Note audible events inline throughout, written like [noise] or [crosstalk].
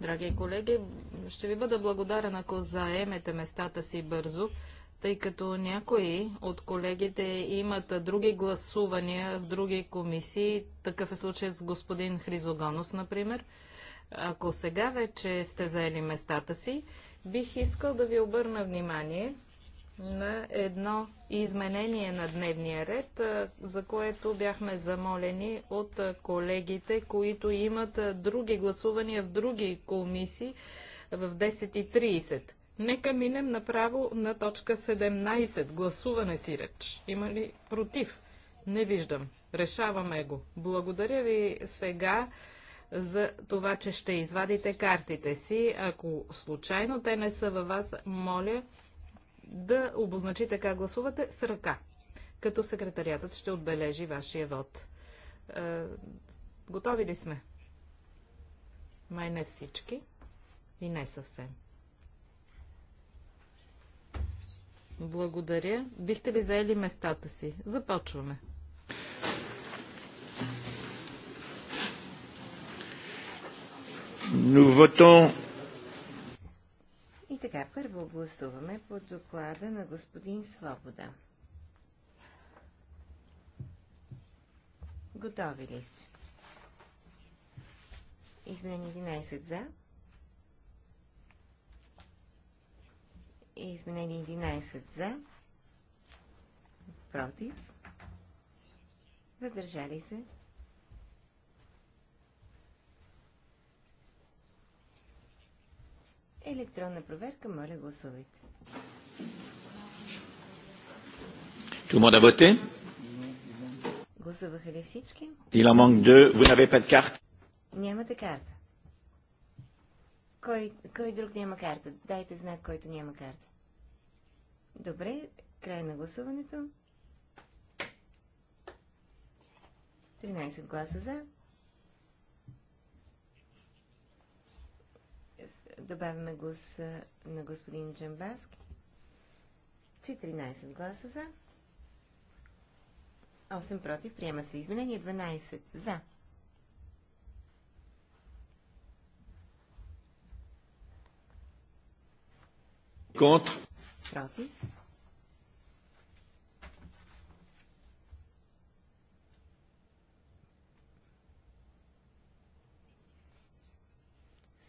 Драги колеги, ще ви бъда благодарен, ако заемете местата си бързо, тъй като някои от колегите имат други гласувания в други комисии. Такъв е случай с господин Хризоганус, например. Ако сега вече сте заели местата си, бих искал да ви обърна внимание, на едно изменение на дневния ред, за което бяхме замолени от колегите, които имат други гласувания в други комисии в 10.30. Нека минем направо на точка 17. Гласуване си реч. Има ли против? Не виждам. Решаваме го. Благодаря ви сега за това, че ще извадите картите си. Ако случайно те не са във вас, моля, да обозначите как гласувате с ръка, като секретариатът ще отбележи вашия вод. Е, готови ли сме? Май не всички и не съвсем. Благодаря. Бихте ли заели местата си? Започваме. Nous votons и така, първо гласуваме по доклада на господин Свобода. Готови ли сте? Изменение 11 за. Изменение 11 за. Против. Въздържали се. Електронна проверка, моля гласувайте. Тума да бъде? Гласуваха ли всички? Il en manque deux, vous n'avez pas de carte. Нямате карта. Кой, кой друг няма карта? Дайте знак, който няма карта. Добре, край на гласуването. 13 гласа за, добавяме гласа на господин Джамбаски. 14 гласа за. 8 против. Приема се изменение. 12 за. Против.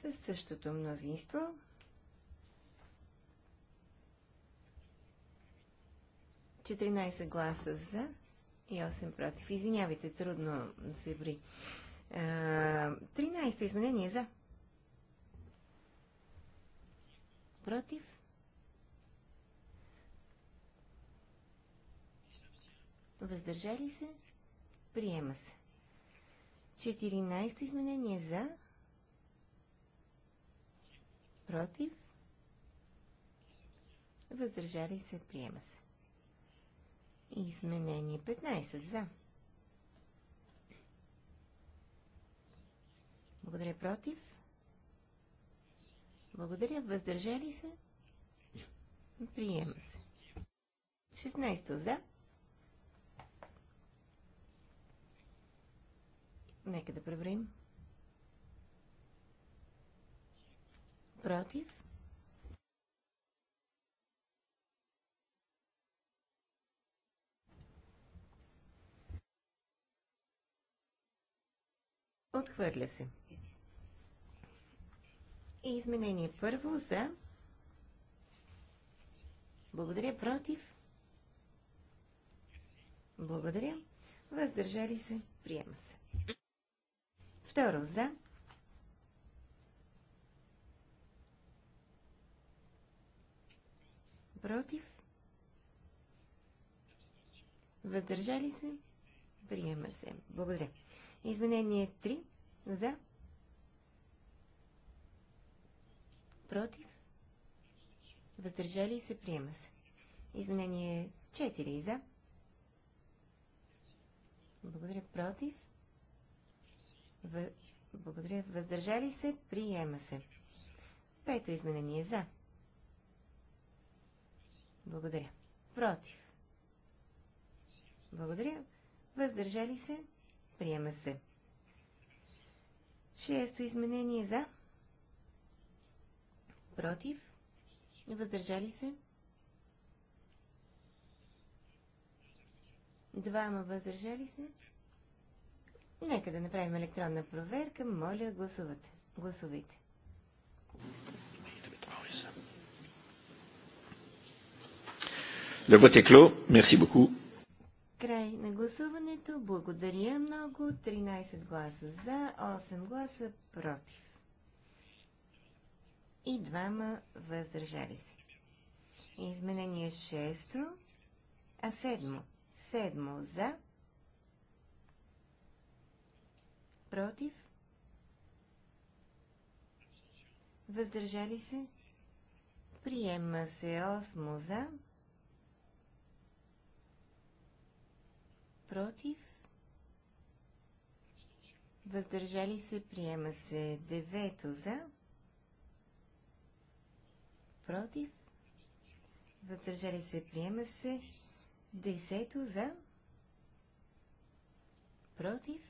със същото мнозинство. Четиринайсет гласа за и 8 против. Извинявайте, трудно се бри. 13 изменение за. Против. Въздържали се. Приема се. 14 изменение за против, въздържали се, приема се. Изменение 15 за. Благодаря против. Благодаря, въздържали се. Приема се. 16 за. Нека да проверим. Против? Отхвърля се. И изменение първо за. Благодаря. Против? Благодаря. Въздържали се. Приема се. Второ за. против, въздържали се, приема се. Благодаря. Изменение 3 за, против, въздържали се, приема се. Изменение 4 за, благодаря, против, Въ... благодаря, въздържали се, приема се. Пето изменение за. Благодаря. Против. Благодаря. Въздържали се. Приема се. Шесто изменение за. Против. Въздържали се. Двама въздържали се. Нека да направим електронна проверка. Моля, гласувате. Гласувайте. Le vote est clos. Merci beaucoup. Край на гласуването. Благодаря много. 13 гласа за, 8 гласа против. И двама въздържали се. Изменение 6, а 7. 7 за, против, въздържали се. Приема се 8 за, против, въздържали се, приема се. Девето за, против, въздържали се, приема се. Десето за, против,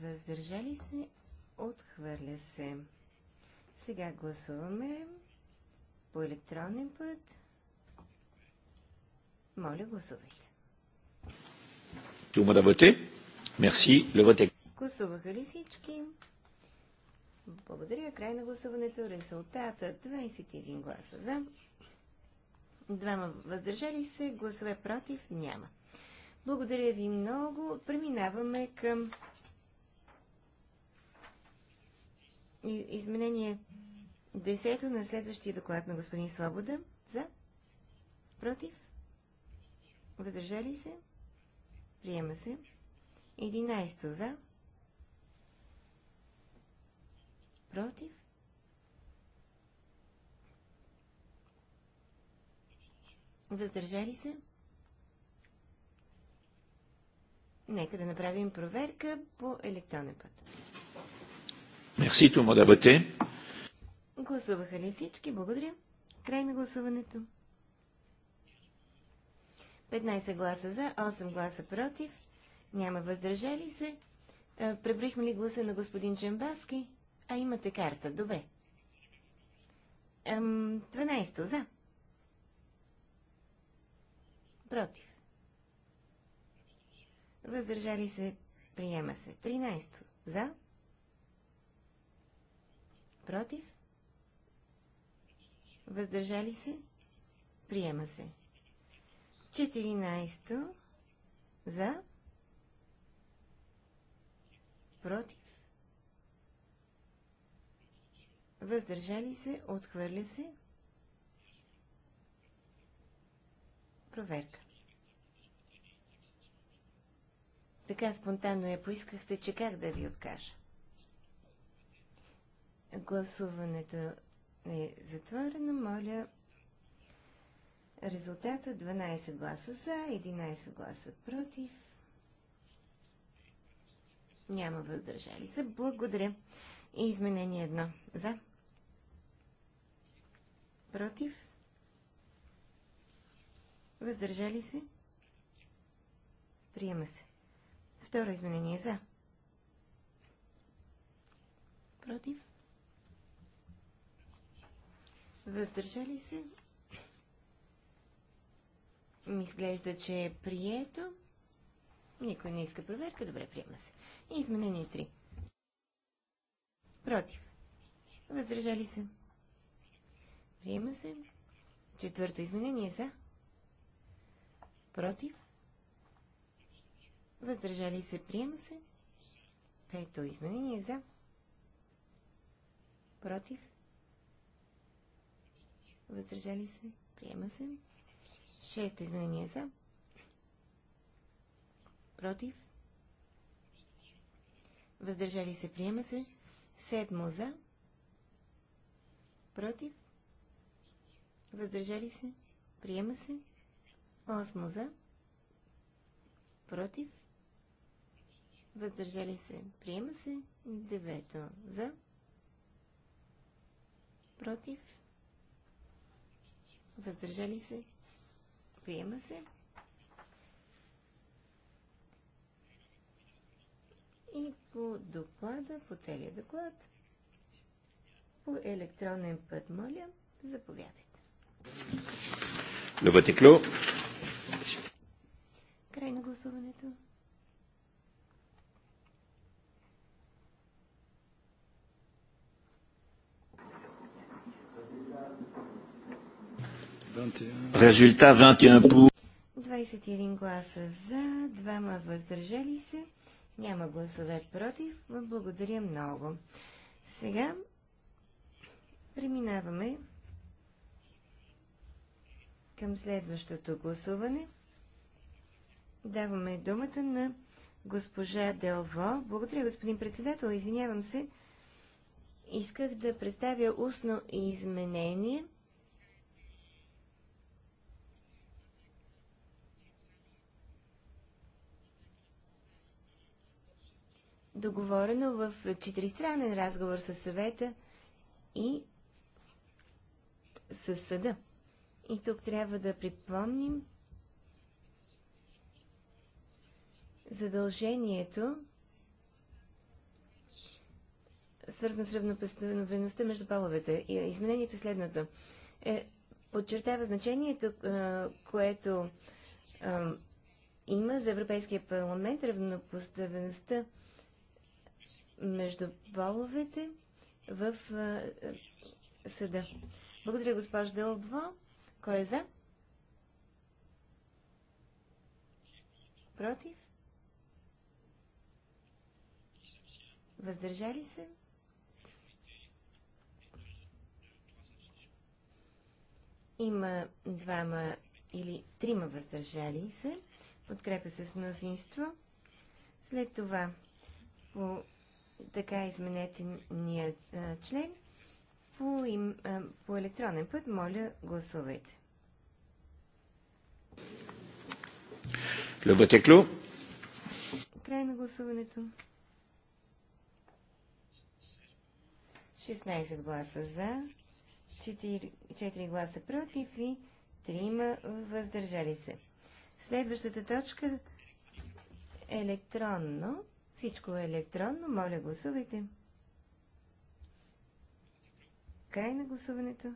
въздържали се, отхвърля се. Сега гласуваме по електронен път. Моля, гласувайте. Дума да въте. Мерси. Левате. Гласуваха ли всички? Благодаря. Край на гласуването. Резултата 21 гласа за. Двама въздържали се. Гласове против няма. Благодаря ви много. Преминаваме към изменение 10 на следващия доклад на господин Слобода. За? Против? Въздържали се? Приема се. 11 за. Против? Въздържали се? Нека да направим проверка по електронен път. Мерси, Тумо, да бъде. Гласуваха ли всички? Благодаря. Край на гласуването. 15 гласа за, 8 гласа против, няма въздържали се. Е, Пребрихме ли гласа на господин Чамбаски? А имате карта, добре. 12 за. Против. Въздържали се, приема се. 13 за. Против. Въздържали се, приема се. 14 за, против, въздържали се, отхвърля се, проверка. Така спонтанно я поискахте, че как да ви откажа. Гласуването е затворено. Моля, Резултата 12 гласа за, 11 гласа против. Няма въздържали се. Благодаря. И изменение едно. За. Против. Въздържали се. Приема се. Второ изменение за. Против. Въздържали се. Ми изглежда, че е прието. Никой не иска проверка. Добре, приема се. Изменение 3. Против. Въздържали се. Приема се. Четвърто изменение за. Против. Въздържали се. Приема се. Пето изменение за. Против. Въздържали се. Приема се. Шесто изменение за. Против. Въздържали се, приема се. Седмо за. Против. Въздържали се, приема се. Осмо за. Против. Въздържали се, приема се. Девето за. Против. Въздържали се, Приема се. И по доклада, по целия доклад, по електронен път, моля, заповядайте. Новатекло. Край на гласуването. Резултат 21 по... 21 гласа за, двама въздържали се, няма гласове против. Благодаря много. Сега преминаваме към следващото гласуване. Даваме думата на госпожа Делво. Благодаря, господин председател. Извинявам се. Исках да представя устно изменение – договорено в четиристранен разговор с съвета и с съда. И тук трябва да припомним задължението, свързано с равнопоставеността между половете. Изменението е следното. Е, подчертава значението, което е, има за Европейския парламент равнопоставеността между половете в съда. Благодаря, госпожа Дълбова. Кой е за? Против? Въздържали се? Има двама или трима въздържали се. Подкрепя се с мнозинство. След това по така изменетения член по, им, по електронен път. Моля, гласувайте. клю. Край на гласуването. 16 гласа за, 4, 4 гласа против и 3 въздържали се. Следващата точка е електронно всичко е електронно. Моля, гласувайте. Край на гласуването.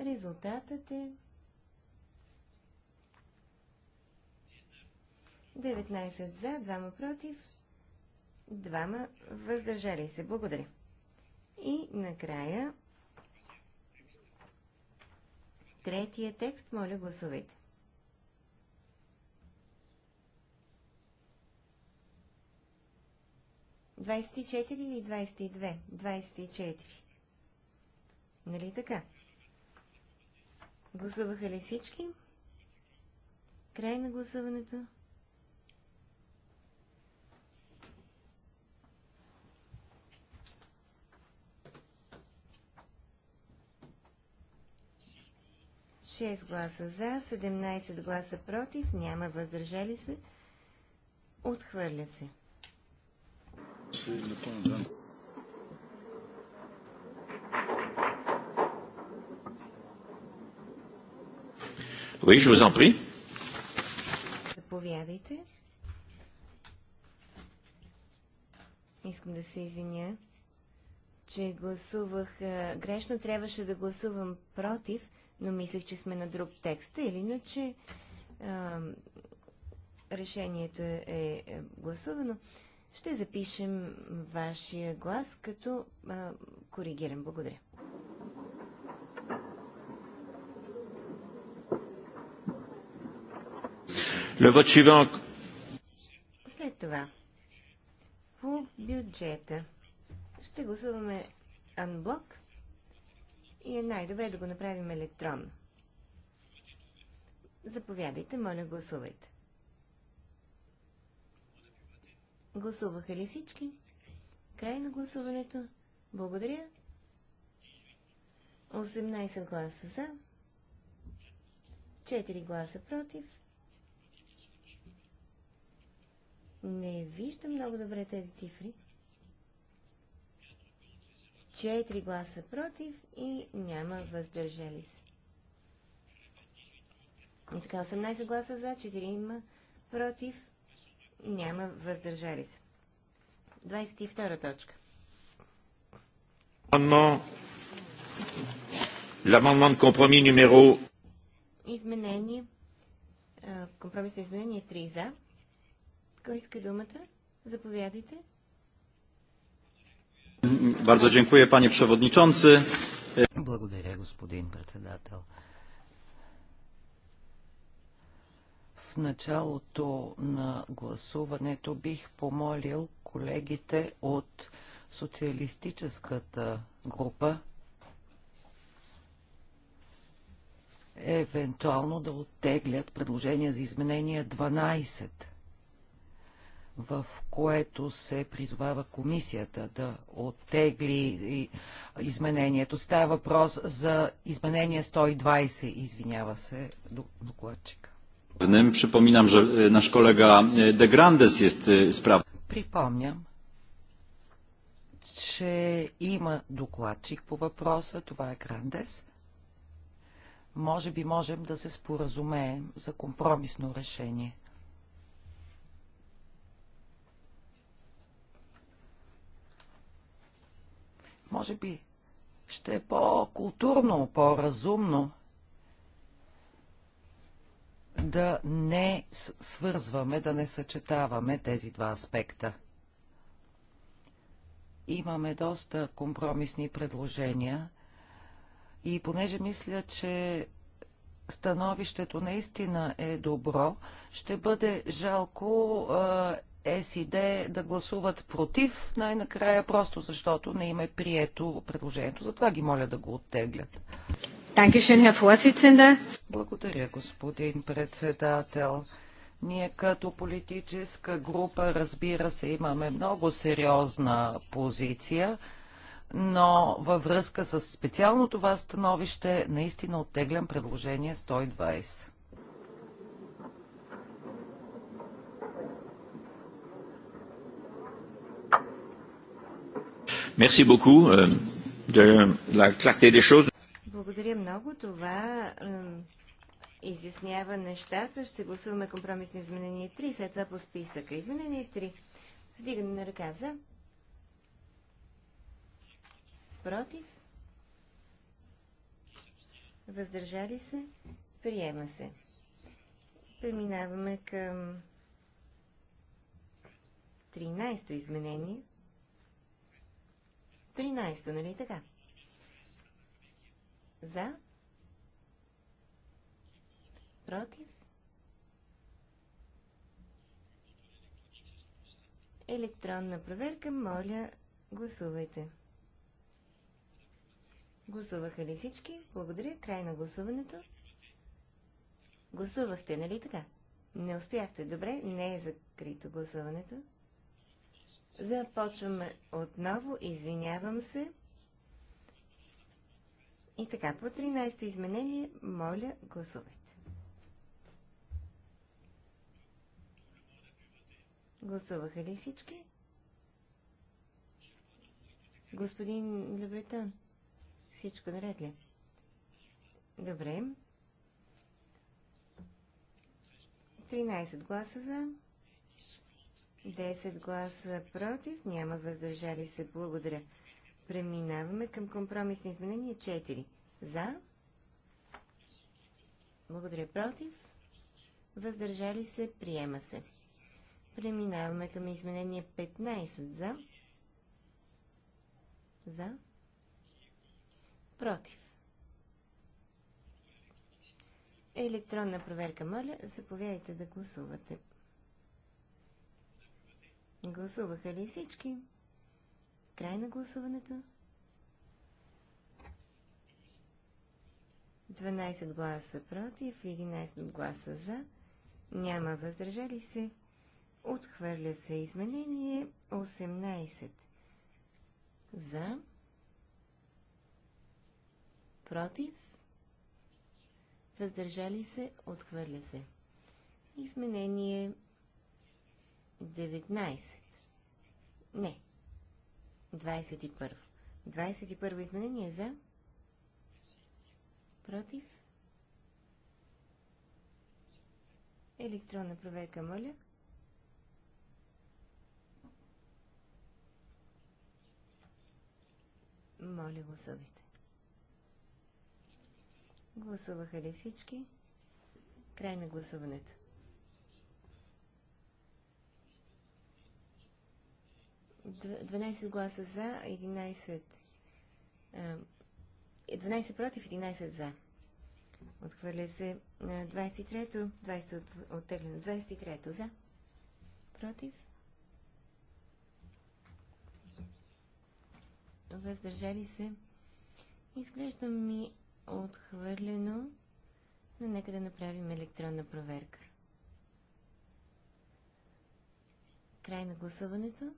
Резултатът е 19 за, 2 против, 2 въздържали се. Благодаря. И накрая третия текст, моля гласувайте. 24 или 22? 24. Нали така? Гласуваха ли всички? Край на гласуването. Шест гласа за, 17 гласа против, няма въздържали се, отхвърля се. Oui, je vous en prie. Искам да се извиня, че гласувах грешно. Трябваше да гласувам против, но мислех, че сме на друг текст. Или иначе решението е, е гласувано ще запишем вашия глас като а, коригирам. Благодаря. След това, по бюджета, ще гласуваме анблок и е най-добре да го направим електронно. Заповядайте, моля, гласувайте. Гласуваха ли всички? Край на гласуването. Благодаря. 18 гласа за. 4 гласа против. Не виждам много добре тези цифри. 4 гласа против и няма въздържали се. И така, 18 гласа за, 4 има против няма въздържали се. 22 точка. L'amendement de compromis numéro... Изменение. Компромисно изменение 3 за. Кой иска думата? Заповядайте. Bardzo dziękuję, panie przewodniczący. Благодаря, господин председател. началото на гласуването бих помолил колегите от социалистическата група евентуално да оттеглят предложение за изменение 12, в което се призовава комисията да оттегли изменението. Става въпрос за изменение 120, извинява се докладчика. Припомням, че има докладчик по въпроса, това е Грандес. Може би можем да се споразумеем за компромисно решение. Може би ще е по-културно, по-разумно да не свързваме, да не съчетаваме тези два аспекта. Имаме доста компромисни предложения и понеже мисля, че становището наистина е добро, ще бъде жалко е, СИД да гласуват против най-накрая, просто защото не им е прието предложението. Затова ги моля да го оттеглят. Благодаря, господин председател. Ние като политическа група, разбира се, имаме много сериозна позиция, но във връзка с специално това становище, наистина оттеглям предложение 120. Merci beaucoup euh, de la clarté des choses. Благодаря много. Това изяснява нещата. Ще гласуваме компромисно изменение 3, след това по списъка. Изменение 3. Сдигане на ръка за. Против. Въздържали се. Приема се. Преминаваме към 13-то изменение. 13-то, нали така? За. Против. Електронна проверка. Моля, гласувайте. Гласуваха ли всички? Благодаря. Край на гласуването. Гласувахте, нали така? Не успяхте. Добре, не е закрито гласуването. Започваме отново. Извинявам се. И така, по 13-то изменение, моля, гласувайте. Гласуваха ли всички? Господин Лебретон, всичко наред ли? Добре. 13 гласа за, 10 гласа против, няма въздържали се. Благодаря. Преминаваме към компромисни изменения 4. За. Благодаря. Против. Въздържали се. Приема се. Преминаваме към изменение 15. За. За. Против. Електронна проверка, моля, заповядайте да гласувате. Гласуваха ли всички? Край на гласуването. 12 гласа против, 11 гласа за, няма въздържали се, отхвърля се изменение 18 за, против, въздържали се, отхвърля се. Изменение 19. Не, 21. 21 во изменение за. Против. Електронна проверка, моля. Моля, гласувайте. Гласуваха ли всички? Край на гласуването. 12 гласа за, 11 12 е, против, 11 за. Отхвърля се 23-то, 20 оттеглено, 23-то за. Против. Въздържали се. Изглежда ми отхвърлено, но нека да направим електронна проверка. Край на гласуването.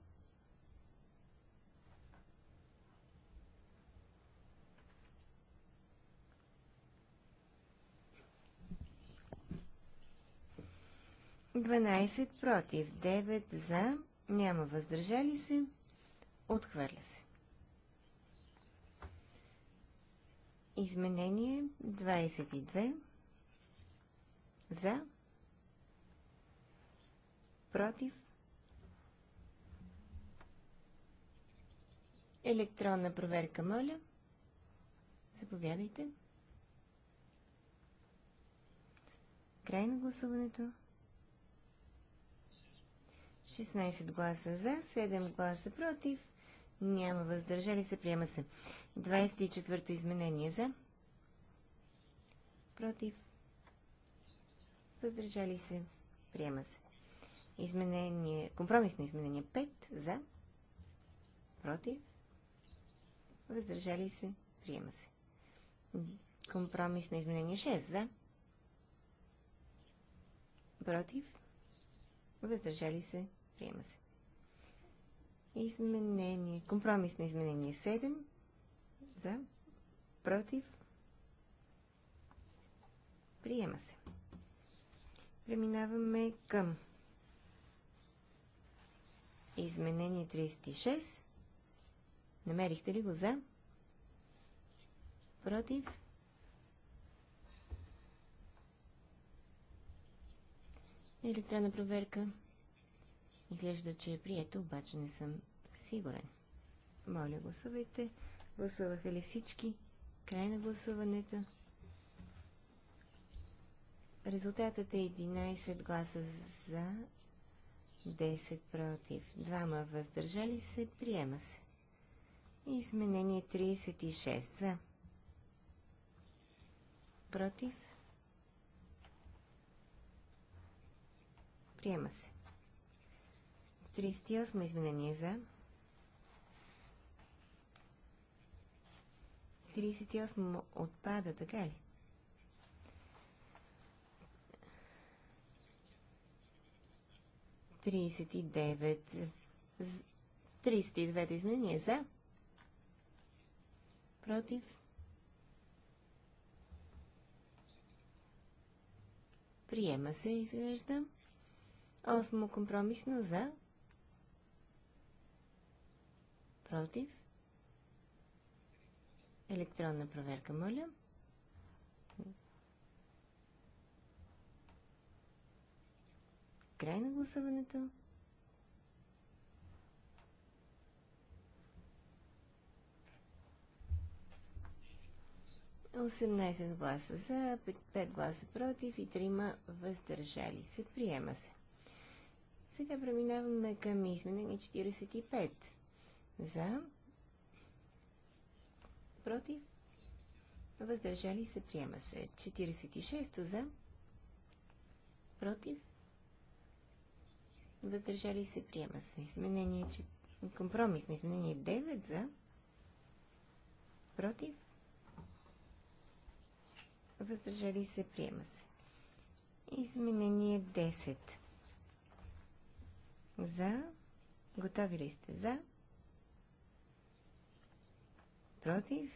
12 против, 9 за, няма въздържали се, отхвърля се. Изменение 22 за, против, електронна проверка, моля. Заповядайте. Край на гласуването. 16 гласа за, 7 гласа против, няма въздържали се, приема се. 24-то изменение за, против, въздържали се, приема се. Изменение, компромисно изменение 5 за, против, въздържали се, приема се. Компромисно изменение 6 за, против, въздържали се, Приема се. Изменение. Компромис на изменение 7. За. Против. Приема се. Преминаваме към изменение 36. Намерихте ли го за? Против. Електронна проверка. Изглежда, че е прието, обаче не съм сигурен. Моля, гласувайте. Гласуваха ли всички? Край на гласуването. Резултатът е 11 гласа за, 10 против, Двама въздържали се, приема се. Изменение 36 за. Против. Приема се. 38 изменение за. 38 отпада, така ли? Тридесет и девет. Тридесет изменение за. Против. Приема се, изглежда. Осмо компромисно за. Против. Електронна проверка, моля. Край на гласуването. Осемнайсет гласа за, 5 гласа против и 3 въздържали се. Приема се. Сега преминаваме към изменение 45. За. Против. Въздържали се. Приема се. 46 за. Против. Въздържали се. Приема се. Изменение. Компромис на изменение 9 за. Против. Въздържали се. Приема се. Изменение 10. За. Готови ли сте за? Против?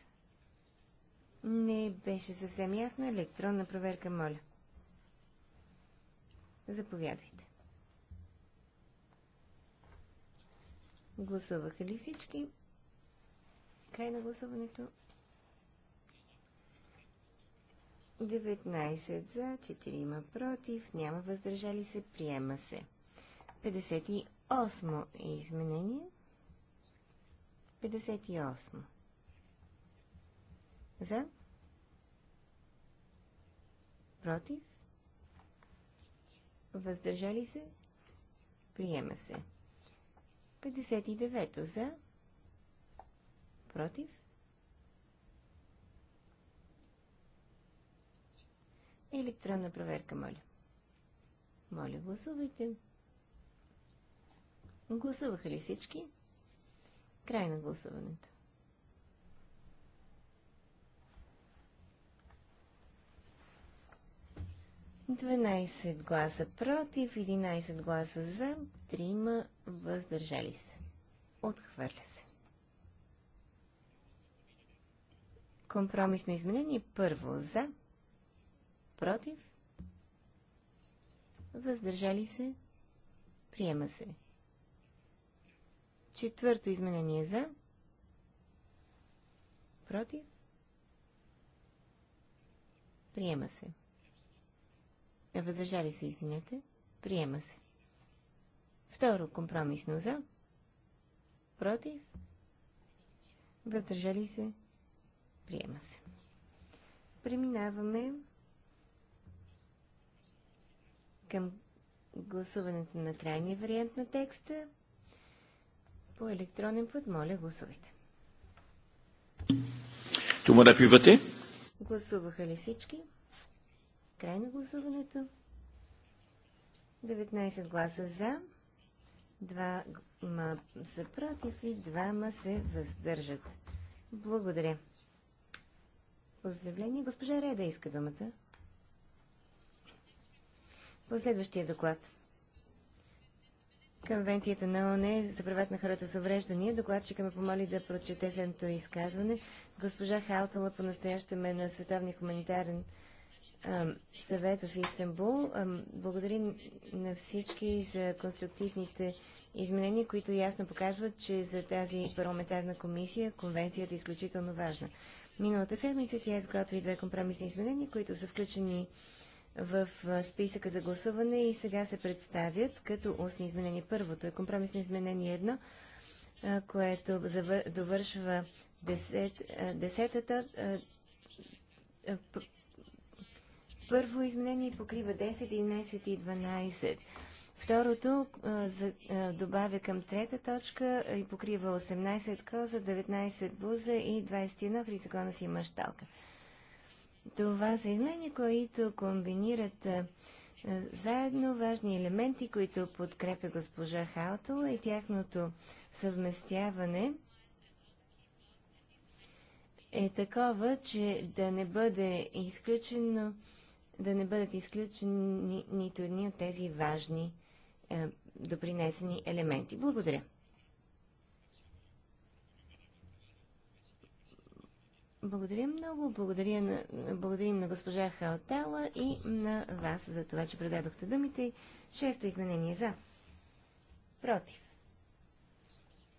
Не беше съвсем ясно. Електронна проверка, моля. Заповядайте. Гласуваха ли всички? Край на гласуването. 19 за, 4 против, няма въздържали се, приема се. 58 изменение. 58. За. Против. Въздържали се. Приема се. 59 то за. Против. Електронна проверка, моля. Моля, гласувайте. Гласуваха ли всички? Край на гласуването. 12 гласа против, 11 гласа за, 3 въздържали се. Отхвърля се. Компромисно изменение първо за, против, въздържали се, приема се. Четвърто изменение за, против, приема се. Възражали се, извинете. Приема се. Второ, компромисно за. Против. Въздържали се. Приема се. Преминаваме към гласуването на крайния вариант на текста. По електронен път, моля, гласувайте. Тума да пивате? Гласуваха ли всички? Край на гласуването. 19 гласа за, 2 ма са против и 2 ма се въздържат. Благодаря. Поздравление. Госпожа Реда иска думата. Последващия доклад. Конвенцията на ОНЕ за правата на хората с увреждания. Докладчика ме помоли да прочете следното изказване. Госпожа Хаутала по настоящем е на Световния хуманитарен съвет в Истанбул. Благодарим на всички за конструктивните изменения, които ясно показват, че за тази парламентарна комисия конвенцията е изключително важна. Миналата седмица тя изготви две компромисни изменения, които са включени в списъка за гласуване и сега се представят като устни изменения. Първото е компромисно изменение едно, което завър... довършва десет... десетата първо изменение покрива 10, 11 и 12. Второто добавя към трета точка и покрива 18 коза, 19 буза и 21 хризагона си мащалка. Това са измени, които комбинират заедно важни елементи, които подкрепя госпожа Хаутъл и тяхното съвместяване е такова, че да не бъде изключено да не бъдат изключени нито едни от тези важни е, допринесени елементи. Благодаря. Благодаря много. Благодаря на, благодарим на госпожа Хаотела и на вас за това, че предадохте думите. Шесто изменение за. Против.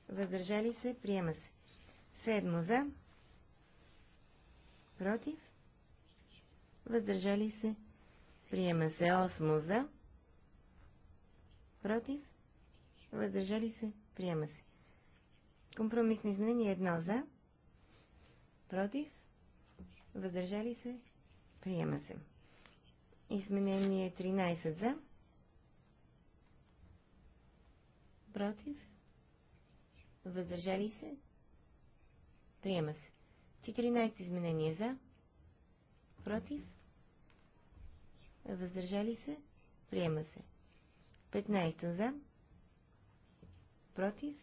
Въздържали се. Приема се. Седмо за. Против въздържали се, приема се. 8 за, против, въздържали се, приема се. Компромисно изменение 1 за, против, въздържали се, приема се. Изменение 13 за, против, въздържали се, приема се. 14 изменение за, против, Въздържали се? Приема се. 15 за. Против?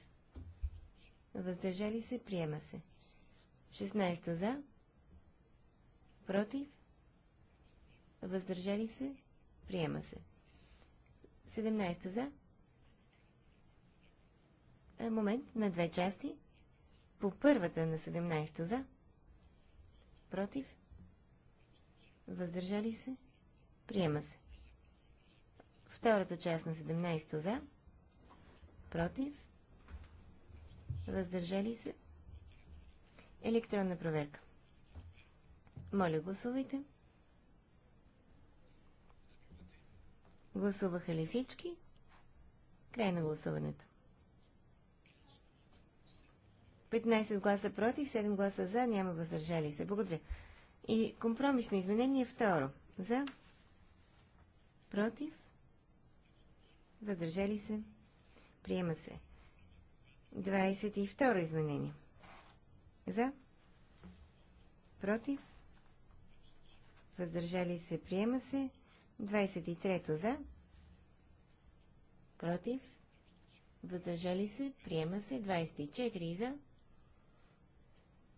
Въздържали се? Приема се. 16 за. Против? Въздържали се? Приема се. 17 за. Момент на две части. По първата на 17 за. Против? Въздържали се? Приема се. Втората част на 17 за. Против. Въздържали се. Електронна проверка. Моля, гласувайте. Гласуваха ли всички? Край на гласуването. 15 гласа против, 7 гласа за, няма въздържали се. Благодаря. И компромисно изменение второ. За, Против? Въздържали се? Приема се. 22 изменение. За? Против? Въздържали се? Приема се. 23 за? Против? Въздържали се? Приема се. 24 за?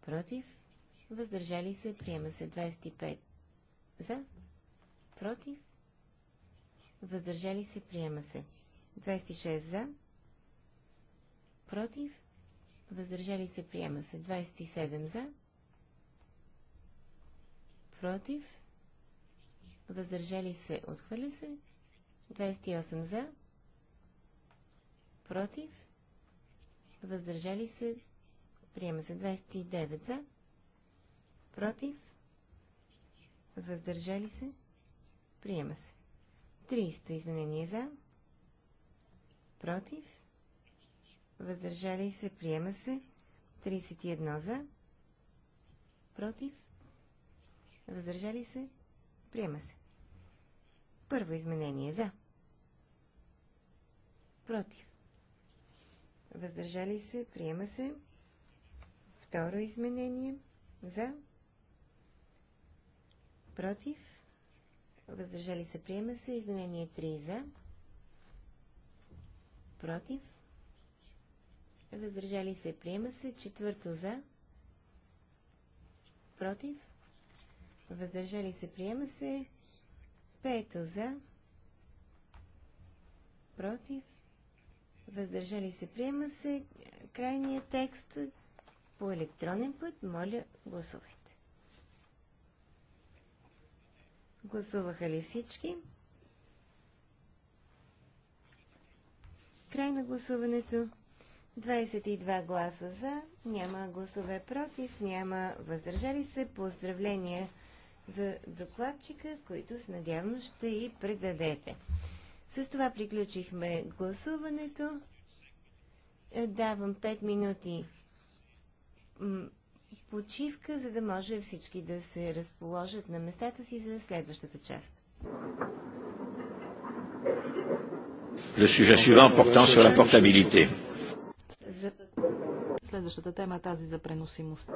Против? Въздържали се? Приема се. 25 за? Против? въздържали се, приема се. 26 за, против, въздържали се, приема се. 27 за, против, въздържали се, отхвърля се. 28 за, против, въздържали се, приема се. 29 за, против, въздържали се, приема се. 30 изменение за. Против. Въздържали се. Приема се. 31 за. Против. Въздържали се. Приема се. Първо изменение за. Против. Въздържали се. Приема се. Второ изменение за. Против. Въздържали се, приема се. Изменение 3 за. Против. Въздържали се, приема се. Четвърто за. Против. Въздържали се, приема се. Пето за. Против. Въздържали се, приема се. Крайният текст по електронен път. Моля, гласувайте. Гласуваха ли всички? Край на гласуването. 22 гласа за, няма гласове против, няма въздържали се. Поздравления за докладчика, които с надявно ще и предадете. С това приключихме гласуването. Давам 5 минути почивка, за да може всички да се разположат на местата си за следващата част. Le sujet suivant portant sur la portabilité. Следващата тема е тази за преносимост.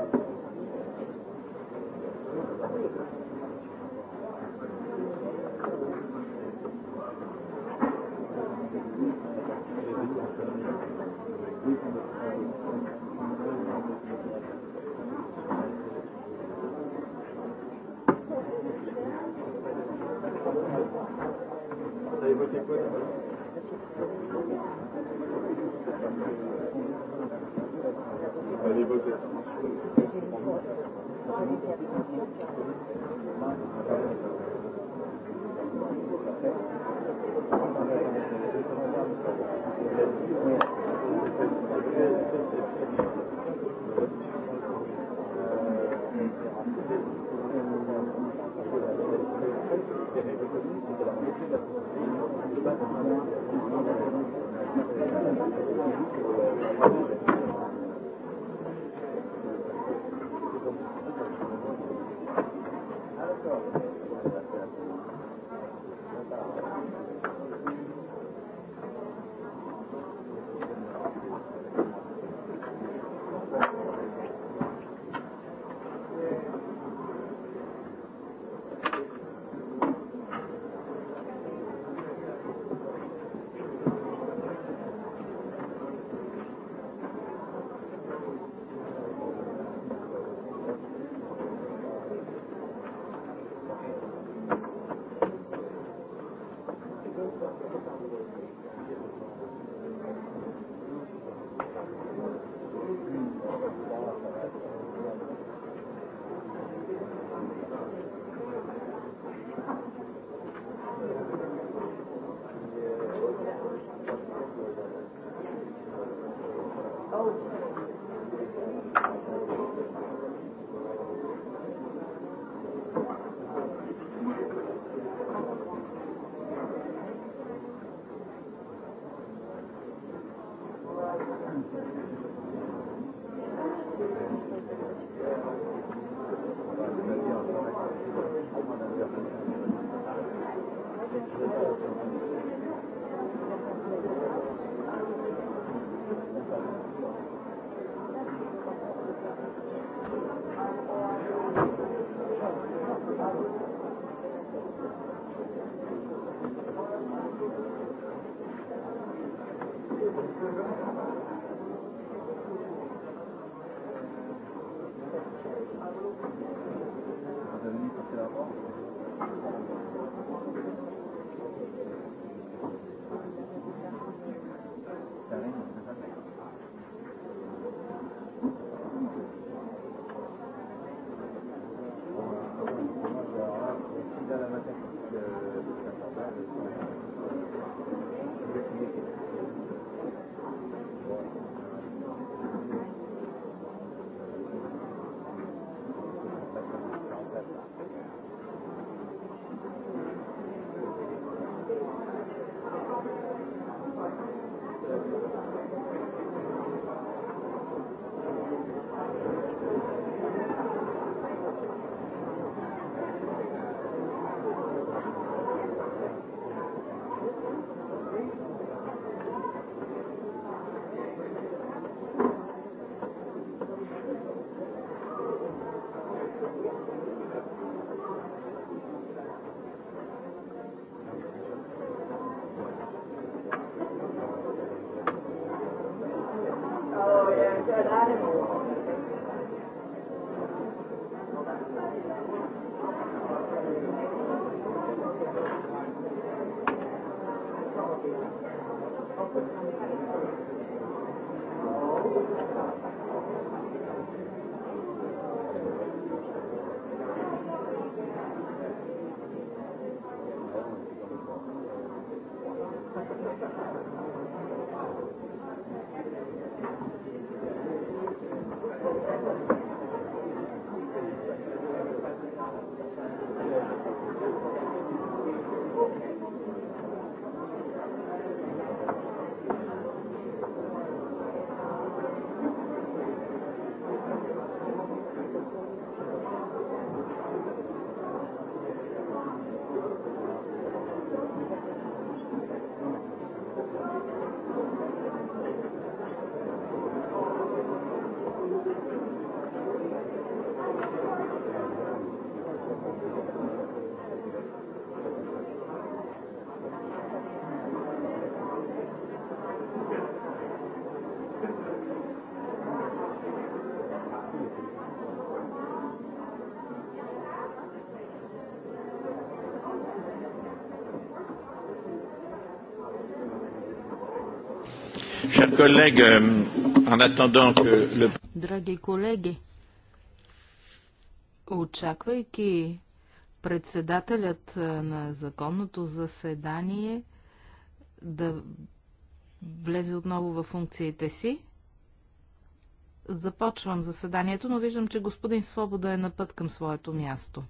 Euh, Драги колеги, очаквайки председателят на законното заседание да влезе отново във функциите си, започвам заседанието, но виждам, че господин Свобода е на път към своето място.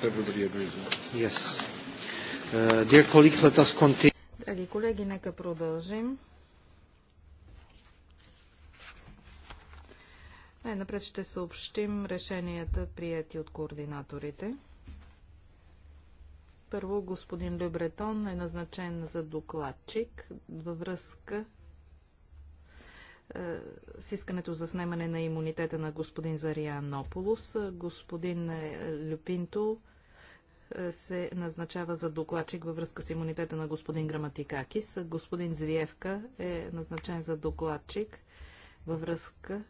hope everybody agrees. Yes. Uh, dear colleagues, let us continue. Драги колеги, нека продължим. Най-напред ще съобщим решенията, прияти от координаторите. Първо, господин Лебретон е назначен за докладчик във връзка е, с искането за снемане на имунитета на господин Зарианополус. Господин е, Люпинто е, се назначава за докладчик във връзка с имунитета на господин Граматикакис. Господин Звиевка е назначен за докладчик във връзка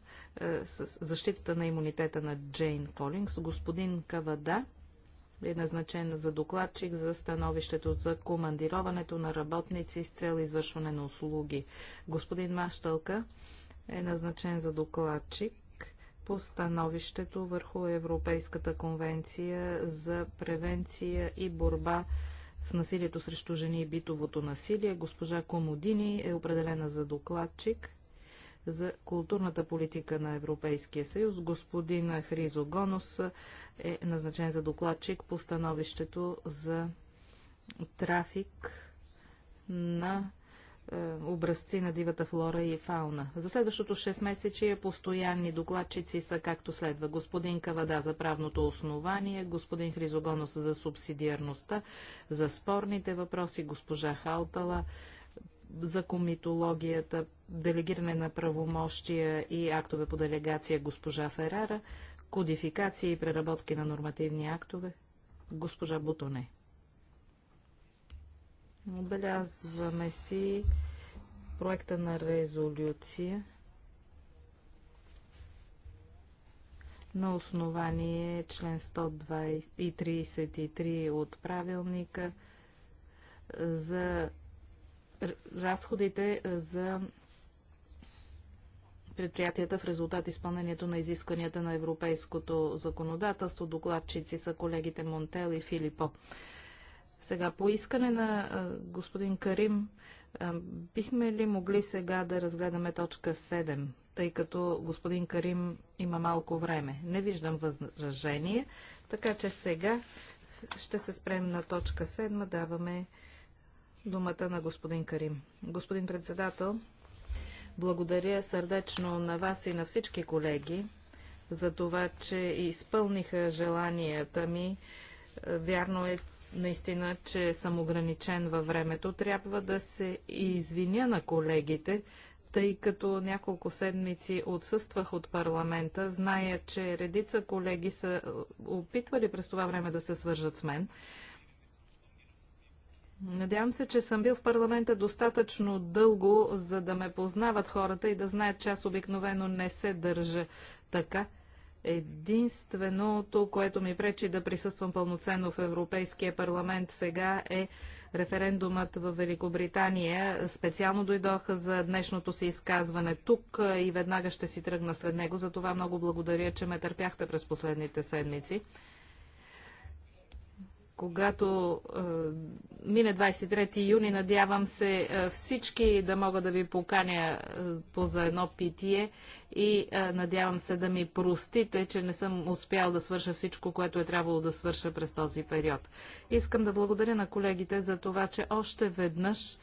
с защитата на имунитета на Джейн Колингс. Господин Кавада е назначен за докладчик за становището за командироването на работници с цел извършване на услуги. Господин Маштълка е назначен за докладчик по становището върху Европейската конвенция за превенция и борба с насилието срещу жени и битовото насилие. Госпожа Комодини е определена за докладчик за културната политика на Европейския съюз. Господин Хризо Гонос е назначен за докладчик по становището за трафик на е, образци на дивата флора и фауна. За следващото 6 месечие постоянни докладчици са както следва. Господин Кавада за правното основание, господин Хризогонос за субсидиарността, за спорните въпроси, госпожа Халтала за комитологията, делегиране на правомощия и актове по делегация госпожа Ферара, кодификация и преработки на нормативни актове госпожа Бутоне. Отбелязваме си проекта на резолюция на основание член 133 от правилника за разходите е, за предприятията в резултат изпълнението на изискванията на европейското законодателство. Докладчици са колегите Монтел и Филипо. Сега, по искане на е, господин Карим, е, бихме ли могли сега да разгледаме точка 7, тъй като господин Карим има малко време? Не виждам възражение, така че сега ще се спрем на точка 7, даваме думата на господин Карим. Господин председател, благодаря сърдечно на вас и на всички колеги за това, че изпълниха желанията ми. Вярно е наистина, че съм ограничен във времето. Трябва да се извиня на колегите, тъй като няколко седмици отсъствах от парламента. Зная, че редица колеги са опитвали през това време да се свържат с мен. Надявам се, че съм бил в парламента достатъчно дълго, за да ме познават хората и да знаят, че аз обикновено не се държа така. Единственото, което ми пречи да присъствам пълноценно в Европейския парламент сега е референдумът в Великобритания. Специално дойдох за днешното си изказване тук и веднага ще си тръгна след него. За това много благодаря, че ме търпяхте през последните седмици когато е, мине 23 юни, надявам се е, всички да мога да ви поканя е, по за едно питие и е, надявам се да ми простите, че не съм успял да свърша всичко, което е трябвало да свърша през този период. Искам да благодаря на колегите за това, че още веднъж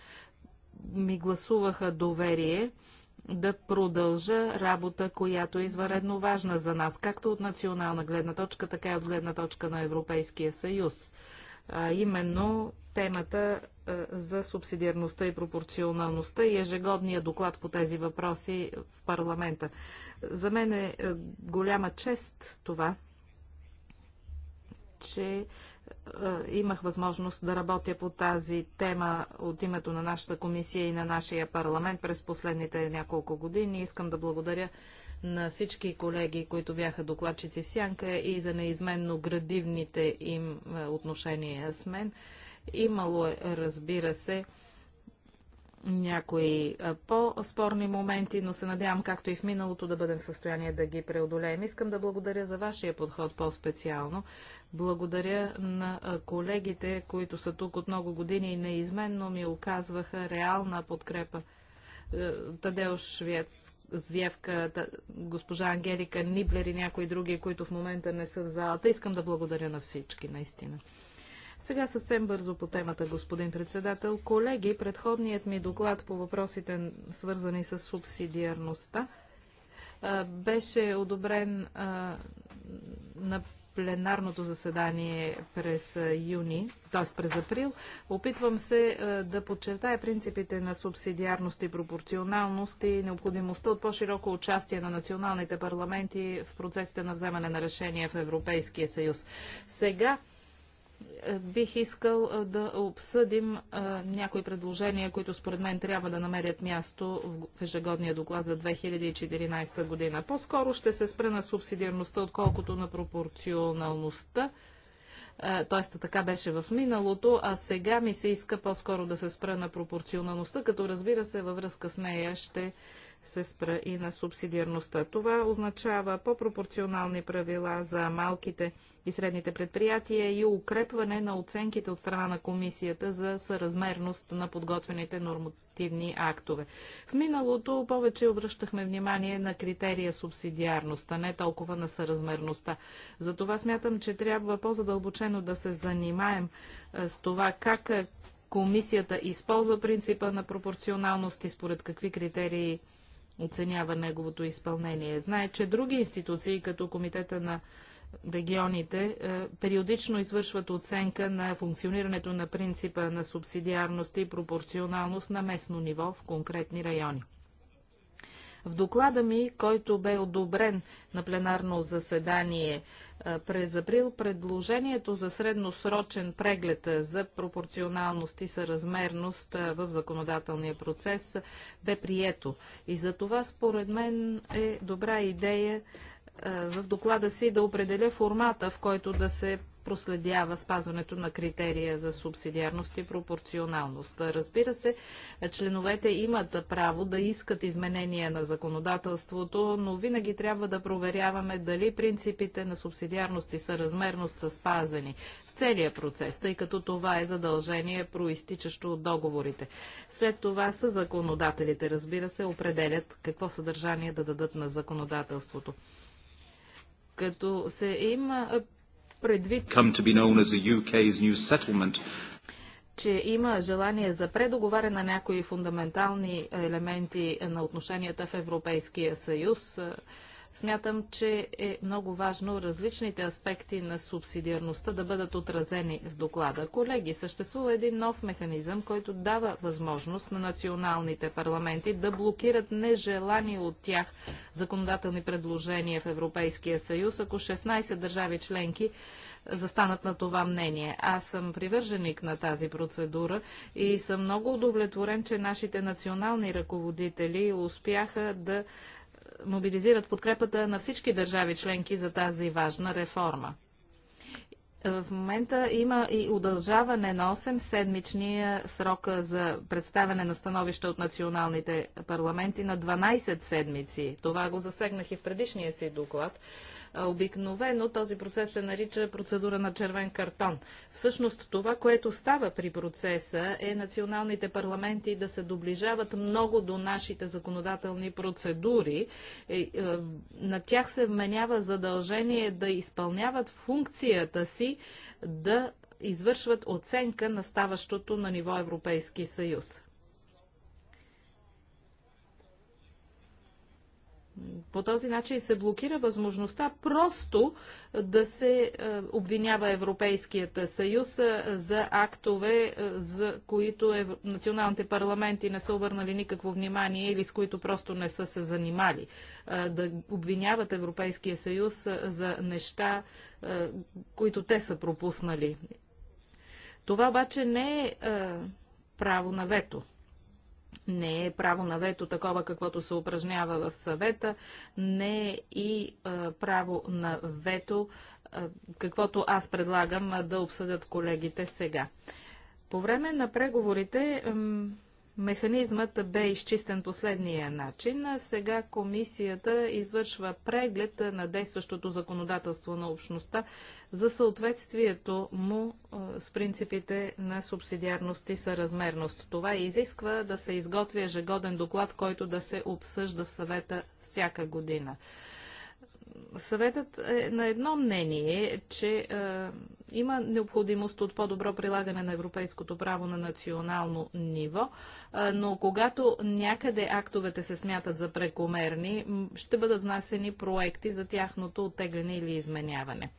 ми гласуваха доверие да продължа работа, която е изваредно важна за нас, както от национална гледна точка, така и от гледна точка на Европейския съюз. А именно темата за субсидиарността и пропорционалността и ежегодния доклад по тези въпроси в парламента. За мен е голяма чест това, че е, имах възможност да работя по тази тема от името на нашата комисия и на нашия парламент през последните няколко години. Искам да благодаря на всички колеги, които бяха докладчици в Сянка и за неизменно градивните им е, отношения с мен. Имало е, разбира се, някои по-спорни моменти, но се надявам, както и в миналото, да бъдем в състояние да ги преодолеем. Искам да благодаря за вашия подход по-специално. Благодаря на колегите, които са тук от много години и неизменно ми оказваха реална подкрепа. Е, Тадео Швец, Звевка, госпожа Ангелика Ниблер и някои други, които в момента не са в залата. Искам да благодаря на всички, наистина. Сега съвсем бързо по темата, господин председател. Колеги, предходният ми доклад по въпросите, свързани с субсидиарността, беше одобрен на пленарното заседание през юни, т.е. през април. Опитвам се да подчертая принципите на субсидиарност и пропорционалност и необходимостта от по-широко участие на националните парламенти в процесите на вземане на решения в Европейския съюз. Сега е, бих искал е, да обсъдим е, някои предложения, които според мен трябва да намерят място в ежегодния доклад за 2014 година. По-скоро ще се спра на субсидиарността, отколкото на пропорционалността. Т.е. така беше в миналото, а сега ми се иска по-скоро да се спра на пропорционалността, като разбира се във връзка с нея ще се спра и на субсидиарността. Това означава по-пропорционални правила за малките и средните предприятия и укрепване на оценките от страна на комисията за съразмерност на подготвените нормативни актове. В миналото повече обръщахме внимание на критерия субсидиарността, а не толкова на съразмерността. Затова смятам, че трябва по-задълбочено да се занимаем е, с това как е, комисията използва принципа на пропорционалност и според какви критерии оценява неговото изпълнение. Знае, че други институции, като Комитета на регионите, е, периодично извършват оценка на функционирането на принципа на субсидиарност и пропорционалност на местно ниво в конкретни райони. В доклада ми, който бе одобрен на пленарно заседание през април, предложението за средносрочен преглед за пропорционалност и съразмерност в законодателния процес бе прието. И за това, според мен, е добра идея в доклада си да определя формата, в който да се проследява спазването на критерия за субсидиарност и пропорционалност. Разбира се, членовете имат право да искат изменения на законодателството, но винаги трябва да проверяваме дали принципите на субсидиарност и съразмерност са спазени в целия процес, тъй като това е задължение, проистичащо от договорите. След това са законодателите, разбира се, определят какво съдържание да дадат на законодателството като се има предвид че има желание за предоговаряне на някои фундаментални елементи на отношенията в Европейския съюз, Смятам, че е много важно различните аспекти на субсидиарността да бъдат отразени в доклада. Колеги, съществува един нов механизъм, който дава възможност на националните парламенти да блокират нежелани от тях законодателни предложения в Европейския съюз, ако 16 държави членки застанат на това мнение. Аз съм привърженик на тази процедура и съм много удовлетворен, че нашите национални ръководители успяха да мобилизират подкрепата на всички държави членки за тази важна реформа. В момента има и удължаване на 8 седмичния срок за представяне на становища от националните парламенти на 12 седмици. Това го засегнах и в предишния си доклад. Обикновено този процес се нарича процедура на червен картон. Всъщност това, което става при процеса е националните парламенти да се доближават много до нашите законодателни процедури. Е, е, на тях се вменява задължение да изпълняват функцията си да извършват оценка на ставащото на ниво Европейски съюз. По този начин се блокира възможността просто да се е, обвинява Европейският съюз е, за актове, е, за които националните парламенти не са обърнали никакво внимание или с които просто не са се занимали. Да обвиняват Европейския съюз за неща, които те са пропуснали. Това обаче не е право на вето не е право на вето такова, каквото се упражнява в съвета, не е и а, право на вето, а, каквото аз предлагам а, да обсъдят колегите сега. По време на преговорите Механизмът бе изчистен последния начин. Сега комисията извършва преглед на действащото законодателство на общността за съответствието му с принципите на субсидиарност и съразмерност. Това изисква да се изготви ежегоден доклад, който да се обсъжда в съвета всяка година съветът е на едно мнение, че е, има необходимост от по-добро прилагане на европейското право на национално ниво, е, но когато някъде актовете се смятат за прекомерни, ще бъдат внасени проекти за тяхното оттегляне или изменяване.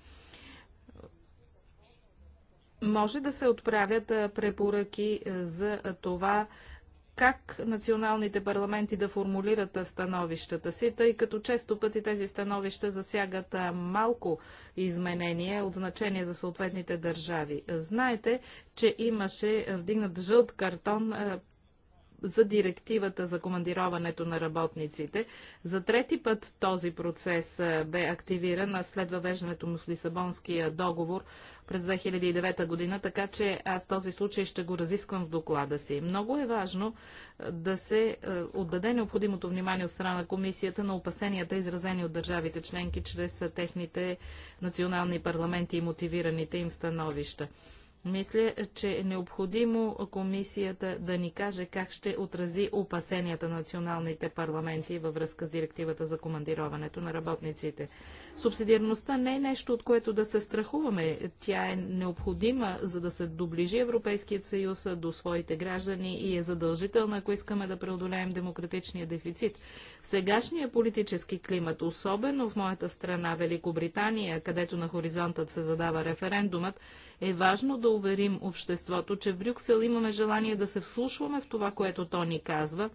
Може да се отправят е, препоръки е, за това, как националните парламенти да формулират становищата си, тъй като често пъти тези становища засягат малко изменения от значение за съответните държави. Знаете, че имаше вдигнат жълт картон за директивата за командироването на работниците. За трети път този процес е, бе активиран след въвеждането му с Лисабонския договор през 2009 година, така че аз този случай ще го разисквам в доклада си. Много е важно е, да се е, отдаде необходимото внимание от страна на комисията на опасенията, изразени от държавите членки чрез техните национални парламенти и мотивираните им становища. Мисля, че е необходимо комисията да ни каже как ще отрази опасенията на националните парламенти във връзка с директивата за командироването на работниците. Субсидиарността не е нещо, от което да се страхуваме. Тя е необходима, за да се доближи Европейският съюз до своите граждани и е задължителна, ако искаме да преодолеем демократичния дефицит. сегашния политически климат, особено в моята страна Великобритания, където на хоризонтът се задава референдумът, е важно да уверим обществото, че в Брюксел имаме желание да се вслушваме в това, което то ни казва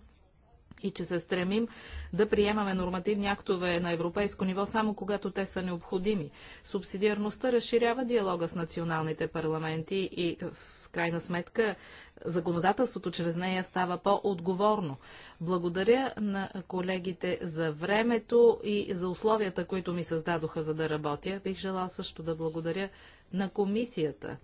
и че се стремим да приемаме нормативни актове на европейско ниво само когато те са необходими. Субсидиарността разширява диалога с националните парламенти и е, в крайна сметка законодателството чрез нея става по-отговорно. Благодаря на колегите за времето и за условията, които ми създадоха за да работя. Бих желал също да благодаря на комисията.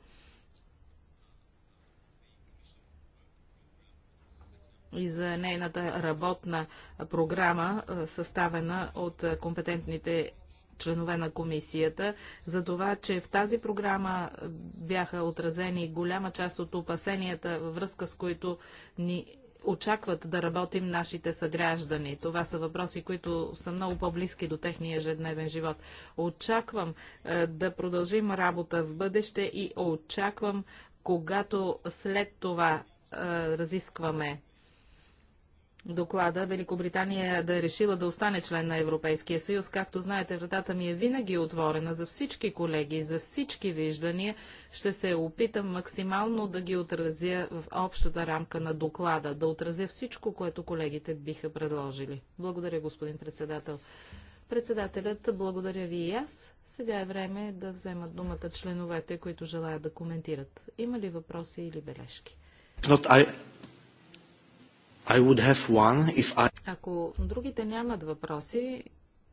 и за нейната работна програма, съставена от компетентните членове на комисията, за това, че в тази програма бяха отразени голяма част от опасенията, във връзка с които ни очакват да работим нашите съграждани? Това са въпроси, които са много по-близки до техния ежедневен живот. Очаквам е, да продължим работа в бъдеще и очаквам, когато след това е, разискваме доклада Великобритания да е решила да остане член на Европейския съюз. Както знаете, вратата ми е винаги отворена за всички колеги, за всички виждания. Ще се опитам максимално да ги отразя в общата рамка на доклада, да отразя всичко, което колегите биха предложили. Благодаря, господин председател. Председателят, благодаря ви и аз. Сега е време да вземат думата членовете, които желаят да коментират. Има ли въпроси или бележки? I would have one if I... Ако другите нямат въпроси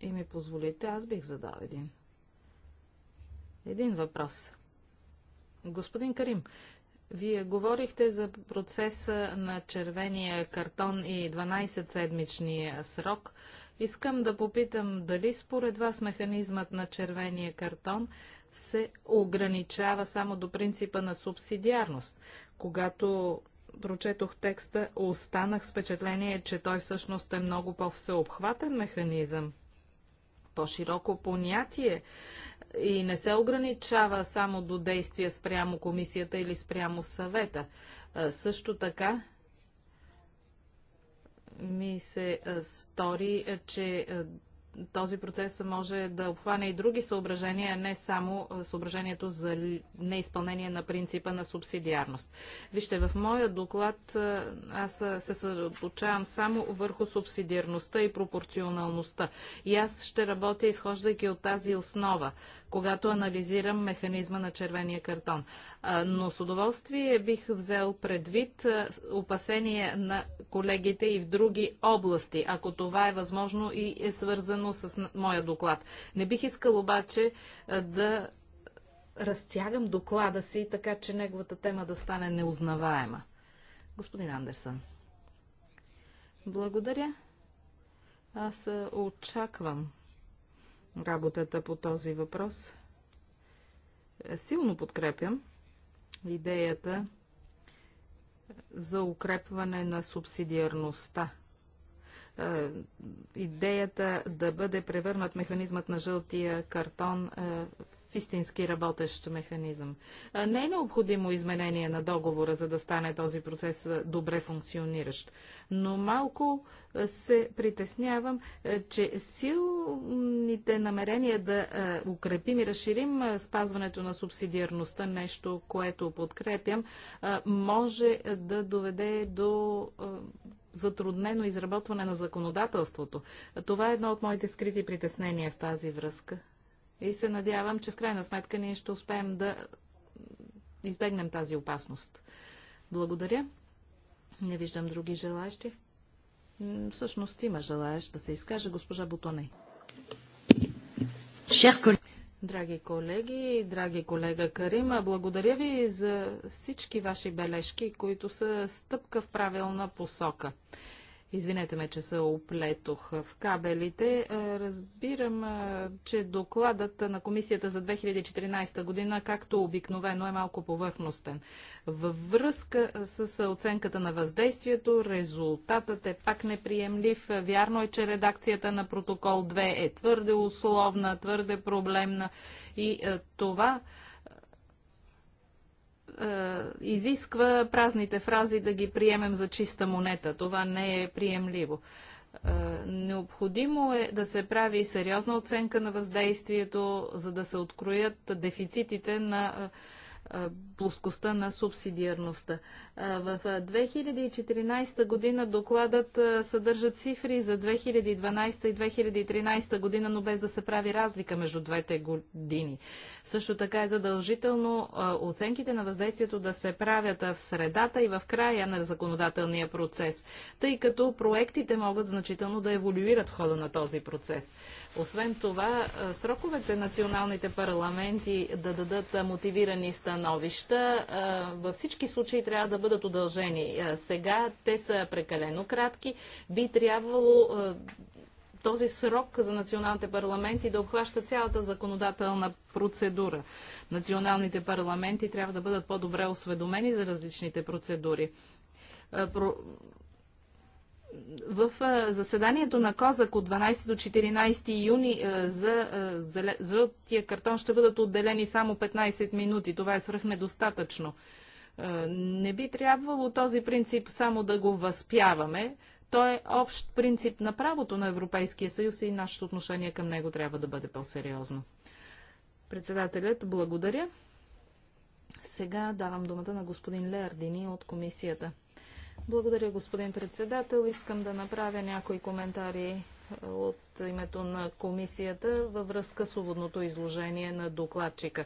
и ми позволите, аз бих задал един. Един въпрос. Господин Карим, вие говорихте за процеса на червения картон и 12-седмичния срок. Искам да попитам дали според вас механизмът на червения картон се ограничава само до принципа на субсидиарност, когато прочетох текста, останах с впечатление, че той всъщност е много по-всеобхватен механизъм, по-широко понятие и не се ограничава само до действия спрямо комисията или спрямо съвета. А, също така ми се стори, че този процес може да обхване и други съображения, не само съображението за неизпълнение на принципа на субсидиарност. Вижте, в моя доклад аз се съсредоточавам само върху субсидиарността и пропорционалността. И аз ще работя изхождайки от тази основа когато анализирам механизма на червения картон. Но с удоволствие бих взел предвид опасение на колегите и в други области, ако това е възможно и е свързано с моя доклад. Не бих искал обаче да разтягам доклада си, така че неговата тема да стане неузнаваема. Господин Андерсън. Благодаря. Аз очаквам работата по този въпрос. Силно подкрепям идеята за укрепване на субсидиарността. Е, идеята да бъде превърнат механизмът на жълтия картон в е, истински работещ механизъм. Не е необходимо изменение на договора, за да стане този процес добре функциониращ. Но малко се притеснявам, че силните намерения да укрепим и разширим спазването на субсидиарността, нещо, което подкрепям, може да доведе до затруднено изработване на законодателството. Това е едно от моите скрити притеснения в тази връзка. И се надявам, че в крайна сметка ние ще успеем да избегнем тази опасност. Благодаря. Не виждам други желаящи. Всъщност има желаящ да се изкаже госпожа Бутоне. Драги колеги, драги колега Карима, благодаря ви за всички ваши бележки, които са стъпка в правилна посока. Извинете ме, че се оплетох в кабелите. Разбирам, че докладът на комисията за 2014 година, както обикновено, е малко повърхностен. Във връзка с оценката на въздействието, резултатът е пак неприемлив. Вярно е, че редакцията на протокол 2 е твърде условна, твърде проблемна и това е, изисква празните фрази да ги приемем за чиста монета. Това не е приемливо. Е, необходимо е да се прави сериозна оценка на въздействието, за да се откроят дефицитите на е, плоскостта на субсидиарността. В 2014 година докладът съдържа цифри за 2012 и 2013 година, но без да се прави разлика между двете години. Също така е задължително оценките на въздействието да се правят в средата и в края на законодателния процес, тъй като проектите могат значително да еволюират в хода на този процес. Освен това, сроковете националните парламенти да дадат мотивирани становища във всички случаи трябва да бъдат бъдат удължени. Сега те са прекалено кратки. Би трябвало този срок за националните парламенти да обхваща цялата законодателна процедура. Националните парламенти трябва да бъдат по-добре осведомени за различните процедури. В заседанието на Козак от 12 до 14 юни за зълтия картон ще бъдат отделени само 15 минути. Това е свръхнедостатъчно. Е, не би трябвало този принцип само да го възпяваме. Той е общ принцип на правото на Европейския съюз и нашето отношение към него трябва да бъде по-сериозно. Председателят, благодаря. Сега давам думата на господин Леардини от комисията. Благодаря, господин председател. Искам да направя някои коментари е, от името на комисията във връзка с уводното изложение на докладчика.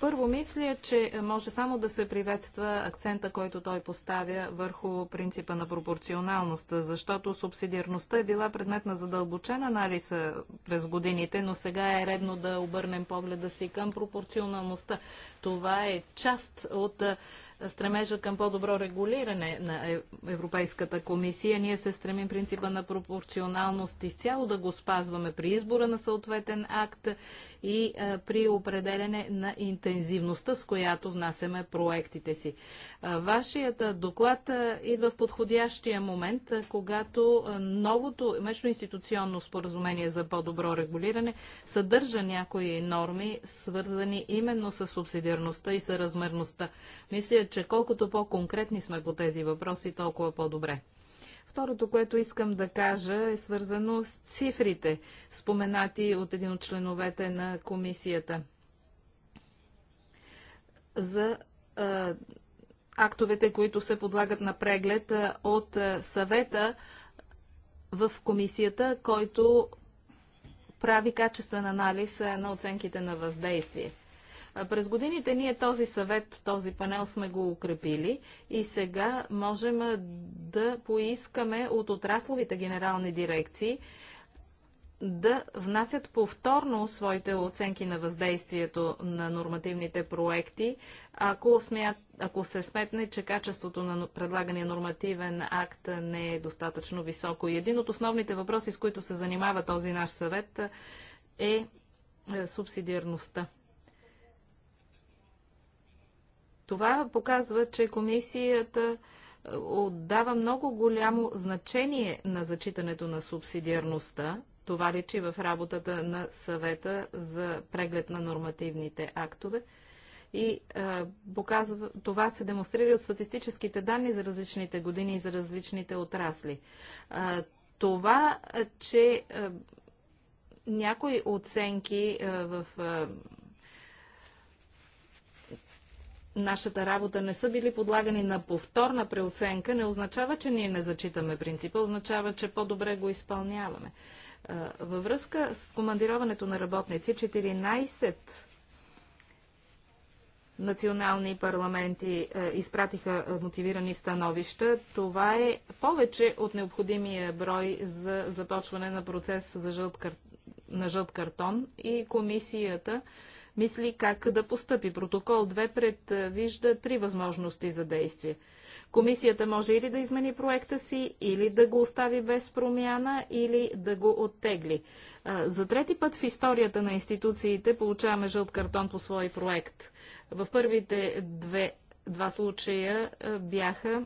Първо, мисля, че може само да се приветства акцента, който той поставя върху принципа на пропорционалността, защото субсидиарността е била предмет на задълбочен анализ през годините, но сега е редно да обърнем погледа си към пропорционалността. Това е част от стремежа към по-добро регулиране на е, Европейската комисия. Ние се стремим принципа на пропорционалност изцяло да го спазваме при избора на съответен акт и е, при определене на интензивността, с която внасяме проектите си. Е, вашият доклад идва в подходящия момент, когато новото междуинституционно споразумение за по-добро регулиране съдържа някои норми, свързани именно с субсидиарността и съразмерността. Мисля, че колкото по-конкретни сме по тези въпроси, толкова по-добре. Второто, което искам да кажа, е свързано с цифрите, споменати от един от членовете на комисията. За а, актовете, които се подлагат на преглед а, от а, съвета в комисията, който прави качествен анализ на оценките на въздействие. През годините ние този съвет, този панел сме го укрепили и сега можем да поискаме от отрасловите генерални дирекции да внасят повторно своите оценки на въздействието на нормативните проекти, ако, смят, ако се сметне, че качеството на предлагания нормативен акт не е достатъчно високо. И един от основните въпроси, с които се занимава този наш съвет, е, е субсидиарността. Това показва, че комисията е, отдава много голямо значение на зачитането на субсидиарността. Това личи в работата на съвета за преглед на нормативните актове. И а, е, показва, това се демонстрира от статистическите данни за различните години и за различните отрасли. А, е, това, че а, някои оценки а, в а, нашата работа не са били подлагани на повторна преоценка, не означава, че ние не зачитаме принципа, означава, че по-добре го изпълняваме. Във връзка с командироването на работници, 14 национални парламенти е, изпратиха мотивирани становища. Това е повече от необходимия брой за започване на процес за жълт кар... на жълт картон и комисията мисли как да постъпи. Протокол 2 предвижда три възможности за действие. Комисията може или да измени проекта си, или да го остави без промяна, или да го оттегли. За трети път в историята на институциите получаваме жълт картон по свой проект. В първите две, два случая бяха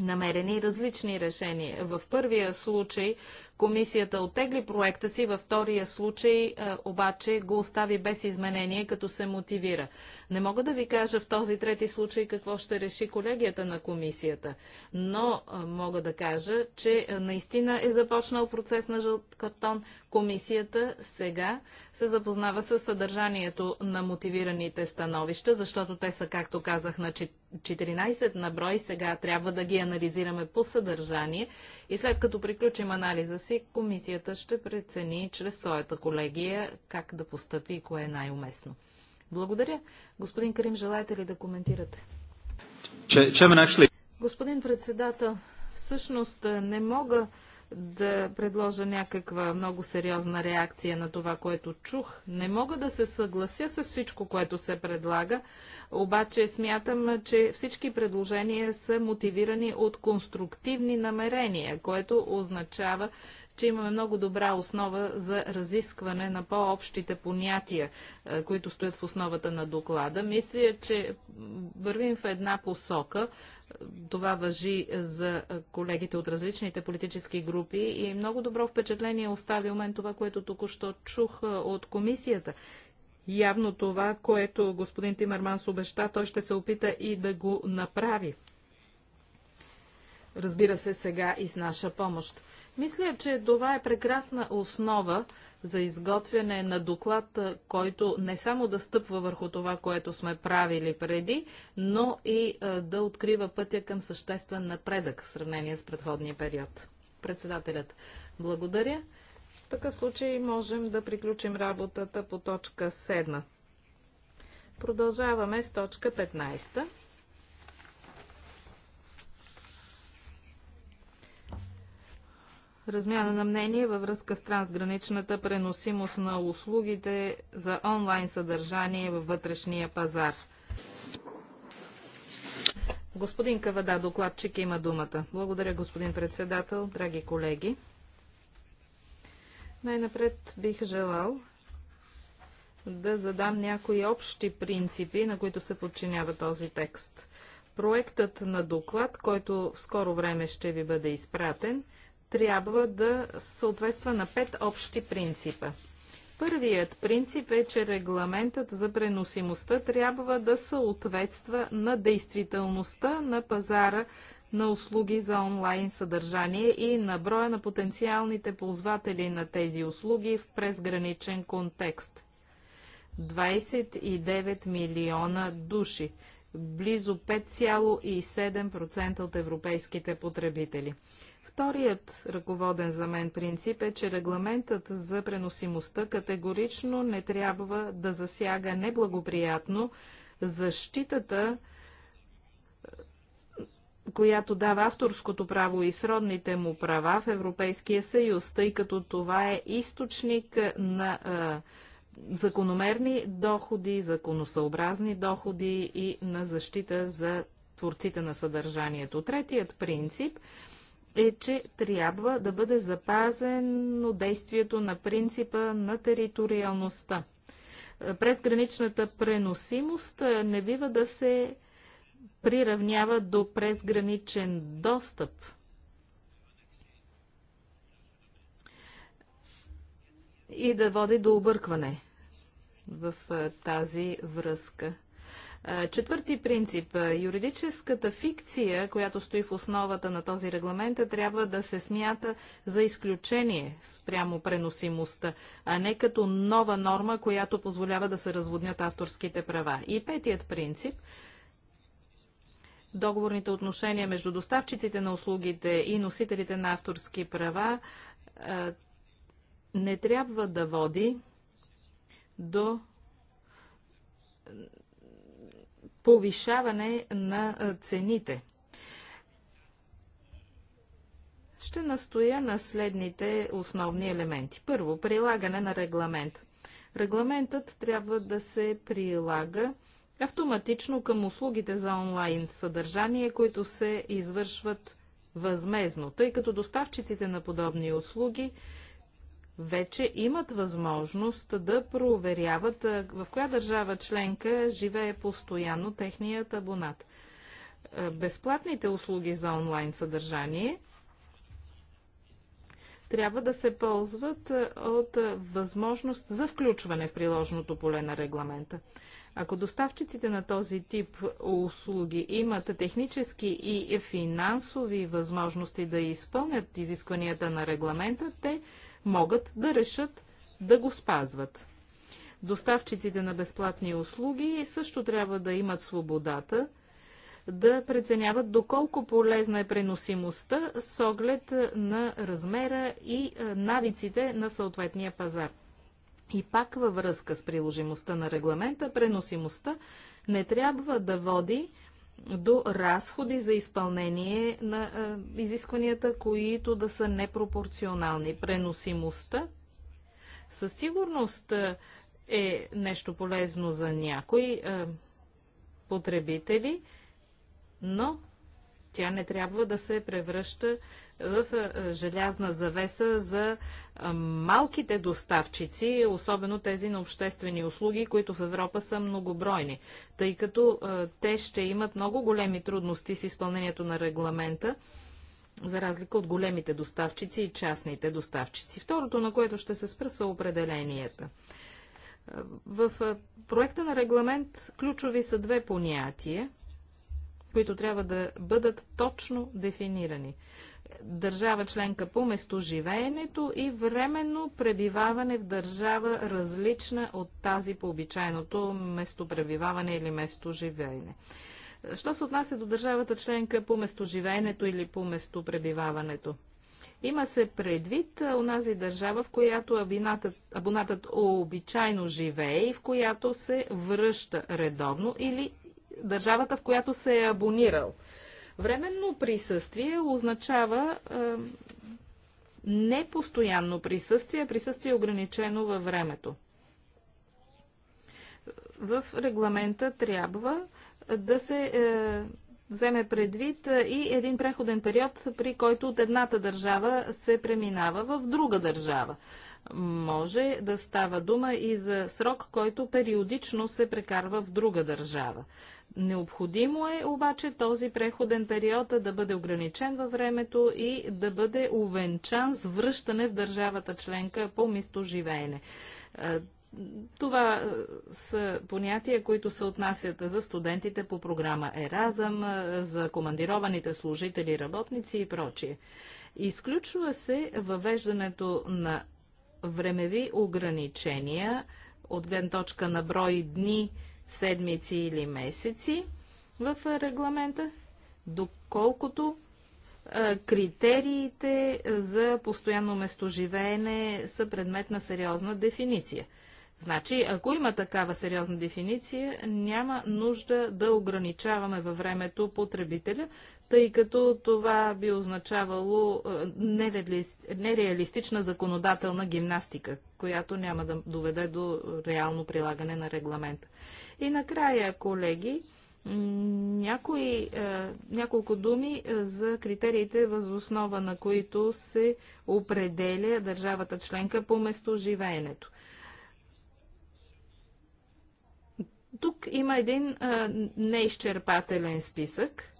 намерени различни решения. В първия случай Комисията оттегли проекта си, във втория случай е, обаче го остави без изменение, като се мотивира. Не мога да ви кажа в този трети случай какво ще реши колегията на комисията, но е, мога да кажа, че е, наистина е започнал процес на жълт картон. Комисията сега се запознава с съдържанието на мотивираните становища, защото те са, както казах, на 14 на брой. Сега трябва да ги анализираме по съдържание и след като приключим анализа си, си, комисията ще прецени чрез своята колегия как да постъпи и кое е най-уместно. Благодаря. Господин Карим, желаете ли да коментирате? Че, че, Господин председател, всъщност е, не мога да предложа някаква много сериозна реакция на това, което чух. Не мога да се съглася с всичко, което се предлага, обаче смятам, че всички предложения са мотивирани от конструктивни намерения, което означава, че имаме много добра основа за разискване на по-общите понятия, е, които стоят в основата на доклада. Мисля, че вървим в една посока. Това въжи за колегите от различните политически групи и много добро впечатление остави у мен това, което току-що чух е, от комисията. Явно това, което господин Тимерманс обеща, той ще се опита и да го направи. Разбира се, сега и с наша помощ. Мисля, че това е прекрасна основа за изготвяне на доклад, който не само да стъпва върху това, което сме правили преди, но и да открива пътя към съществен напредък в сравнение с предходния период. Председателят, благодаря. В такъв случай можем да приключим работата по точка 7. Продължаваме с точка 15. размяна на мнение във връзка с трансграничната преносимост на услугите за онлайн съдържание във вътрешния пазар. Господин Кавада, докладчик има думата. Благодаря, господин председател, драги колеги. Най-напред бих желал да задам някои общи принципи, на които се подчинява този текст. Проектът на доклад, който в скоро време ще ви бъде изпратен, трябва да съответства на пет общи принципа. Първият принцип е, че регламентът за преносимостта трябва да съответства на действителността на пазара на услуги за онлайн съдържание и на броя на потенциалните ползватели на тези услуги в презграничен контекст. 29 милиона души близо 5,7% от европейските потребители. Вторият ръководен за мен принцип е, че регламентът за преносимостта категорично не трябва да засяга неблагоприятно защитата, която дава авторското право и сродните му права в Европейския съюз, тъй като това е източник на а, закономерни доходи, законосъобразни доходи и на защита за творците на съдържанието. Третият принцип е, че трябва да бъде запазено действието на принципа на териториалността. През граничната преносимост не бива да се приравнява до презграничен достъп. и да води до объркване в тази връзка. Четвърти принцип. Юридическата фикция, която стои в основата на този регламент, трябва да се смята за изключение спрямо преносимостта, а не като нова норма, която позволява да се разводнят авторските права. И петият принцип. Договорните отношения между доставчиците на услугите и носителите на авторски права не трябва да води до повишаване на цените. Ще настоя на следните основни елементи. Първо, прилагане на регламент. Регламентът трябва да се прилага автоматично към услугите за онлайн съдържание, които се извършват възмезно, тъй като доставчиците на подобни услуги вече имат възможност да проверяват в коя държава членка живее постоянно техният абонат. Безплатните услуги за онлайн съдържание трябва да се ползват от възможност за включване в приложното поле на регламента. Ако доставчиците на този тип услуги имат технически и финансови възможности да изпълнят изискванията на регламента, те могат да решат да го спазват. Доставчиците на безплатни услуги също трябва да имат свободата да преценяват доколко полезна е преносимостта с оглед на размера и навиците на съответния пазар. И пак във връзка с приложимостта на регламента, преносимостта не трябва да води до разходи за изпълнение на а, изискванията, които да са непропорционални. Преносимостта със сигурност е нещо полезно за някои а, потребители, но тя не трябва да се превръща в желязна завеса за малките доставчици, особено тези на обществени услуги, които в Европа са многобройни, тъй като те ще имат много големи трудности с изпълнението на регламента за разлика от големите доставчици и частните доставчици. Второто, на което ще се спра, са определенията. В проекта на регламент ключови са две понятия, които трябва да бъдат точно дефинирани. Държава членка по местоживеенето и временно пребиваване в държава различна от тази по обичайното местопребиваване или местоживеене. Що се отнася до държавата членка по местоживеенето или по местопребиваването? Има се предвид онази държава, в която абонатът, абонатът обичайно живее и в която се връща редовно или държавата, в която се е абонирал. Временно присъствие означава е, непостоянно присъствие, присъствие ограничено във времето. В регламента трябва да се е, вземе предвид и един преходен период, при който от едната държава се преминава в друга държава. Може да става дума и за срок, който периодично се прекарва в друга държава. Необходимо е обаче този преходен период да бъде ограничен във времето и да бъде увенчан с връщане в държавата членка по местоживеене. Е, това е, са понятия, които се отнасят за студентите по програма Еразъм, е, за командированите служители, работници и прочие. Изключва се въвеждането на времеви ограничения от гледна точка на брой дни, седмици или месеци в регламента, доколкото критериите за постоянно местоживеене са предмет на сериозна дефиниция. Значи, ако има такава сериозна дефиниция, няма нужда да ограничаваме във времето потребителя, тъй като това би означавало е, нереалистична законодателна гимнастика, която няма да доведе до реално прилагане на регламента. И накрая, колеги, някои, е, няколко думи е, за критериите, възоснова на които се определя държавата членка по местоживеенето. Тук има един неизчерпателен списък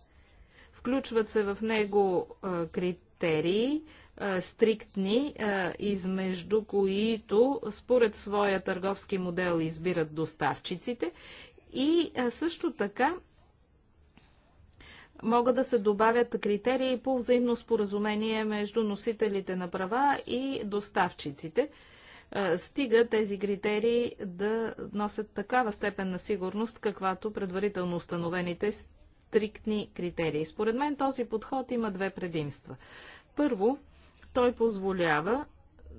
Включват се в него а, критерии, а, стриктни, а, измежду които според своя търговски модел избират доставчиците и също така могат да се добавят критерии по взаимно споразумение между носителите на права и доставчиците. Стига тези критерии да носят такава степен на сигурност, каквато предварително установените стриктни критерии. Според мен този подход има две предимства. Първо, той позволява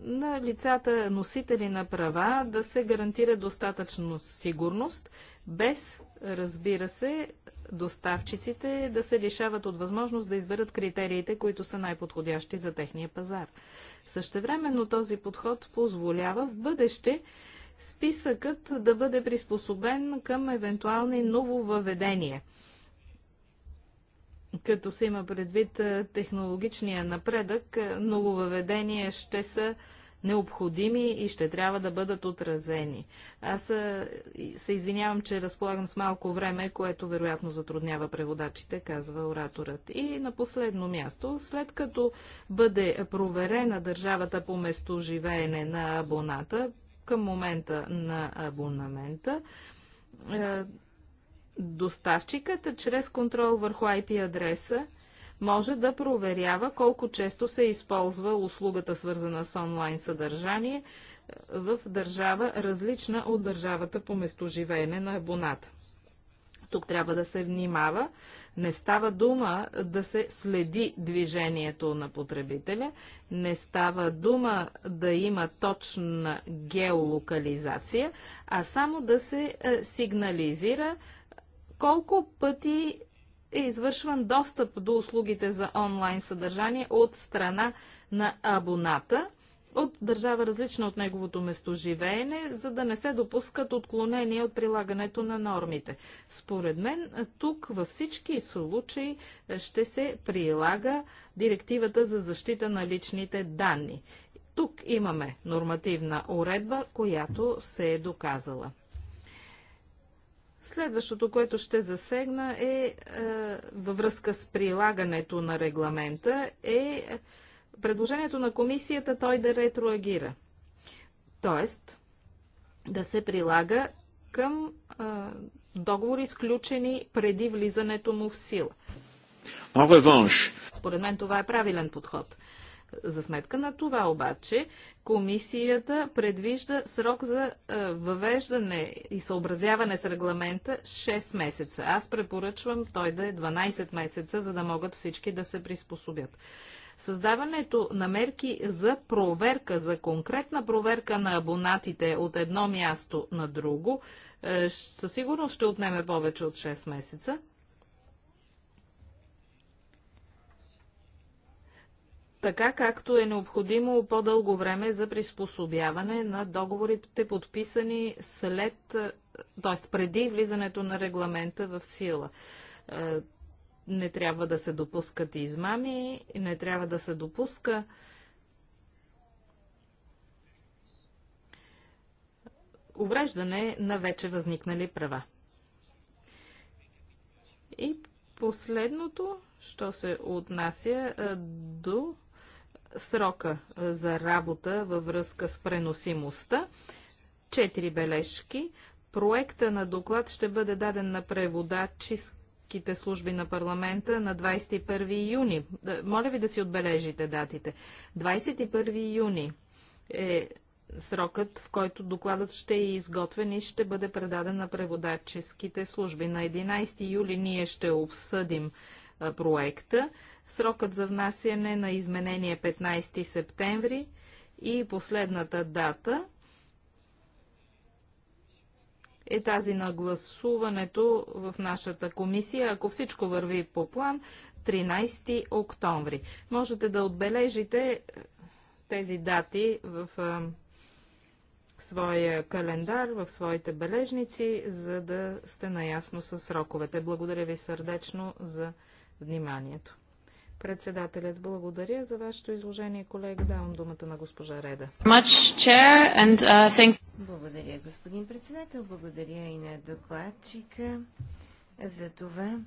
на лицата носители на права да се гарантира достатъчно сигурност, без, разбира се, доставчиците да се лишават от възможност да изберат критериите, които са най-подходящи за техния пазар. Същевременно този подход позволява в бъдеще списъкът да бъде приспособен към евентуални нововъведения – като се има предвид технологичния напредък, въведения ще са необходими и ще трябва да бъдат отразени. Аз се извинявам, че разполагам с малко време, което вероятно затруднява преводачите, казва ораторът. И на последно място, след като бъде проверена държавата по место живеене на абоната, към момента на абонамента, Доставчикът чрез контрол върху IP адреса може да проверява колко често се използва услугата свързана с онлайн съдържание е, в държава различна от държавата по местоживеене на абоната. Тук трябва да се внимава. Не става дума да се следи движението на потребителя, не става дума да има точна геолокализация, а само да се е, сигнализира колко пъти е извършван достъп до услугите за онлайн съдържание от страна на абоната от държава различна от неговото местоживеене, за да не се допускат отклонения от прилагането на нормите. Според мен, тук във всички случаи ще се прилага директивата за защита на личните данни. Тук имаме нормативна уредба, която се е доказала. Следващото, което ще засегна е, е, във връзка с прилагането на регламента, е предложението на комисията той да ретроагира. Тоест, да се прилага към договори, изключени преди влизането му в сила. Според мен това е правилен подход. За сметка на това обаче, комисията предвижда срок за е, въвеждане и съобразяване с регламента 6 месеца. Аз препоръчвам той да е 12 месеца, за да могат всички да се приспособят. Създаването на мерки за проверка, за конкретна проверка на абонатите от едно място на друго, е, със сигурност ще отнеме повече от 6 месеца. така както е необходимо по-дълго време за приспособяване на договорите подписани след, т.е. преди влизането на регламента в сила. Е, не трябва да се допускат измами, не трябва да се допуска увреждане на вече възникнали права. И последното, що се отнася е, до срока за работа във връзка с преносимостта. Четири бележки. Проекта на доклад ще бъде даден на преводаческите служби на парламента на 21 юни. Моля ви да си отбележите датите. 21 юни е срокът, в който докладът ще е изготвен и ще бъде предаден на преводаческите служби. На 11 юли ние ще обсъдим проекта. Срокът за внасяне на изменение 15 е септември и последната дата е тази на гласуването в нашата комисия. Ако всичко върви по план, 13 октомври. Можете да отбележите е, тези дати в е, своя календар, в своите бележници, за да сте наясно с сроковете. Благодаря ви сърдечно за вниманието. Председателят, благодаря за вашето изложение, колега. Давам думата на госпожа Реда. Uh, благодаря, господин председател. Благодаря и на докладчика за това,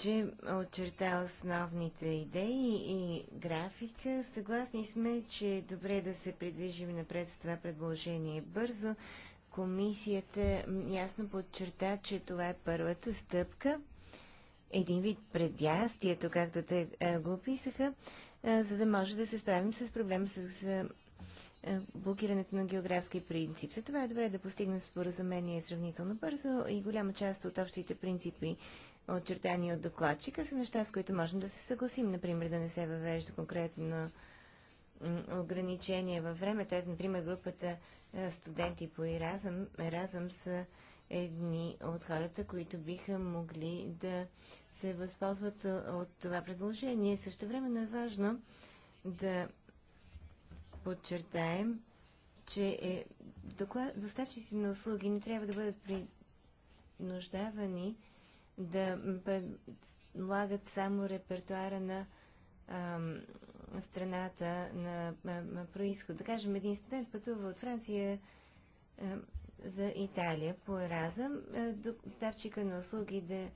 че очерта основните идеи и графика. Съгласни сме, че е добре да се придвижим напред с това предложение бързо. Комисията ясно подчерта, че това е първата стъпка – един вид предястието, както те го описаха, за да може да се справим с проблема с блокирането на географски принцип. За това е добре да постигнем споразумение сравнително бързо и голяма част от общите принципи, очертани от докладчика, са неща, с които можем да се съгласим. Например, да не се въвежда конкретно ограничение във времето. Ето, например, групата студенти по Еразъм, Еразъм са едни от хората, които биха могли да се възползват от това предложение. Също времено е важно да подчертаем, че е, доклад, доставчици на услуги не трябва да бъдат принуждавани да предлагат само репертуара на ам, страната на, на, на происход. Да кажем, един студент пътува от Франция ам, за Италия по Еразъм, е, доставчика на услуги да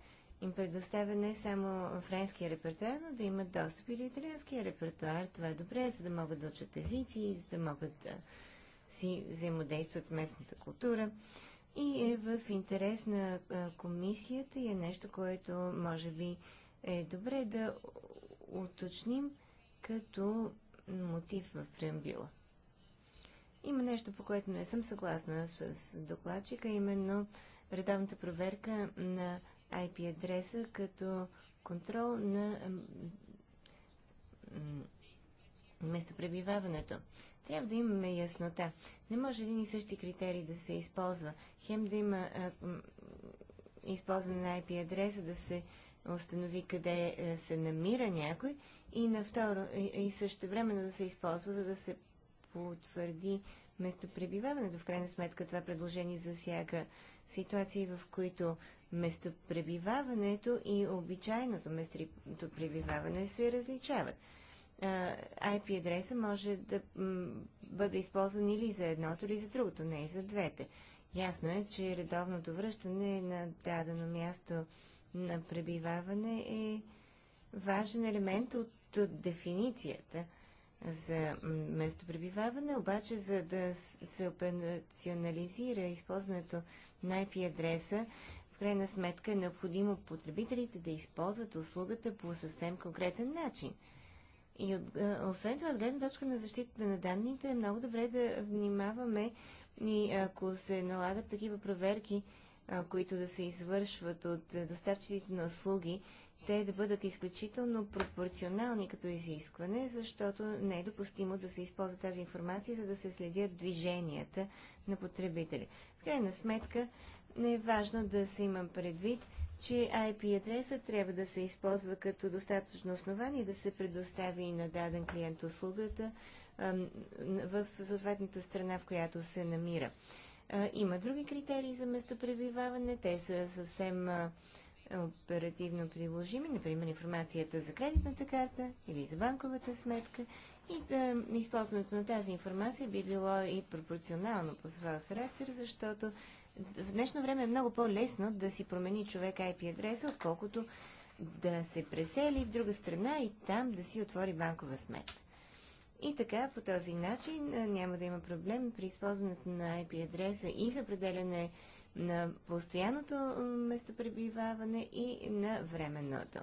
им предоставя не само френския репертуар, но да имат достъп и до италианския репертуар. Това е добре, за да могат да учат езици, за да могат да си взаимодействат с местната култура. И е в интерес на е, комисията и е нещо, което може би е добре да уточним като мотив в преамбила. Има нещо, по което не съм съгласна с докладчика, именно редовната проверка на IP адреса като контрол на местопребиваването. Трябва да имаме яснота. Не може един и същи критерий да се използва. Хем да има а, използване на IP адреса, да се установи къде е, се намира някой и на второ и също времено да се използва, за да се потвърди местопребиваването. В крайна сметка това предложение засяга ситуации, в които местопребиваването и обичайното местопребиваване се различават. IP адреса може да бъде използван или за едното, или за другото, не и за двете. Ясно е, че редовното връщане на дадено място на пребиваване е важен елемент от, от дефиницията – за местопребиваване, обаче за да се операционализира използването на IP адреса, в крайна сметка е необходимо потребителите да използват услугата по съвсем конкретен начин. И от, освен това, от гледна точка на защитата на данните, е много добре да внимаваме и ако се налагат такива проверки, които да се извършват от доставчиците на услуги, те да бъдат изключително пропорционални като изискване, защото не е допустимо да се използва тази информация, за да се следят движенията на потребители. В крайна сметка не е важно да се имам предвид, че IP адреса трябва да се използва като достатъчно основание да се предостави на даден клиент услугата в съответната страна, в която се намира. има други критерии за местопребиваване, те са съвсем а, оперативно приложими, например информацията за кредитната карта или за банковата сметка и да, използването на тази информация би било и пропорционално по своя характер, защото в днешно време е много по-лесно да си промени човек IP адреса, отколкото да се пресели в друга страна и там да си отвори банкова сметка. И така, по този начин няма да има проблем при използването на IP адреса и за определене на постоянното местопребиваване и на временното.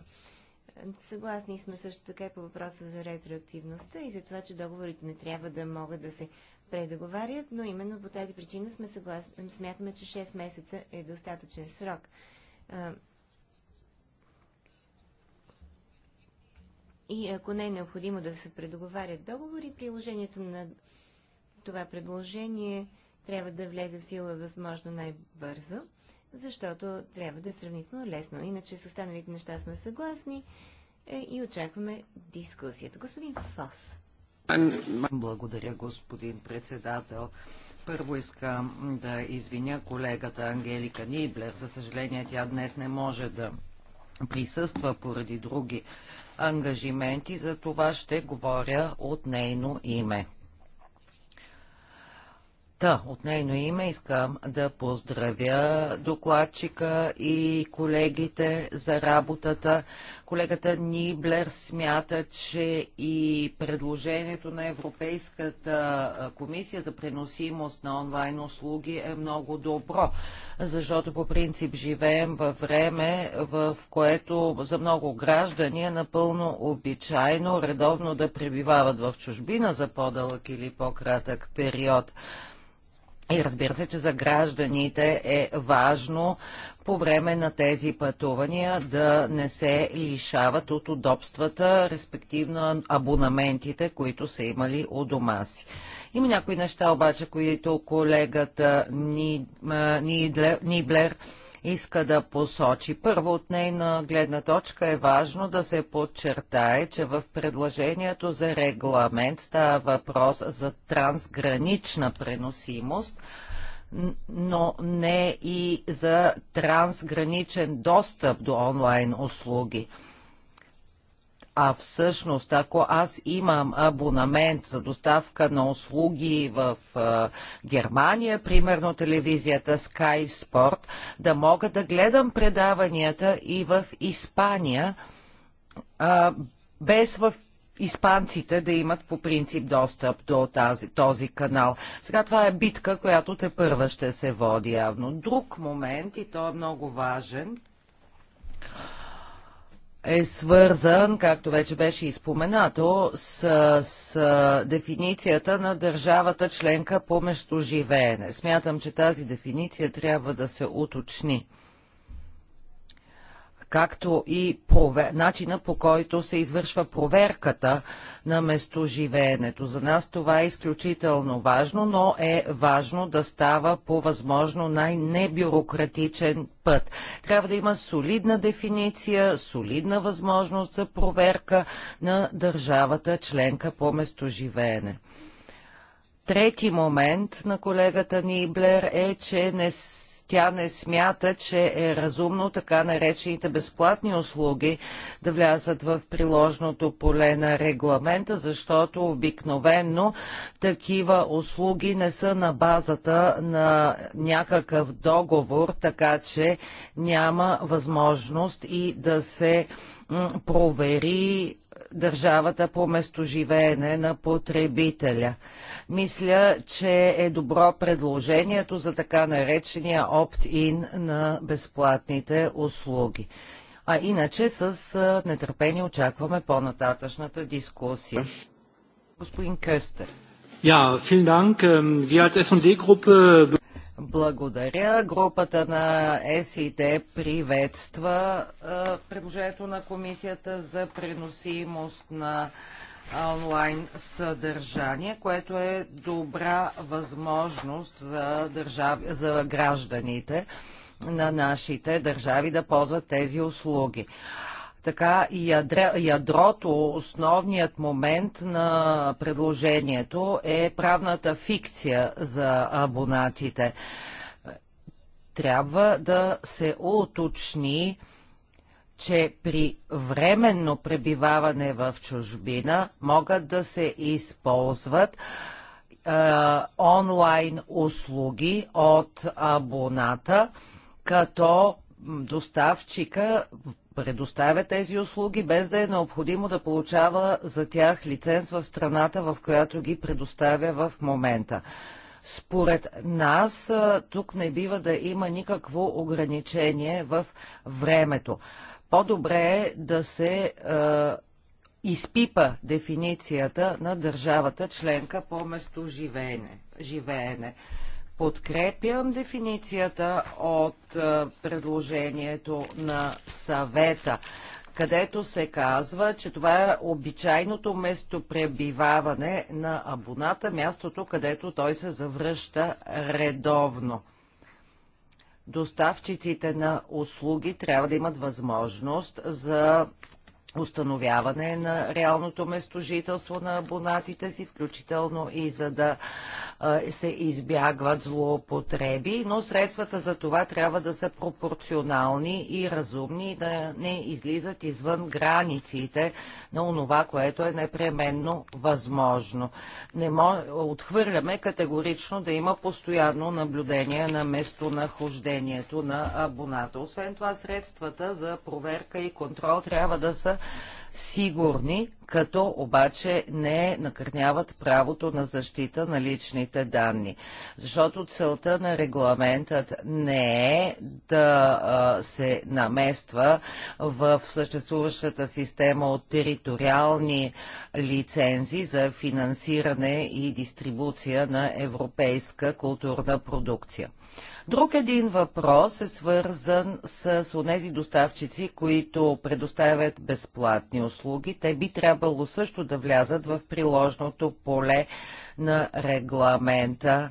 Съгласни сме също така и по въпроса за ретроактивността и за това, че договорите не трябва да могат да се предоговарят, но именно по тази причина сме съгласни, смятаме, че 6 месеца е достатъчен срок. И ако не е необходимо да се предоговарят договори, приложението на това предложение трябва да влезе в сила възможно най-бързо, защото трябва да е сравнително лесно. Иначе с останалите неща сме съгласни е, и очакваме дискусията. Господин Фос. Благодаря, господин председател. Първо искам да извиня колегата Ангелика Ниблер. За съжаление, тя днес не може да присъства поради други ангажименти, за това ще говоря от нейно име. Та, от нейно име искам да поздравя докладчика и колегите за работата. Колегата Ниблер смята, че и предложението на Европейската комисия за преносимост на онлайн услуги е много добро, защото по принцип живеем във време, в което за много граждани е напълно обичайно редовно да пребивават в чужбина за по-дълъг или по-кратък период. И разбира се, че за гражданите е важно по време на тези пътувания да не се лишават от удобствата, респективно абонаментите, които са имали у дома си. Има някои неща обаче, които колегата Нидлер, Ниблер иска да посочи. Първо от нейна гледна точка е важно да се подчертае, че в предложението за регламент става въпрос за трансгранична преносимост, но не и за трансграничен достъп до онлайн услуги. А всъщност, ако аз имам абонамент за доставка на услуги в а, Германия, примерно телевизията Sky Sport, да мога да гледам предаванията и в Испания, а, без в испанците да имат по принцип достъп до тази, този канал. Сега това е битка, която те първа ще се води явно. Друг момент, и то е много важен, е свързан, както вече беше изпоменато, с, с дефиницията на държавата членка по местоживеене. Смятам, че тази дефиниция трябва да се уточни както и провер... начина по който се извършва проверката на местоживеенето. За нас това е изключително важно, но е важно да става по възможно най-небюрократичен път. Трябва да има солидна дефиниция, солидна възможност за проверка на държавата членка по местоживеене. Трети момент на колегата Ниблер е, че не тя не смята, че е разумно така наречените безплатни услуги да влязат в приложното поле на регламента, защото обикновенно такива услуги не са на базата на някакъв договор, така че няма възможност и да се провери държавата по местоживеене на потребителя. Мисля, че е добро предложението за така наречения опт-ин на безплатните услуги. А иначе с нетърпение очакваме по-нататъчната дискусия. Господин Köster. Ja, vielen Dank. Wir ähm, als S&D-Gruppe благодаря. Групата на СИД приветства предложението на комисията за преносимост на онлайн съдържание, което е добра възможност за, държав... за гражданите на нашите държави да ползват тези услуги така и ядрото, основният момент на предложението е правната фикция за абонатите. Трябва да се уточни, че при временно пребиваване в чужбина могат да се използват е, онлайн услуги от абоната, като доставчика предоставя тези услуги, без да е необходимо да получава за тях лиценз в страната, в която ги предоставя в момента. Според нас тук не бива да има никакво ограничение в времето. По-добре е да се е, изпипа дефиницията на държавата членка по местоживеене. Живеене. Подкрепям дефиницията от е, предложението на съвета където се казва, че това е обичайното местопребиваване на абоната, мястото, където той се завръща редовно. Доставчиците на услуги трябва да имат възможност за установяване на реалното местожителство на абонатите си, включително и за да се избягват злоупотреби, но средствата за това трябва да са пропорционални и разумни и да не излизат извън границите на онова, което е непременно възможно. Не мож... Отхвърляме категорично да има постоянно наблюдение на местонахождението на абоната. Освен това, средствата за проверка и контрол трябва да са сигурни, като обаче не накърняват правото на защита на личните данни. Защото целта на регламентът не е да се намества в съществуващата система от териториални лицензи за финансиране и дистрибуция на европейска културна продукция. Друг един въпрос е свързан с онези доставчици, които предоставят безплатни услуги. Те би трябвало също да влязат в приложното поле на регламента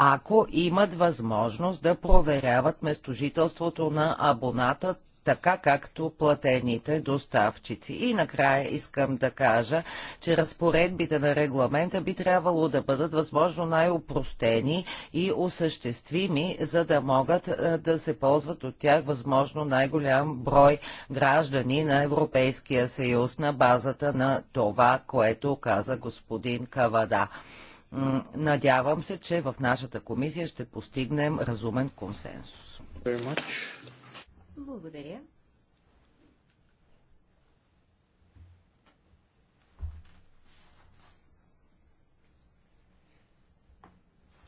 ако имат възможност да проверяват местожителството на абоната така както платените доставчици. И накрая искам да кажа, че разпоредбите на регламента би трябвало да бъдат възможно най-упростени и осъществими, за да могат е, да се ползват от тях възможно най-голям брой граждани на Европейския съюз на базата на това, което каза господин Кавада. Надявам се, че в нашата комисия ще постигнем разумен консенсус. Very much. Благодаря.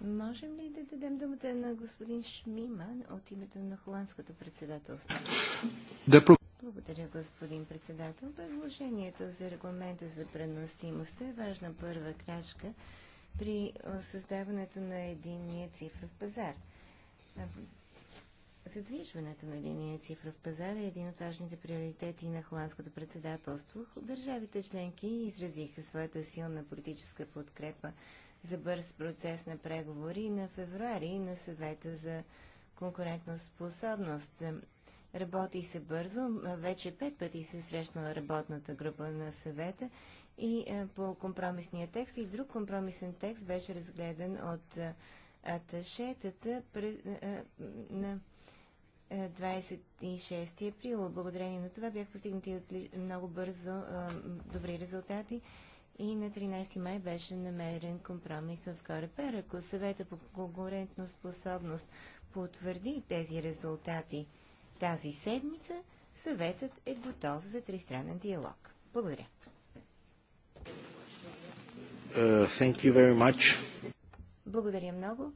Можем ли да дадем думата на господин Шмиман от името на холандското председателство? благодаря, господин председател. Предложението за регламента за преносимостта е важна първа крачка при създаването на единния цифров пазар. Задвижването на единия цифров пазар е един от важните приоритети на холандското председателство. Държавите членки изразиха своята силна политическа подкрепа за бърз процес на преговори на февруари на съвета за конкурентна способност. Работи се бързо, вече пет пъти се срещнала работната група на съвета и е, по компромисния текст и друг компромисен текст беше разгледан от е, аташетата е, на 26 април. Благодарение на това бях постигнати от много бързо добри резултати и на 13 май беше намерен компромис в Корепер. Ако съвета по конкурентна способност потвърди тези резултати тази седмица, съветът е готов за тристранен диалог. Благодаря. Uh, thank you very much. Благодаря много.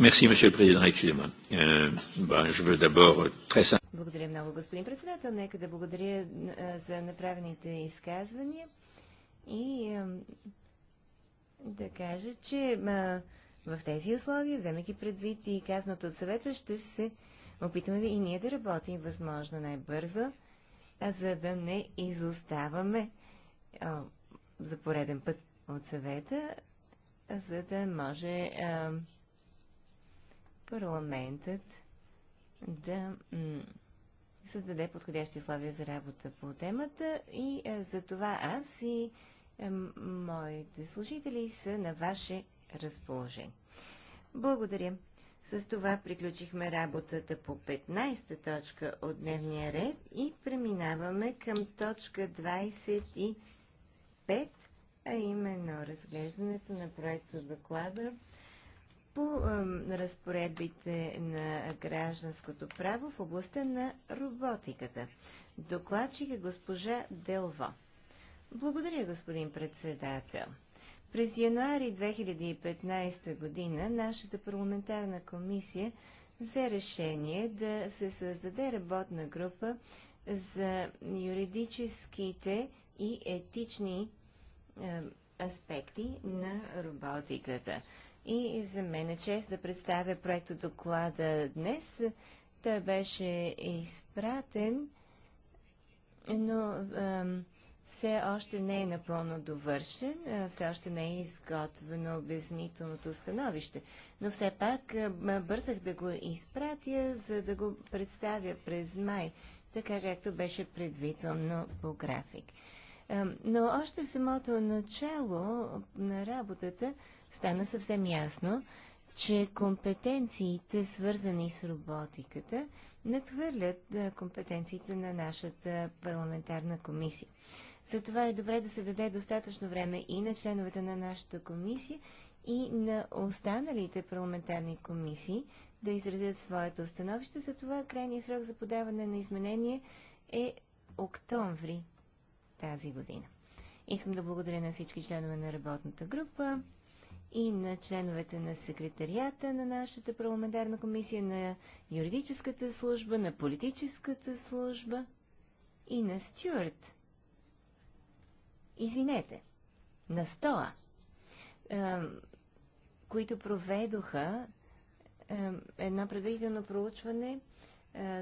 Merci, monsieur le président. Excusez-moi. Euh, je veux d'abord euh, très Благодаря много, господин председател. Нека да благодаря е, за направените изказвания и да кажа, че в тези условия, вземайки предвид и казаното от съвета, ще се опитаме да и ние да работим възможно най-бързо, за да не изоставаме за пореден път от съвета, за да може парламентът да създаде подходящи условия за работа по темата и а, за това аз и а, моите служители са на ваше разположение. Благодаря. С това приключихме работата по 15-та точка от дневния ред и преминаваме към точка 25, а именно разглеждането на проекта доклада по разпоредбите на гражданското право в областта на роботиката. Докладчик е госпожа Делво. Благодаря, господин председател. През януари 2015 година нашата парламентарна комисия взе решение да се създаде работна група за юридическите и етични е, аспекти на роботиката. И за мен е чест да представя проекто доклада днес. Той беше изпратен, но ам, все още не е напълно довършен, все още не е изготвено обяснителното становище. Но все пак бързах да го изпратя, за да го представя през май, така както беше предвидено по график. но още в самото начало на работата стана съвсем ясно, че компетенциите, свързани с роботиката, надхвърлят компетенциите на нашата парламентарна комисия. Затова е добре да се даде достатъчно време и на членовете на нашата комисия, и на останалите парламентарни комисии да изразят своето установище. За това крайният срок за подаване на изменение е октомври тази година. Искам да благодаря на всички членове на работната група и на членовете на секретарията на нашата парламентарна комисия, на юридическата служба, на политическата служба и на Стюарт. Извинете, на Стоа, които проведоха едно предварително проучване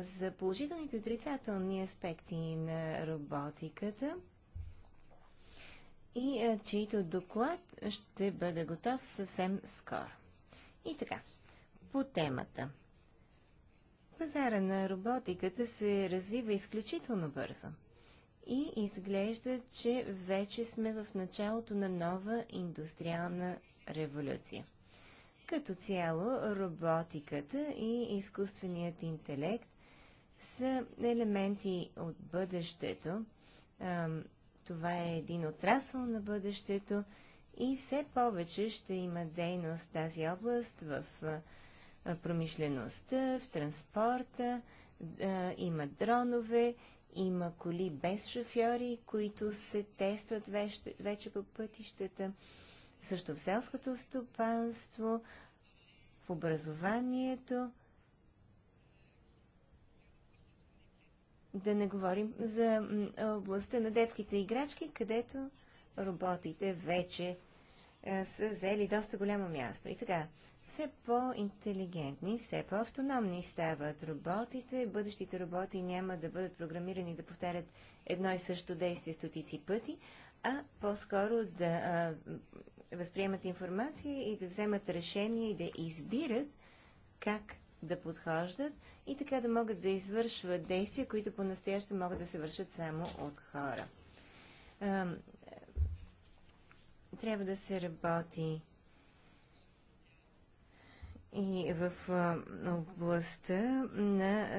за положителните и отрицателни аспекти на роботиката – и а, е, чийто доклад ще бъде готов съвсем скоро. И така, по темата. Пазара на роботиката се развива изключително бързо. И изглежда, че вече сме в началото на нова индустриална революция. Като цяло, роботиката и изкуственият интелект са елементи от бъдещето, това е един отрасъл на бъдещето и все повече ще има дейност в тази област, в промишлеността, в транспорта, има дронове, има коли без шофьори, които се тестват вече по пътищата, също в селското стопанство, в образованието, Да не говорим за областта на детските играчки, където роботите вече е, са взели доста голямо място. И така, все по-интелигентни, все по-автономни стават роботите. Бъдещите роботи няма да бъдат програмирани да повтарят едно и също действие стотици пъти, а по-скоро да а, възприемат информация и да вземат решения и да избират как да подхождат и така да могат да извършват действия, които по-настояще могат да се вършат само от хора. Трябва да се работи и в областта на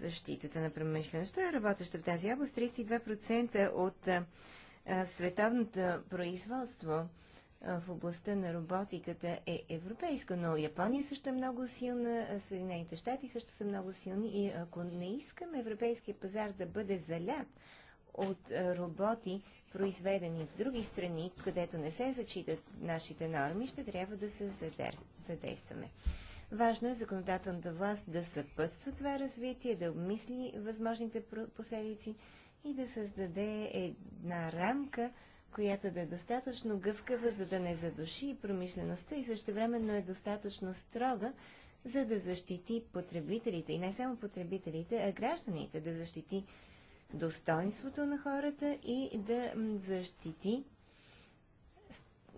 защитата на промишлеността, работеща в тази област, 32% от световното производство в областта на роботиката е европейско, но Япония също е много силна, Съединените щати също са много силни и ако не искаме европейския пазар да бъде залят от роботи, произведени в други страни, където не се зачитат нашите норми, ще трябва да се задер... задействаме. Важно е законодателната власт да съпътства това развитие, да обмисли възможните последици и да създаде една рамка, която да е достатъчно гъвкава, за да не задуши промишлеността и същевременно е достатъчно строга, за да защити потребителите. И не само потребителите, а гражданите. Да защити достоинството на хората и да защити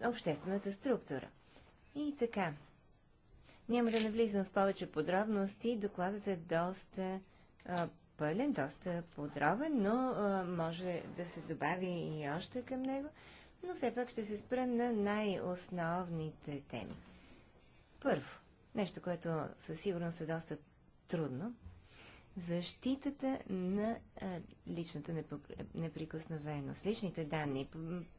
обществената структура. И така. Няма да навлизам в повече подробности. Докладът е доста а, пълен, доста подробен, но а, може да се добави и още към него. Но все пак ще се спра на най-основните теми. Първо, нещо, което със сигурност е доста трудно, защитата на а, личната неприкосновеност, личните данни,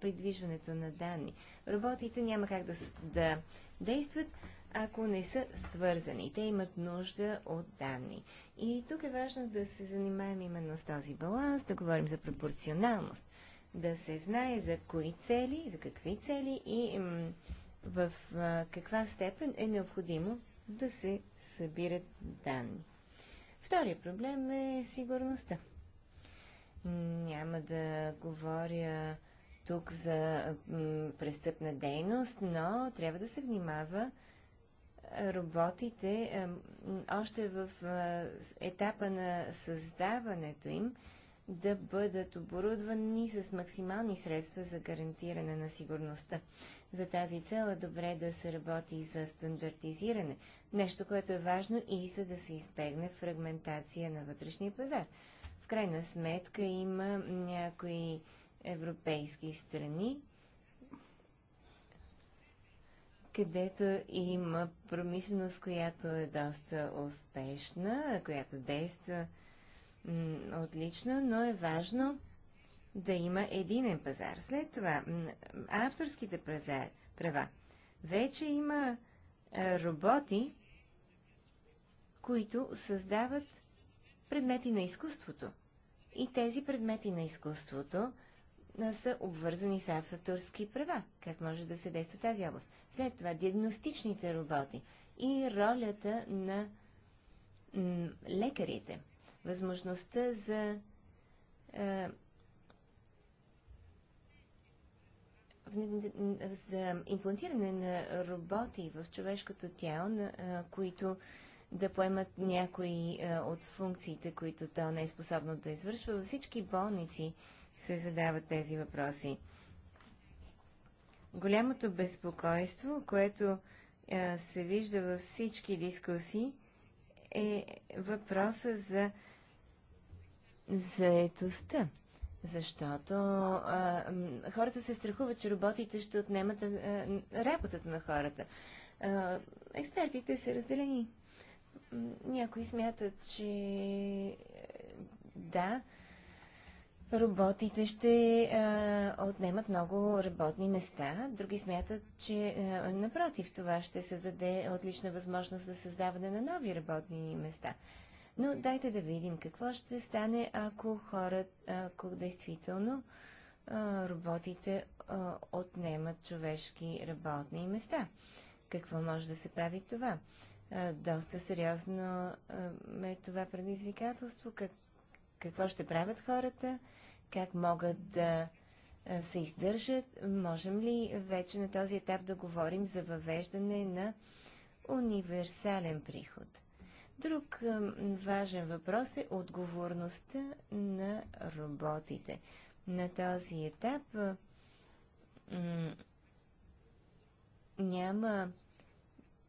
придвижването на данни. Роботите няма как да, да действат, ако не са свързани. Те имат нужда от данни. И тук е важно да се занимаем именно с този баланс, да говорим за пропорционалност, да се знае за кои цели, за какви цели и в каква степен е необходимо да се събират данни. Втория проблем е сигурността. Няма да говоря тук за престъпна дейност, но трябва да се внимава роботите още в етапа на създаването им да бъдат оборудвани с максимални средства за гарантиране на сигурността. За тази цел е добре да се работи за стандартизиране, нещо, което е важно и за да се избегне фрагментация на вътрешния пазар. В крайна сметка има някои европейски страни, където има промишленост, която е доста успешна, която действа отлично, но е важно да има единен пазар. След това, авторските пазар, права. Вече има а, е, роботи, които създават предмети на изкуството. И тези предмети на изкуството са обвързани с авторски права. Как може да се действа тази област? След това диагностичните роботи и ролята на лекарите. Възможността за за имплантиране на роботи в човешкото тяло, които да поемат някои от функциите, които то не е способно да извършва. Във всички болници се задават тези въпроси. Голямото безпокойство, което а, се вижда във всички дискусии, е въпроса за заетостта. Защото а, хората се страхуват, че роботите ще отнемат а, работата на хората. А, експертите са разделени. Някои смятат, че е, да, роботите ще а, отнемат много работни места. Други смятат, че а, напротив, това ще създаде отлична възможност за създаване на нови работни места. Но дайте да видим какво ще стане, ако хората, ако действително а, роботите а, отнемат човешки работни места. Какво може да се прави това? А, доста сериозно а, е това предизвикателство. Как, какво ще правят хората? как могат да се издържат, можем ли вече на този етап да говорим за въвеждане на универсален приход? Друг важен въпрос е отговорността на роботите. На този етап няма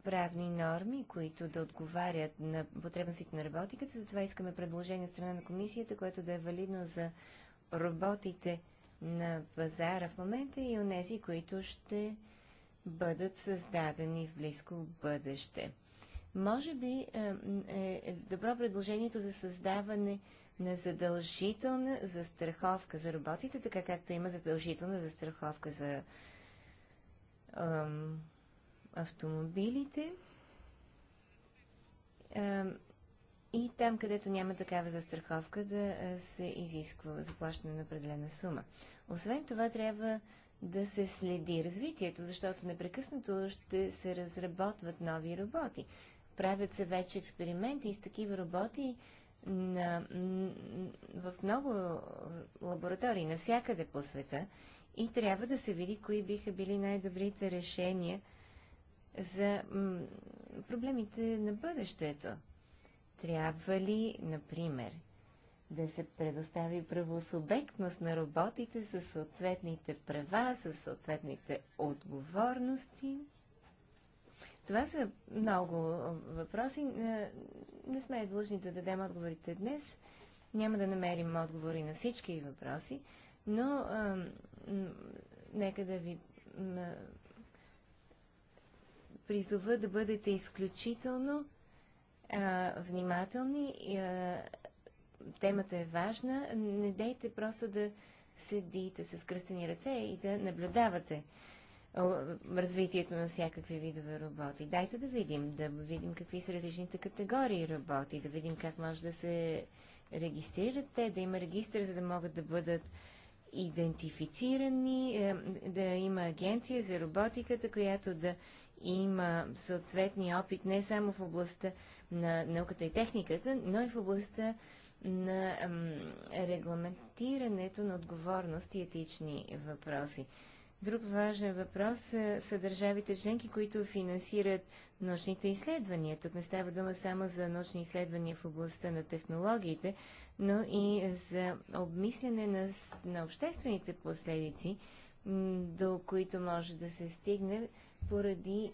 правни норми, които да отговарят на потребностите на работиката, затова искаме предложение от страна на комисията, което да е валидно за работите на пазара в момента и онези, които ще бъдат създадени в близко бъдеще. Може би е, е, е добро предложението за създаване на задължителна застраховка за работите, така както има задължителна застраховка за е, автомобилите. Е, и там, където няма такава застраховка, да се изисква заплащане на определена сума. Освен това, трябва да се следи развитието, защото непрекъснато ще се разработват нови роботи. Правят се вече експерименти с такива роботи на, в много лаборатории, навсякъде по света. И трябва да се види кои биха били най-добрите решения за проблемите на бъдещето. Трябва ли, например, да се предостави правосубектност на роботите с съответните права, с съответните отговорности? Това са много въпроси. Е, не сме длъжни да дадем отговорите днес. Няма да намерим отговори на всички въпроси, но а, нека да ви а, призова да бъдете изключително а, внимателни. А, темата е важна. Не дейте просто да седите с кръстени ръце и да наблюдавате развитието на всякакви видове работи. Дайте да видим, да видим какви са различните категории работи, да видим как може да се регистрират те, да има регистр, за да могат да бъдат идентифицирани, е, да има агенция за роботиката, която да има съответния опит не само в областта на науката и техниката, но и в областта на регламентирането на отговорност и етични въпроси. Друг важен въпрос са, са държавите членки, които финансират научните изследвания. Тук не става дума само за научни изследвания в областта на технологиите, но и за обмислене на, на обществените последици, до които може да се стигне поради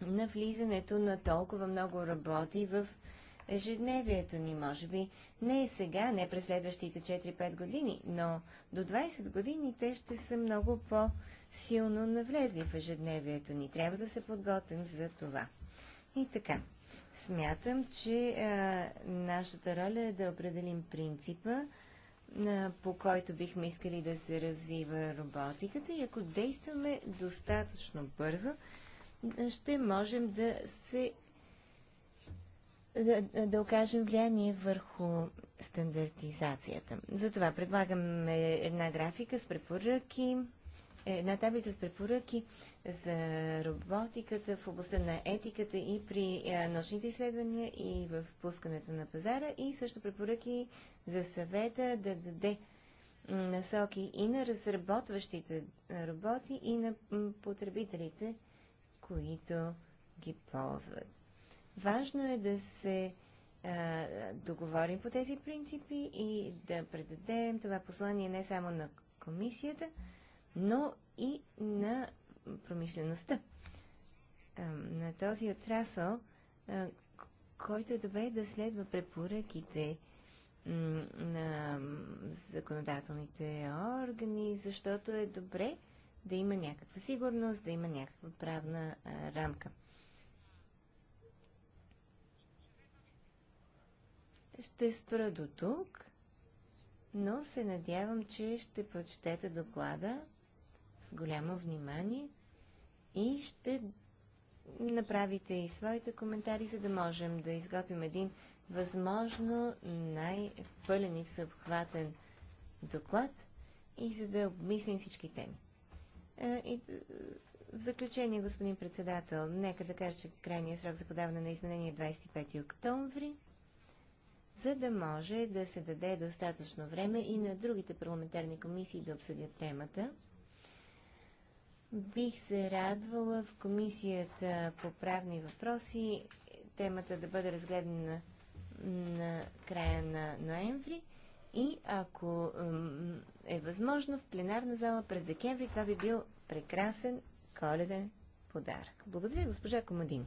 навлизането на толкова много работи в ежедневието ни, може би. Не е сега, не през следващите 4-5 години, но до 20 години те ще са много по-силно навлезли в ежедневието ни. Трябва да се подготвим за това. И така, смятам, че а, нашата роля е да определим принципа, по който бихме искали да се развива роботиката и ако действаме достатъчно бързо, ще можем да се да, да окажем влияние върху стандартизацията. Затова предлагаме една графика с препоръки, една таблица с препоръки за роботиката в областта на етиката и при научните изследвания и в пускането на пазара и също препоръки за съвета да даде насоки и на разработващите работи, и на потребителите, които ги ползват. Важно е да се а, договорим по тези принципи и да предадем това послание не само на комисията, но и на промишлеността. А, на този отрасъл, а, който е добре да следва препоръките на законодателните органи, защото е добре да има някаква сигурност, да има някаква правна рамка. Ще спра до тук, но се надявам, че ще прочетете доклада с голямо внимание и ще направите и своите коментари, за да можем да изготвим един възможно най-пълен и съобхватен доклад и за да обмислим всички теми. Е, и е, в заключение, господин председател, нека да кажа, че крайният срок за подаване на изменение е 25 октомври, за да може да се даде достатъчно време и на другите парламентарни комисии да обсъдят темата. Бих се радвала в комисията по правни въпроси темата да бъде разгледана на края на ноември и ако е възможно в пленарна зала през декември, това би бил прекрасен коледен подарък. Благодаря, госпожа Комадин.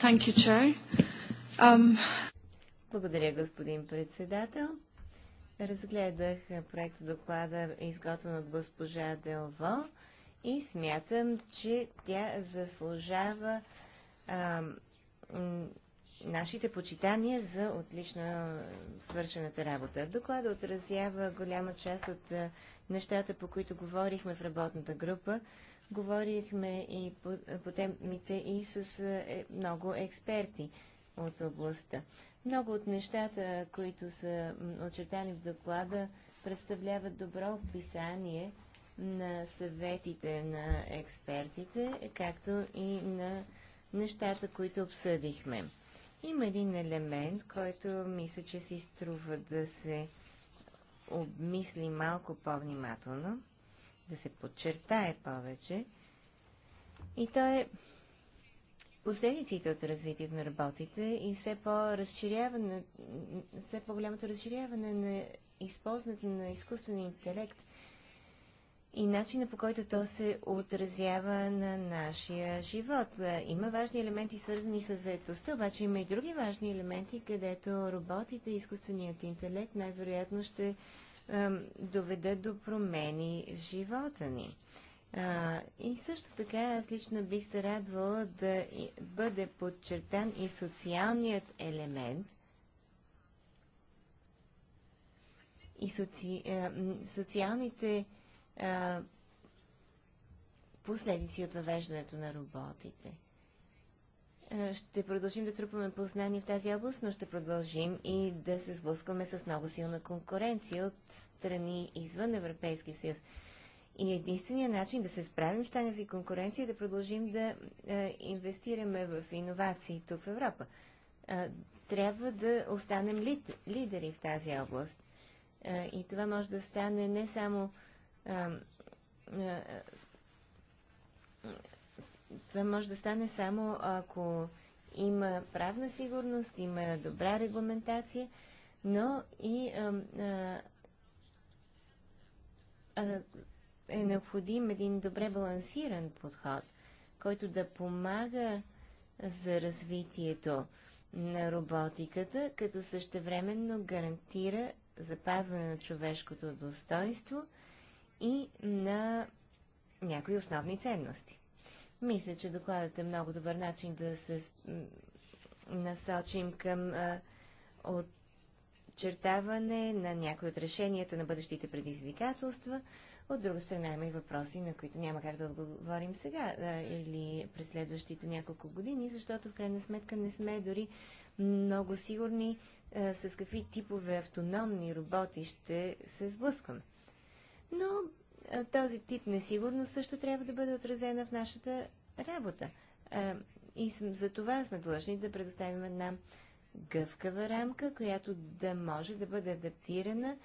Thank you, Chair. Um... Благодаря, господин председател. Разгледах проект доклада, изготвен от госпожа Делво и смятам, че тя заслужава нашите почитания за отлично свършената работа. Доклада отразява голяма част от е, нещата, по които говорихме в работната група. Говорихме и по, по темите и с е, е, много експерти от областта. Много от нещата, които са очертани в доклада, представляват добро описание на съветите на експертите, както и на нещата, които обсъдихме. Има един елемент, който мисля, че си струва да се обмисли малко по-внимателно, да се подчертае повече. И то е последиците от развитието на работите и все, по-разширяване, все по-голямото разширяване на използването на изкуствения интелект и начина по който то се отразява на нашия живот. Е, има важни елементи, свързани с заедостта, обаче има и други важни елементи, където роботите и изкуственият интелект най-вероятно ще ем, доведат до промени в живота ни. А, и също така аз лично бих се радвала да бъде подчертан и социалният елемент – и соци... социалните последици от въвеждането на роботите. Ще продължим да трупаме познания в тази област, но ще продължим и да се сблъскваме с много силна конкуренция от страни извън Европейския съюз. И единственият начин да се справим с тази конкуренция е да продължим да е, инвестираме в иновации тук в Европа. Е, трябва да останем лид, лидери в тази област. Е, и това може да стане не само е, е, това може да стане само ако има правна сигурност, има добра регламентация, но и а, е, а, е необходим един добре балансиран подход, който да помага за развитието на роботиката, като същевременно гарантира запазване на човешкото достоинство – и на някои основни ценности. Мисля, че докладът е много добър начин да се насочим към а, отчертаване на някои от решенията на бъдещите предизвикателства. От друга страна има и въпроси, на които няма как да отговорим сега а, или през следващите няколко години, защото в крайна сметка не сме дори много сигурни а, с какви типове автономни роботи ще се сблъскваме. Но този тип несигурност също трябва да бъде отразена в нашата работа. И за това сме длъжни да предоставим една гъвкава рамка, която да може да бъде адаптирана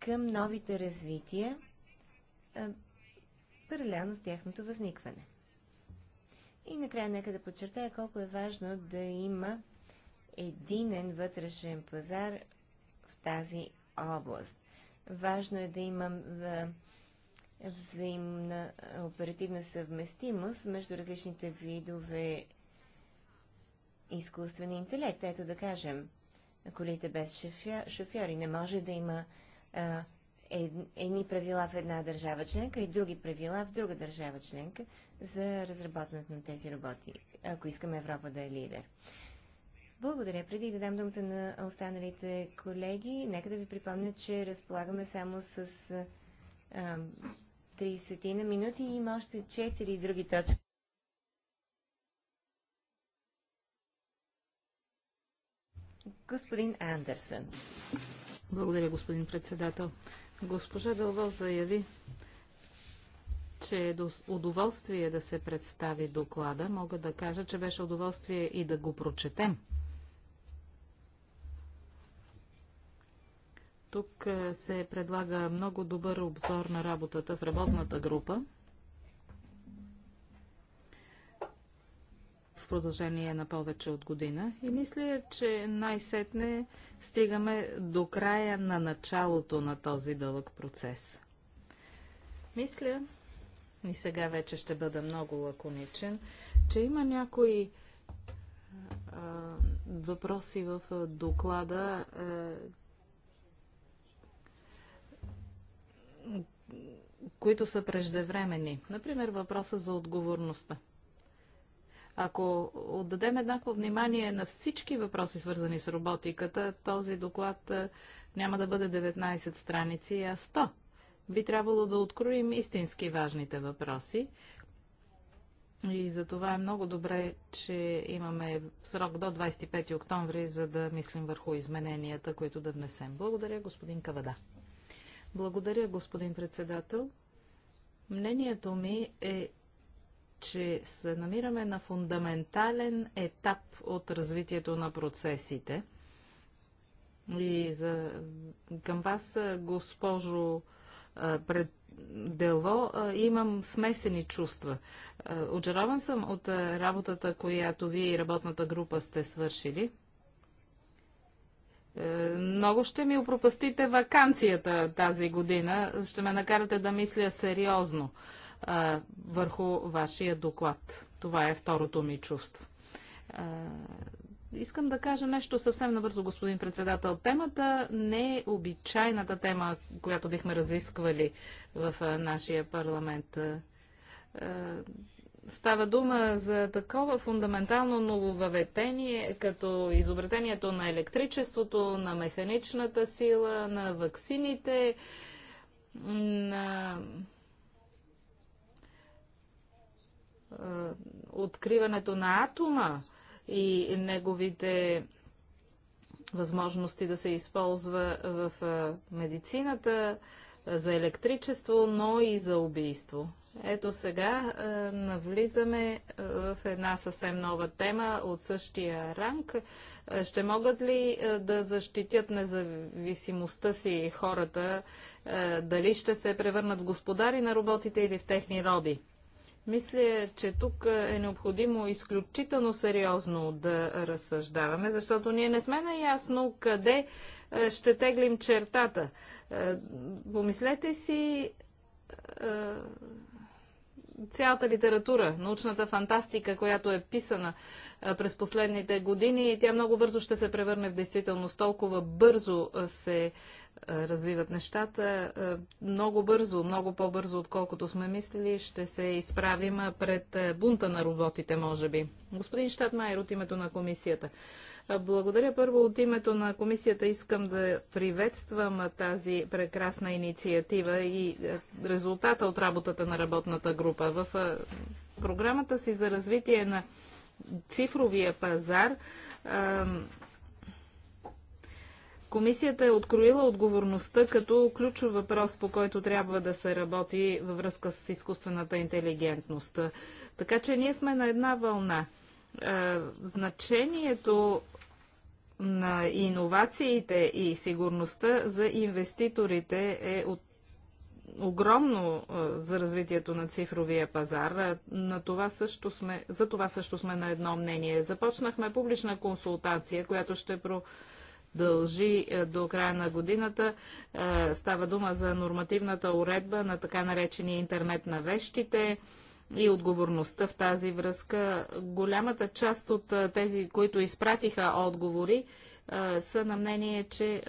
към новите развития паралелно с тяхното възникване. И накрая нека да подчертая колко е важно да има единен вътрешен пазар в тази област. Важно е да има е, взаимна е, оперативна съвместимост между различните видове изкуствен интелект. Ето да кажем, колите без шофьори не може да има е, едни правила в една държава членка и други правила в друга държава членка за разработването на тези роботи, ако искаме Европа да е лидер. Благодаря. Преди да дам думата на останалите колеги, нека да ви припомня, че разполагаме само с 30 на минути и има още 4 други точки. Господин Андерсън. Благодаря, господин председател. Госпожа Дълбов заяви, че е удоволствие да се представи доклада. Мога да кажа, че беше удоволствие и да го прочетем. Тук е, се предлага много добър обзор на работата в работната група. в продължение на повече от година. И мисля, че най-сетне стигаме до края на началото на този дълъг процес. Мисля, и сега вече ще бъда много лаконичен, че има някои а, е, въпроси в доклада, а, е, които са преждевремени. Например, въпроса за отговорността. Ако отдадем еднакво внимание на всички въпроси, свързани с роботиката, този доклад няма да бъде 19 страници, а 100. Би трябвало да откроим истински важните въпроси. И за това е много добре, че имаме срок до 25 октомври, за да мислим върху измененията, които да внесем. Благодаря, господин Кавада. Благодаря, господин председател. Мнението ми е, че се намираме на фундаментален етап от развитието на процесите. И за... към вас, госпожо пред дело, имам смесени чувства. Очарован съм от работата, която вие и работната група сте свършили. Е, много ще ми опропастите вакансията тази година. Ще ме накарате да мисля сериозно е, върху вашия доклад. Това е второто ми чувство. Е, искам да кажа нещо съвсем набързо, господин председател. Темата не е обичайната тема, която бихме разисквали в нашия парламент Става дума за такова фундаментално нововъветение, като изобретението на електричеството, на механичната сила, на ваксините, на откриването на атома и неговите възможности да се използва в медицината, за електричество, но и за убийство. Ето сега навлизаме в една съвсем нова тема от същия ранг. Ще могат ли да защитят независимостта си хората? дали ще се превърнат в господари на роботите или в техни роби? Мисля, че тук е необходимо изключително сериозно да разсъждаваме, защото ние не сме наясно къде ще теглим чертата. Помислете си цялата литература, научната фантастика, която е писана през последните години и тя много бързо ще се превърне в действителност. Толкова бързо се развиват нещата, много бързо, много по-бързо, отколкото сме мислили, ще се изправим пред бунта на роботите, може би. Господин Штатмайер от името на комисията. Благодаря първо от името на комисията. Искам да приветствам тази прекрасна инициатива и е, резултата от работата на работната група. В е, програмата си за развитие на цифровия пазар е, Комисията е откроила отговорността като ключов въпрос, по който трябва да се работи във връзка с изкуствената интелигентност. Така че ние сме на една вълна. Е, значението на иновациите и сигурността за инвеститорите е от огромно е, за развитието на цифровия пазар. Е, на това също сме, за това също сме на едно мнение. Започнахме публична консултация, която ще продължи до края на годината. Става дума за нормативната уредба на така наречения интернет на вещите и отговорността в тази връзка. Голямата част от тези, които изпратиха отговори, са на мнение, че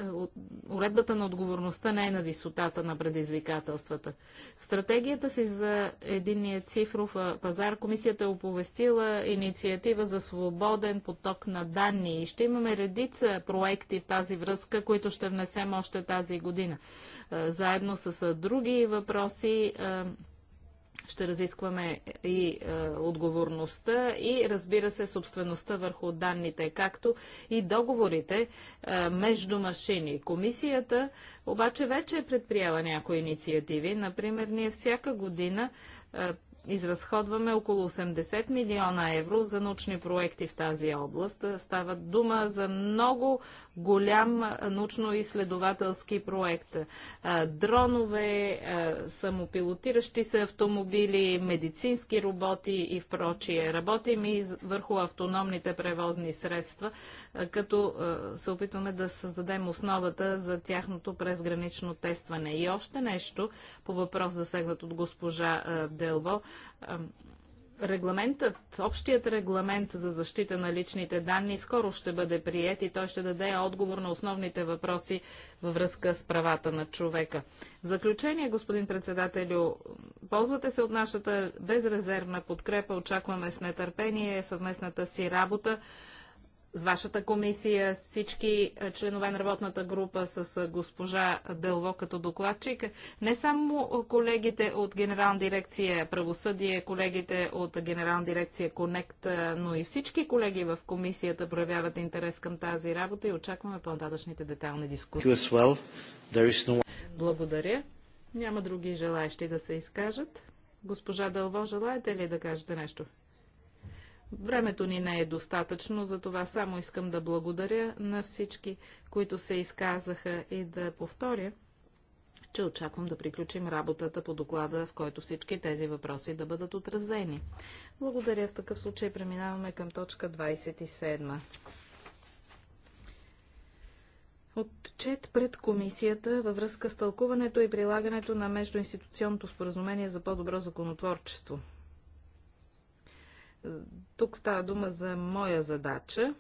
уредбата на отговорността не е на висотата на предизвикателствата. В стратегията си за единния цифров пазар комисията е оповестила инициатива за свободен поток на данни и ще имаме редица проекти в тази връзка, които ще внесем още тази година. Заедно с други въпроси, ще разискваме и е, отговорността и разбира се собствеността върху данните, както и договорите е, между машини. Комисията обаче вече е предприела някои инициативи. Например, ние всяка година е, изразходваме около 80 милиона евро за научни проекти в тази област. Става дума за много голям научно-изследователски проект. Дронове, самопилотиращи се автомобили, медицински роботи и впрочие. Работим и върху автономните превозни средства, като се опитваме да създадем основата за тяхното презгранично тестване. И още нещо по въпрос засегнат от госпожа Делбо Регламентът, общият регламент за защита на личните данни скоро ще бъде прият и той ще даде отговор на основните въпроси във връзка с правата на човека. В заключение, господин председателю, ползвате се от нашата безрезервна подкрепа. Очакваме с нетърпение съвместната си работа с вашата комисия, с всички е, членове на работната група, с е, госпожа Дълво като докладчик. Не само е, колегите от Генерална дирекция Правосъдие, колегите от Генерална дирекция Конект, но и всички колеги в комисията проявяват интерес към тази работа и очакваме по-нататъчните детални дискусии. Well. No... Благодаря. Няма други желаящи да се изкажат. Госпожа Дълво, желаете ли да кажете нещо? Времето ни не е достатъчно, затова само искам да благодаря на всички, които се изказаха и да повторя, че очаквам да приключим работата по доклада, в който всички тези въпроси да бъдат отразени. Благодаря. В такъв случай преминаваме към точка 27. Отчет пред комисията във връзка с тълкуването и прилагането на междуинституционното споразумение за по-добро законотворчество. Тук става дума за моя задача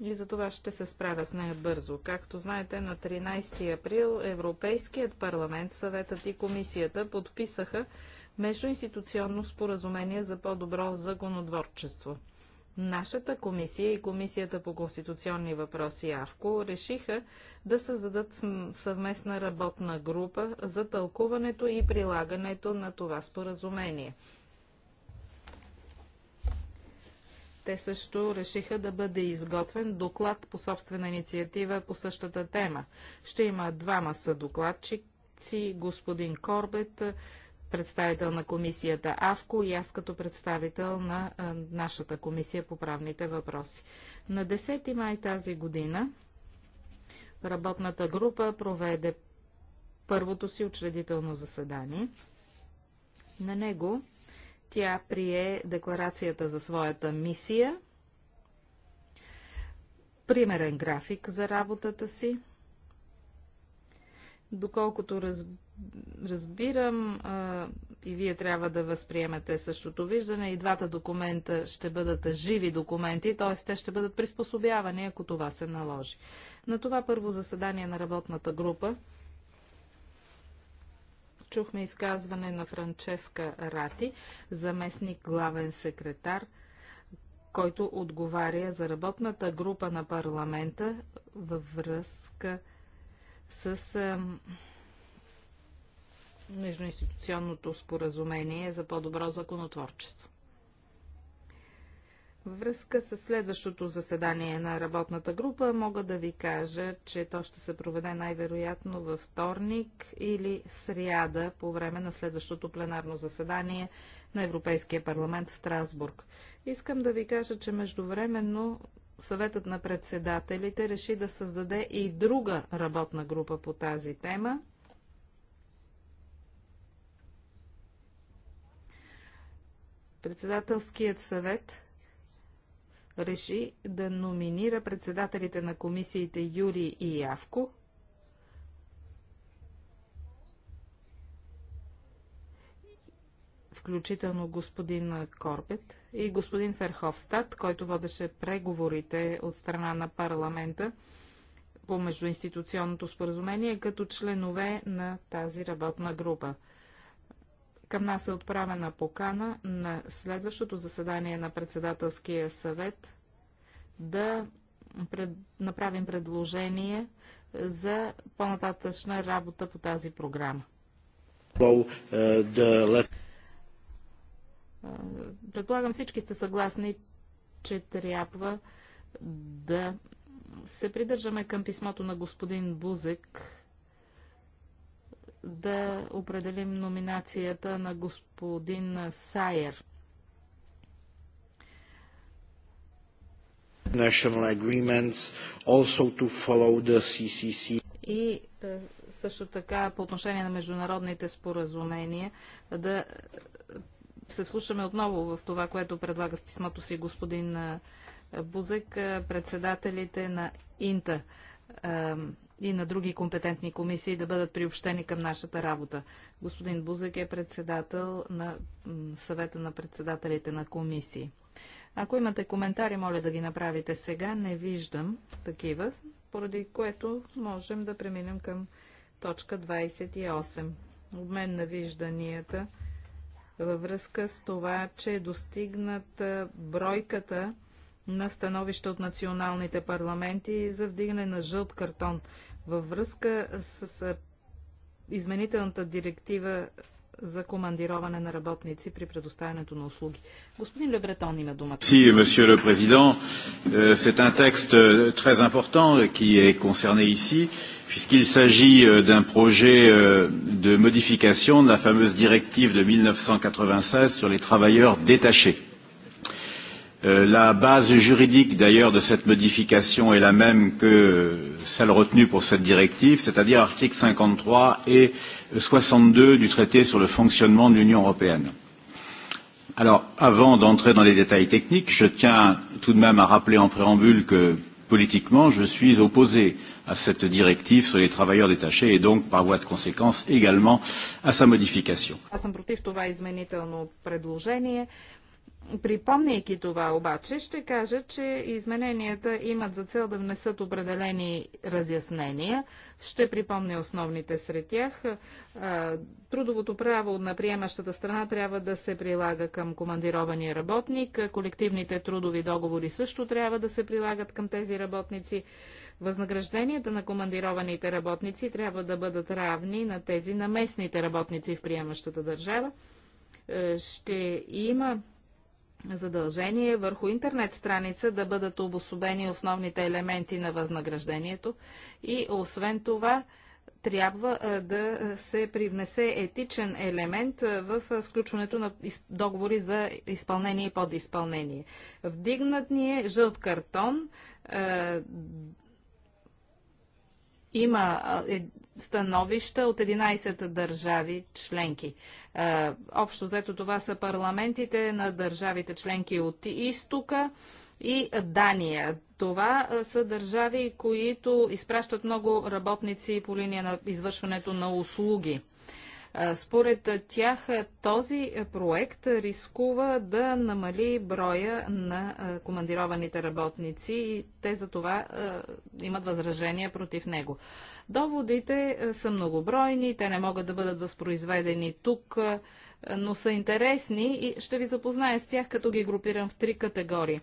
и за това ще се справя с нея бързо. Както знаете, на 13 април Европейският парламент, съветът и комисията подписаха междуинституционно споразумение за по-добро законодворчество. Нашата комисия и Комисията по конституционни въпроси АВКО решиха да създадат съвместна работна група за тълкуването и прилагането на това споразумение. Те също решиха да бъде изготвен доклад по собствена инициатива по същата тема. Ще има двама са докладчици: господин Корбет, представител на комисията АВКО и аз като представител на нашата комисия по правните въпроси. На 10 май тази година работната група проведе първото си учредително заседание. На него тя прие декларацията за своята мисия, примерен график за работата си. Доколкото раз... разбирам, а, и вие трябва да възприемете същото виждане, и двата документа ще бъдат живи документи, т.е. те ще бъдат приспособявани, ако това се наложи. На това първо заседание на работната група чухме изказване на Франческа Рати, заместник главен секретар, който отговаря за работната група на парламента във връзка с междуинституционното споразумение за по-добро законотворчество връзка с следващото заседание на работната група мога да ви кажа, че то ще се проведе най-вероятно във вторник или сряда по време на следващото пленарно заседание на Европейския парламент в Страсбург. Искам да ви кажа, че междувременно съветът на председателите реши да създаде и друга работна група по тази тема. Председателският съвет – реши да номинира председателите на комисиите Юри и Явко включително господин Корбет и господин Ферховстад, който водеше преговорите от страна на парламента по междуинституционното споразумение като членове на тази работна група. Към нас е отправена покана на следващото заседание на председателския съвет да пред... направим предложение за по-нататъчна работа по тази програма. Е, е, предполагам всички сте съгласни, че трябва да се придържаме към писмото на господин Бузек да определим номинацията на господин Сайер. И също така по отношение на международните споразумения да е, се вслушаме отново в това, което предлага в писмото си господин е, Бузек, е, председателите на Инта и на други компетентни комисии да бъдат приобщени към нашата работа. Господин Бузък е председател на съвета на председателите на комисии. Ако имате коментари, моля да ги направите сега. Не виждам такива, поради което можем да преминем към точка 28. Обмен на вижданията във връзка с това, че е достигнат бройката на становище от националните парламенти за вдигане на жълт картон във връзка с изменителната директива за командироване на работници при предоставянето на услуги. Господин Лебретон има думата. Си, месье ле президент, c'est un texte е, très important е, qui est concerné ici, puisqu'il s'agit euh, d'un projet euh, de modification de la fameuse directive de 1996 sur les travailleurs détachés La base juridique d'ailleurs de cette modification est la même que celle retenue pour cette directive, c'est-à-dire articles 53 et 62 du traité sur le fonctionnement de l'Union européenne. Alors, avant d'entrer dans les détails techniques, je tiens tout de même à rappeler en préambule que politiquement, je suis opposé à cette directive sur les travailleurs détachés et donc, par voie de conséquence, également à sa modification. Припомняйки това обаче, ще кажа, че измененията имат за цел да внесат определени разяснения. Ще припомня основните сред тях. Трудовото право на приемащата страна трябва да се прилага към командирования работник. Колективните трудови договори също трябва да се прилагат към тези работници. Възнагражденията на командированите работници трябва да бъдат равни на тези на местните работници в приемащата държава. Е, ще има задължение върху интернет страница да бъдат обособени основните елементи на възнаграждението и освен това трябва да се привнесе етичен елемент в сключването на договори за изпълнение и подизпълнение. Вдигнат ни е жълт картон. има е, становища от 11 държави членки. Е, общо взето това са парламентите на държавите членки от изтока и Дания. Това е, са държави, които изпращат много работници по линия на извършването на услуги. Според тях този проект рискува да намали броя на командированите работници и те за това имат възражения против него. Доводите са многобройни, те не могат да бъдат възпроизведени тук, но са интересни и ще ви запозная с тях, като ги групирам в три категории.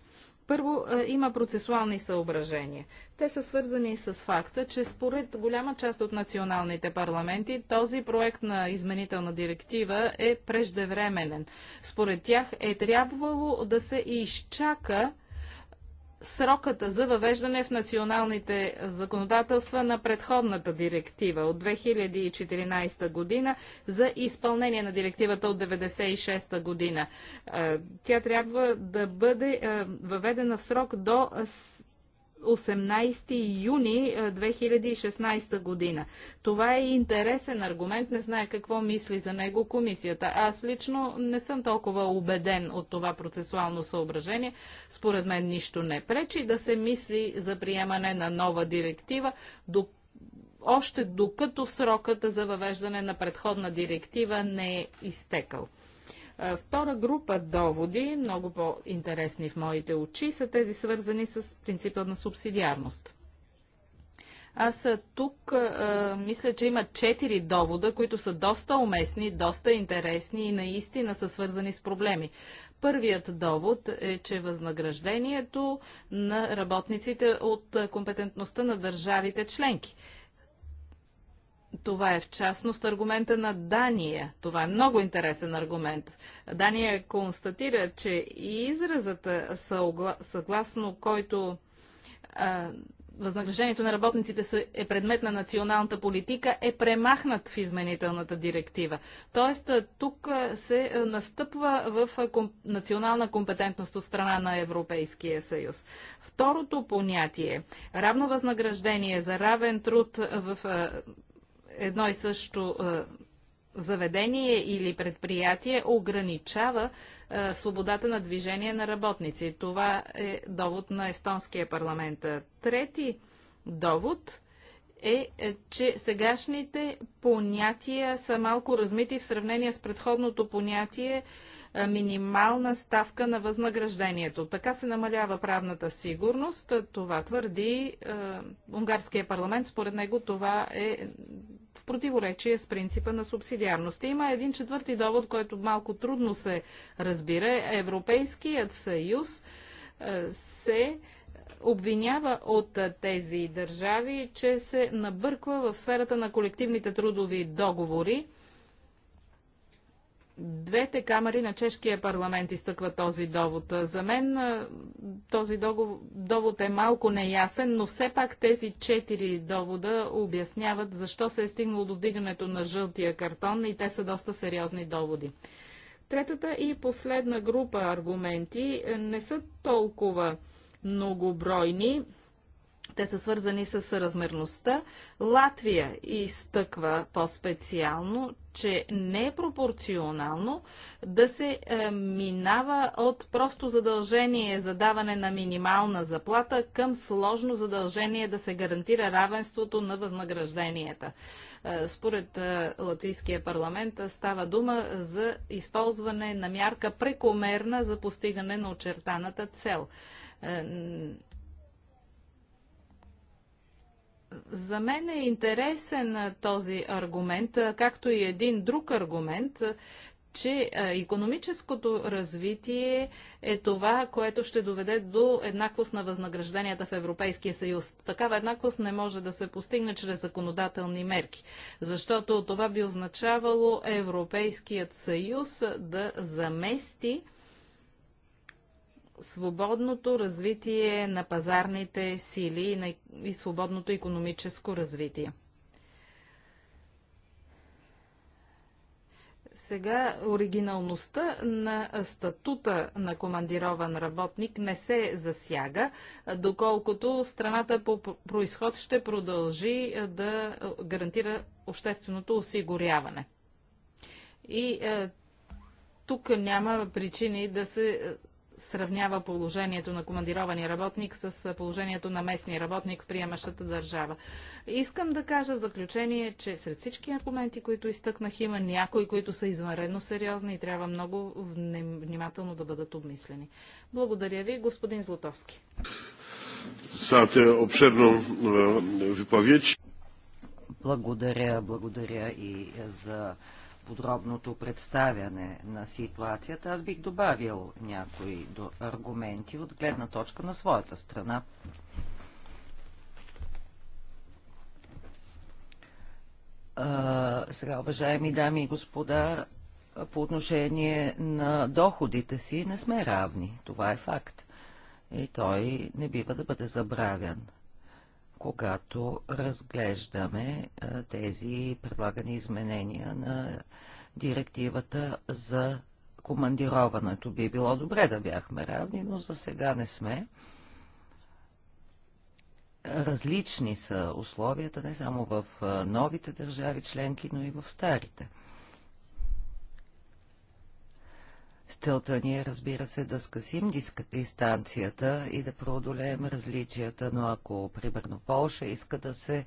Първо, е, има процесуални съображения. Те са свързани с факта, че според голяма част от националните парламенти този проект на изменителна директива е преждевременен. Според тях е трябвало да се изчака сроката за въвеждане в националните законодателства на предходната директива от 2014 година за изпълнение на директивата от 1996 година. Е, тя трябва да бъде е, въведена в срок до 18 юни 2016 е, година. Това е интересен аргумент, не знае какво мисли за него комисията. Аз лично не съм толкова убеден от това процесуално съображение. Според мен нищо не пречи да се мисли за приемане на нова директива, до още докато срокът за въвеждане на предходна директива не е изтекал. Е, втора група доводи, много по-интересни в моите очи, са тези свързани с принципа на субсидиарност. Аз е, тук а, е, мисля, че има четири довода, които са доста уместни, доста интересни и наистина са свързани с проблеми. Първият довод е, че възнаграждението на работниците от компетентността на държавите членки. Това е в частност аргумента на Дания. Това е много интересен аргумент. Дания констатира, че и изразът съгласно който а, възнаграждението на работниците е предмет на националната политика, е премахнат в изменителната директива. Тоест, тук се настъпва в национална компетентност от страна на Европейския съюз. Второто понятие – равно възнаграждение за равен труд в едно и също е, заведение или предприятие ограничава е, свободата на движение на работници. Това е довод на естонския парламент. Трети довод е, е че сегашните понятия са малко размити в сравнение с предходното понятие минимална ставка на възнаграждението. Така се намалява правната сигурност. Това твърди е, унгарския парламент. Според него това е в противоречие с принципа на субсидиарност. И има един четвърти довод, който малко трудно се разбира. Европейският съюз е, се обвинява от тези държави, че се набърква в сферата на колективните трудови договори Двете камери на чешкия парламент изтъкват този довод. За мен този довод е малко неясен, но все пак тези четири довода обясняват защо се е стигнало до вдигането на жълтия картон и те са доста сериозни доводи. Третата и последна група аргументи е, не са толкова многобройни. Те са свързани с размерността. Латвия изтъква по-специално, че не е пропорционално да се е, минава от просто задължение за даване на минимална заплата към сложно задължение да се гарантира равенството на възнагражденията. Е, според е, Латвийския парламент е, става дума за използване на мярка прекомерна за постигане на очертаната цел е, за мен е интересен този аргумент, както и един друг аргумент, че економическото развитие е това, което ще доведе до еднаквост на възнагражденията в Европейския съюз. Такава еднаквост не може да се постигне чрез законодателни мерки, защото това би означавало Европейският съюз да замести свободното развитие на пазарните сили и, на, и свободното економическо развитие. Сега оригиналността на статута на командирован работник не се засяга, доколкото страната по происход ще продължи е, да е, гарантира общественото осигуряване. И е, тук няма причини да се е, сравнява положението на командирования работник с положението на местния работник в приемащата държава. Искам да кажа в заключение, че сред всички аргументи, които изтъкнах, има някои, които са извънредно сериозни и трябва много внимателно да бъдат обмислени. Благодаря ви, господин Златовски. За обширно виповедь. Благодаря, благодаря и за подробното представяне на ситуацията, аз бих добавил някои аргументи от гледна точка на своята страна. А, сега, уважаеми дами и господа, по отношение на доходите си не сме равни. Това е факт. И той не бива да бъде забравян когато разглеждаме тези предлагани изменения на директивата за командироването. Би било добре да бяхме равни, но за сега не сме. Различни са условията не само в новите държави членки, но и в старите. С целта е, разбира се, да скъсим дистанцията и да преодолеем различията, но ако, примерно, Полша иска да се е,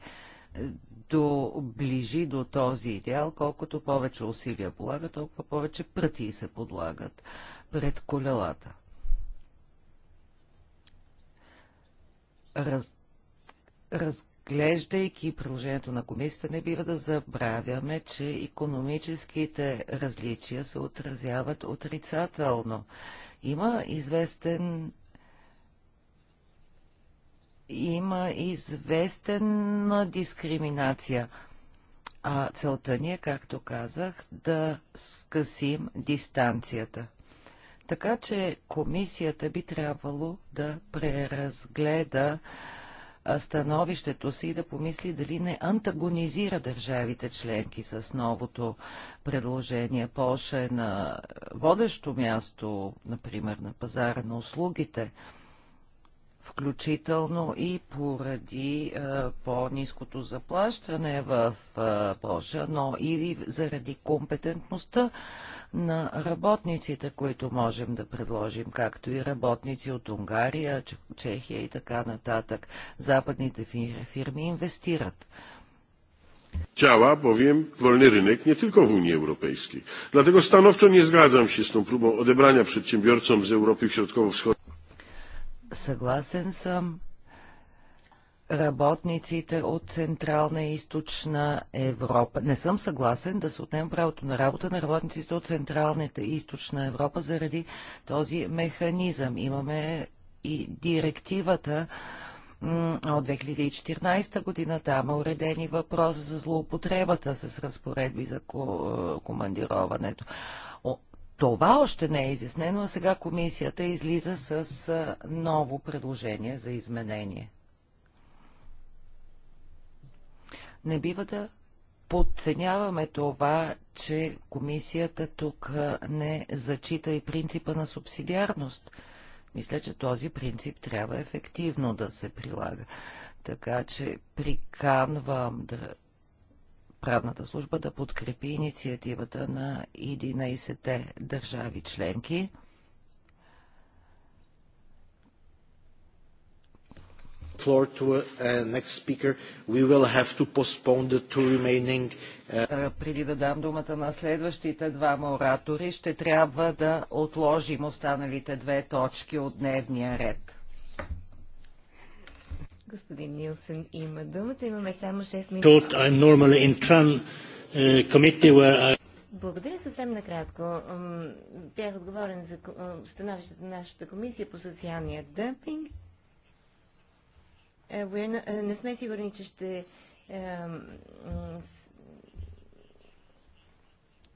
доближи до този идеал, колкото повече усилия полагат, толкова повече пръти се подлагат пред колелата. Раз, раз, разглеждайки приложението на комисията, не бива да забравяме, че економическите различия се отразяват отрицателно. Има известен има известна дискриминация. А целта ни е, както казах, да скъсим дистанцията. Така че комисията би трябвало да преразгледа становището си и да помисли дали не антагонизира държавите членки с новото предложение. Полша е на водещо място, например, на пазара на услугите включително и поради е, по-низкото заплащане в е, Полша, но и заради компетентността на работниците, които можем да предложим, както и работници от Унгария, Чехия и така нататък. Западните фирми инвестират. Działa bowiem wolny rynek nie tylko w Unii Europejskiej. Dlatego stanowczo nie zgadzam się z tą próbą odebrania przedsiębiorcom z Europy Środkowo-Wschodniej. Согласен się работниците от Централна и Източна Европа. Не съм съгласен да се отнема правото на работа на работниците от Централната и Източна Европа заради този механизъм. Имаме и директивата от 2014 година там е уредени въпроса за злоупотребата с разпоредби за командироването. Това още не е изяснено, а сега комисията излиза с ново предложение за изменение. Не бива да подценяваме това, че комисията тук не зачита и принципа на субсидиарност. Мисля, че този принцип трябва ефективно да се прилага. Така че приканвам да правната служба да подкрепи инициативата на 11-те държави членки floor to uh, next speaker, we will have to postpone the two remaining. Uh... Е, преди да дам думата на следващите двама оратори, ще трябва да отложим останалите две точки от дневния ред. Господин Нилсен има думата. Имаме само 6 минути. Uh, Благодаря съвсем накратко. Бях отговорен за становището на нашата комисия по социалния дъмпинг е, е, не сме сигурни, че ще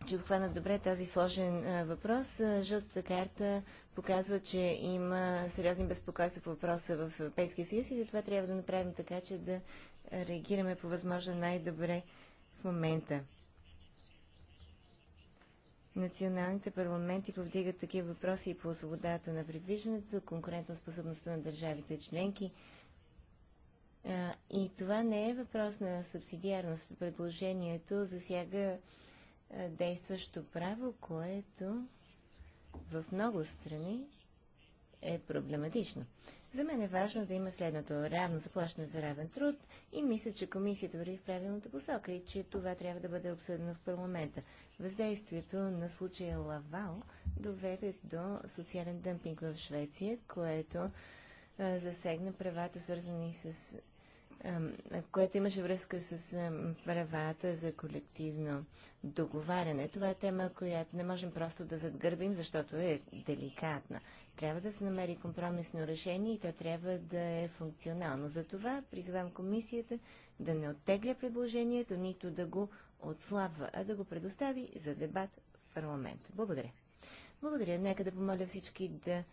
че обхванат добре тази сложен е, въпрос. Жълтата карта показва, че има сериозни безпокойства по въпроса в Европейския съюз и затова трябва да направим така, че да реагираме по възможно най-добре в момента. Националните парламенти повдигат такива въпроси и по свободата на предвижването, конкурентоспособността на държавите членки, и това не е въпрос на субсидиарност. Предложението засяга действащо право, което в много страни е проблематично. За мен е важно да има следното равно заплащане за равен труд и мисля, че комисията върви в правилната посока и че това трябва да бъде обсъдено в парламента. Въздействието на случая Лавал доведе до социален дъмпинг в Швеция, което а, засегна правата, свързани с което имаше връзка с правата за колективно договаряне. Това е тема, която не можем просто да задгърбим, защото е деликатна. Трябва да се намери компромисно решение и то трябва да е функционално. Затова призвам комисията да не оттегля предложението, нито да го отслабва, а да го предостави за дебат в парламент. Благодаря. Благодаря. Нека да помоля всички да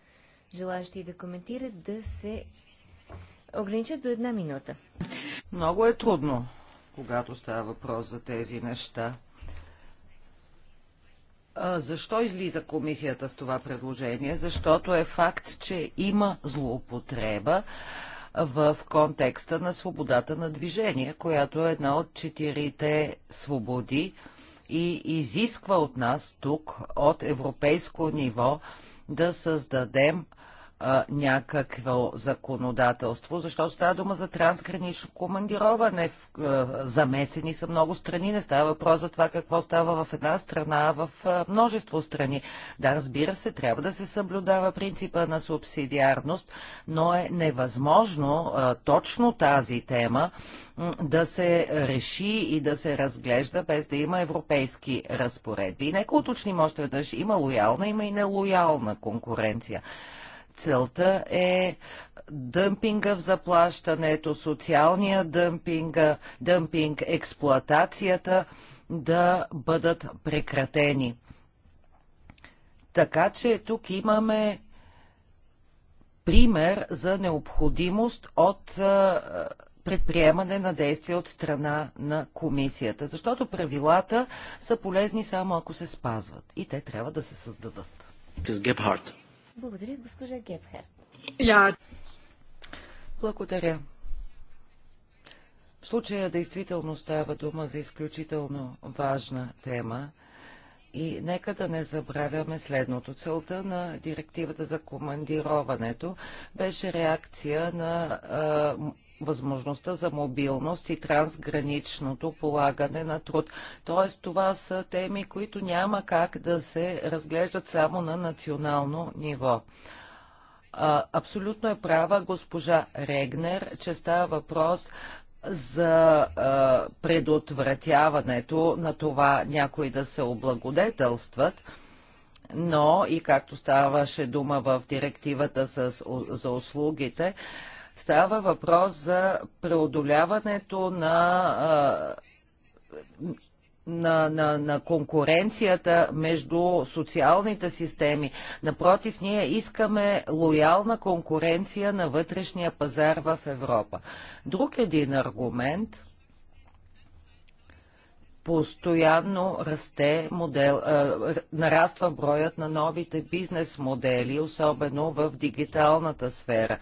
желаящи да коментират, да се ограничат до една минута. Много е трудно, когато става въпрос за тези неща. Защо излиза комисията с това предложение? Защото е факт, че има злоупотреба в контекста на свободата на движение, която е една от четирите свободи и изисква от нас тук, от европейско ниво, да създадем а, някакво законодателство, защото става дума за трансгранично командироване. В, а, замесени са много страни, не става въпрос за това какво става в една страна, в а, множество страни. Да, разбира се, трябва да се съблюдава принципа на субсидиарност, но е невъзможно а, точно тази тема да се реши и да се разглежда без да има европейски разпоредби. И нека уточним още веднъж, има лоялна, има и нелоялна конкуренция. Целта е дъмпинга в заплащането, социалния дъмпинга, дъмпинг, експлоатацията да бъдат прекратени. Така че тук имаме пример за необходимост от предприемане на действия от страна на комисията, защото правилата са полезни само ако се спазват и те трябва да се създадат. Благодаря, госпожа Гепхер. Я... Благодаря. В случая действително става дума за изключително важна тема. И нека да не забравяме следното. Целта на директивата за командироването беше реакция на а, възможността за мобилност и трансграничното полагане на труд. Тоест това са теми, които няма как да се разглеждат само на национално ниво. А, абсолютно е права госпожа Регнер, че става въпрос за а, предотвратяването на това някои да се облагодетелстват но и както ставаше дума в директивата с, за услугите, Става въпрос за преодоляването на на, на, на конкуренцията между социалните системи. Напротив, ние искаме лоялна конкуренция на вътрешния пазар в Европа. Друг един аргумент постоянно расте модел, а, нараства броят на новите бизнес модели, особено в дигиталната сфера.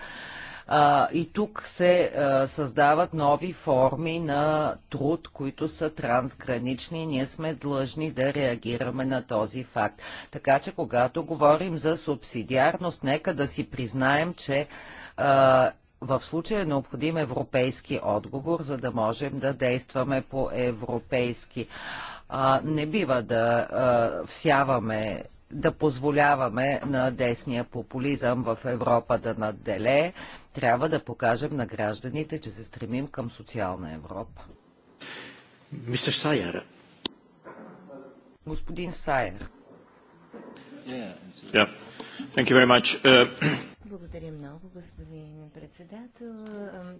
А, и тук се а, създават нови форми на труд, които са трансгранични и ние сме длъжни да реагираме на този факт. Така че, когато говорим за субсидиарност, нека да си признаем, че а, в случая е необходим европейски отговор, за да можем да действаме по европейски. А, не бива да а, всяваме да позволяваме на десния популизъм в Европа да надделее. Трябва да покажем на гражданите, че се стремим към социална Европа. Мистер Сайер. Господин Сайер. Uh, [clears throat] Благодаря много, господин председател,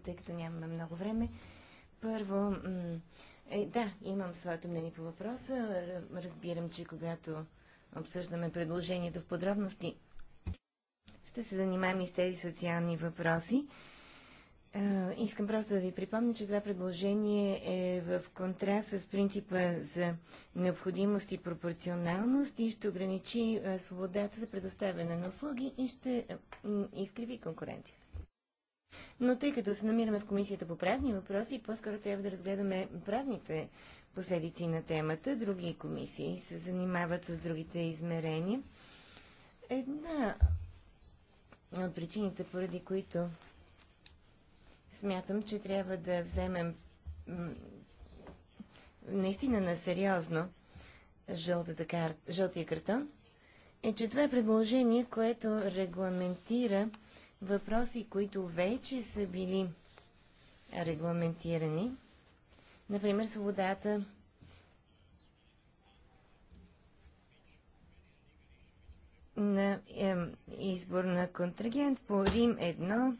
тъй като нямаме много време. Първо, е, да, имам своето мнение по въпроса. Разбирам, че когато обсъждаме предложението в подробности. Ще се занимаем и с тези социални въпроси. Е, искам просто да ви припомня, че това предложение е в контраст с принципа за необходимост и пропорционалност и ще ограничи е, свободата за предоставяне на услуги и ще е, изкриви конкуренцията. Но тъй като се намираме в Комисията по правни въпроси, по-скоро трябва да разгледаме правните последици на темата. Други комисии се занимават с другите измерения. Една от причините, поради които смятам, че трябва да вземем наистина на сериозно кар... жълтия картон, е, че това е предложение, което регламентира въпроси, които вече са били регламентирани Например, свободата на е, избор на контрагент по Рим 1,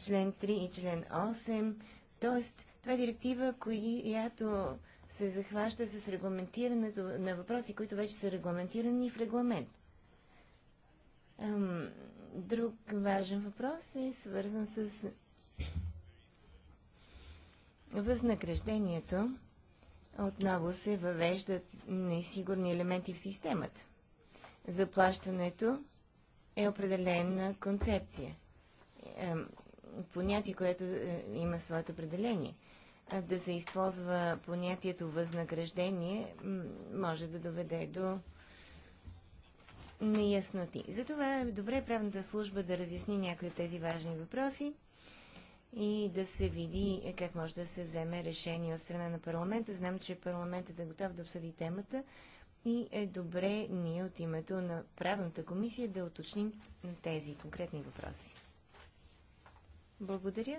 член 3 и член 8. Тоест, това е директива, която се захваща с регламентирането на въпроси, които вече са регламентирани в регламент. Друг важен въпрос е свързан с възнаграждението отново се въвеждат несигурни елементи в системата. Заплащането е определена концепция. Понятие, което е, има своето определение. Да се използва понятието възнаграждение може да доведе до неясноти. Затова е добре правната служба да разясни някои от тези важни въпроси и да се види как може да се вземе решение от страна на парламента. Знам, че парламентът е готов да обсъди темата и е добре ние от името на правната комисия да уточним тези конкретни въпроси. Благодаря.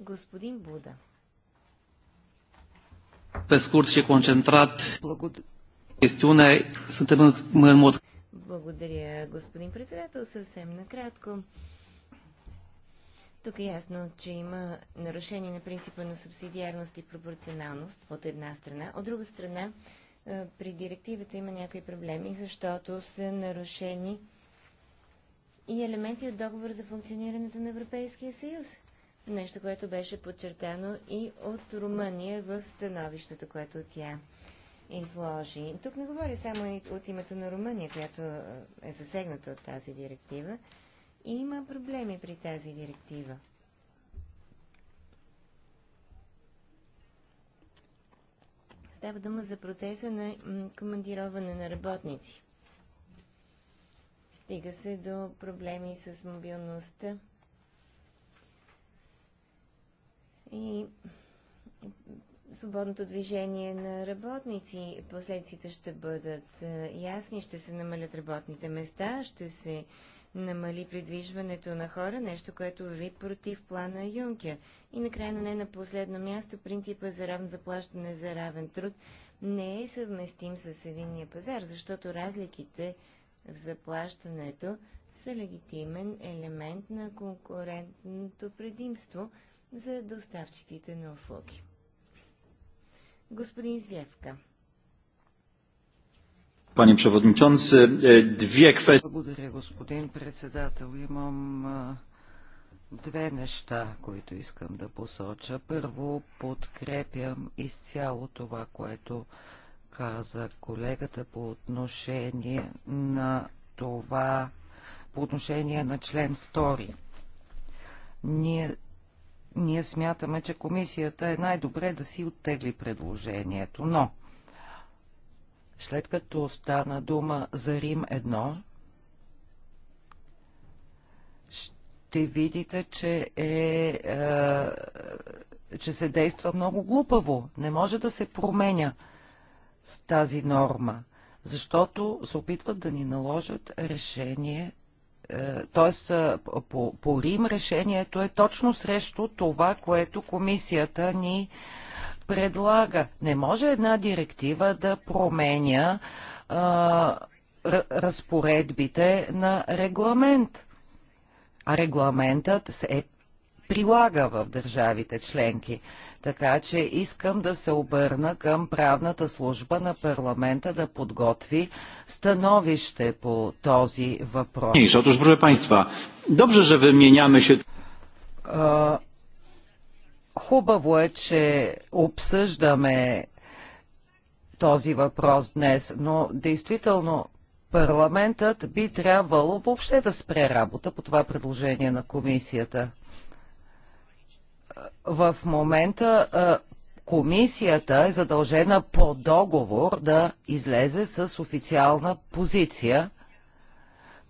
Господин Буда. Благодаря, господин председател. Съвсем накратко. Тук е ясно, че има нарушение на принципа на субсидиарност и пропорционалност от една страна. От друга страна, е, при директивата има някои проблеми, защото са нарушени и елементи от договор за функционирането на Европейския съюз. Нещо, което беше подчертано и от Румъния в становището, което тя изложи. Тук не говоря само от името на Румъния, която е, е засегната от тази директива, има проблеми при тази директива. Става дума за процеса на командироване на работници. Стига се до проблеми с мобилността. И свободното движение на работници. последствията ще бъдат е, ясни, ще се намалят работните места, ще се намали придвижването на хора, нещо, което върви против плана Юнкер. И накрая, но не на последно място, принципа за равно заплащане за равен труд не е съвместим с единния пазар, защото разликите в заплащането са легитимен елемент на конкурентното предимство за доставчиците на услуги. Господин Звявка. E, Благодаря, господин председател. Имам две неща, които искам да посоча. Първо, подкрепям изцяло това, което каза колегата по отношение на това, по отношение на член 2. Ние ние смятаме, че комисията е най-добре да си оттегли предложението, но след като стана дума за Рим Едно, ще видите, че е, е че се действа много глупаво. Не може да се променя с тази норма, защото се опитват да ни наложат решение т.е. Е, по, по Рим решението е точно срещу това, което комисията ни предлага. Не може една директива да променя а, разпоредбите на регламент. А регламентът се прилага в държавите членки. Така че искам да се обърна към правната служба на парламента да подготви становище по този въпрос. Добре, Państwa, dobrze, Хубаво е, че обсъждаме този въпрос днес, но действително парламентът би трябвало въобще да спре работа по това предложение на комисията. В момента комисията е задължена по договор да излезе с официална позиция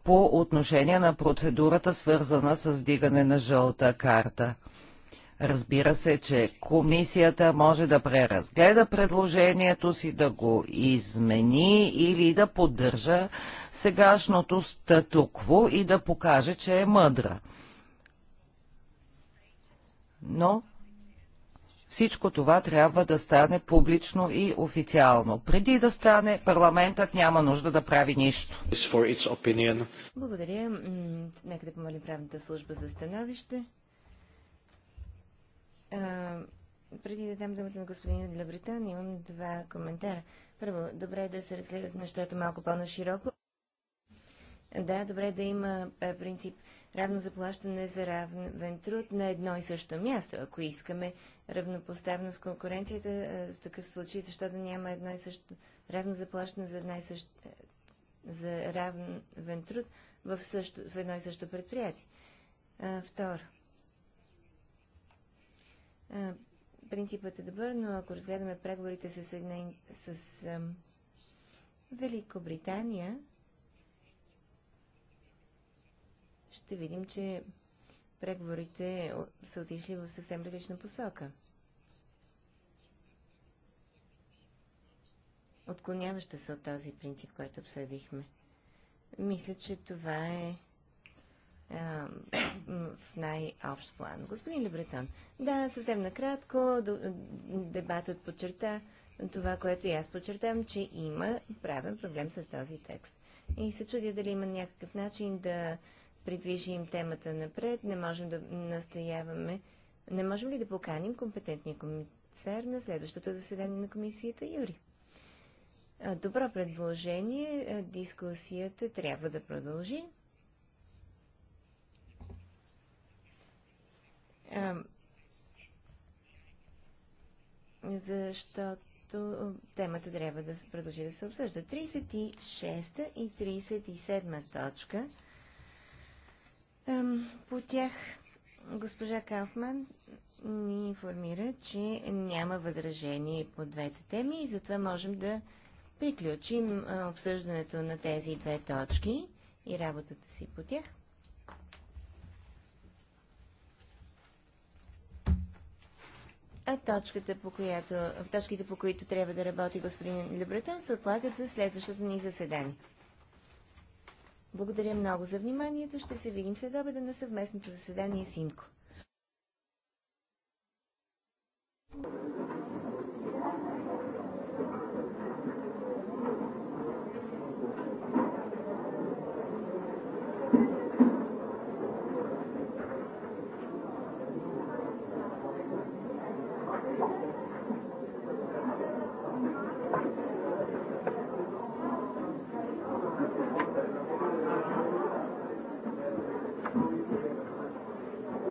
по отношение на процедурата, свързана с вдигане на жълта карта. Разбира се, че комисията може да преразгледа предложението си, да го измени или да поддържа сегашното статукво и да покаже, че е мъдра. Но всичко това трябва да стане публично и официално. Преди да стане, парламентът няма нужда да прави нищо. Благодаря. Нека да помолим правната служба за становище преди да дам думата на господин Лебретан, имам два коментара. Първо, добре е да се разгледат нещата малко по-нашироко. Да, добре е да има принцип равно заплащане за равен труд на едно и също място. Ако искаме равнопоставност конкуренцията, в такъв случай, защо да няма едно и също равно заплащане за, една и също, за равен труд в, също, в едно и също предприятие. второ, принципът е добър, но ако разгледаме преговорите с, една, с а, Великобритания, ще видим, че преговорите са отишли в съвсем различна посока. Отклоняваща се от този принцип, който обсъдихме. Мисля, че това е в най-общ план. Господин Лебретон, да, съвсем накратко, дебатът подчерта това, което и аз подчертам, че има правен проблем с този текст. И се чудя дали има някакъв начин да придвижим темата напред, не можем да настояваме, не можем ли да поканим компетентния комисар на следващото заседание на комисията Юри? Добро предложение, дискусията трябва да продължи. защото темата трябва да продължи да се обсъжда. 36 и 37 точка. По тях госпожа Кафман ни информира, че няма възражение по двете теми и затова можем да приключим обсъждането на тези две точки и работата си по тях. а точката, по която, точките, по които трябва да работи господин Лебретон, се отлагат за следващото ни заседание. Благодаря много за вниманието. Ще се видим след обеда на съвместното заседание с you.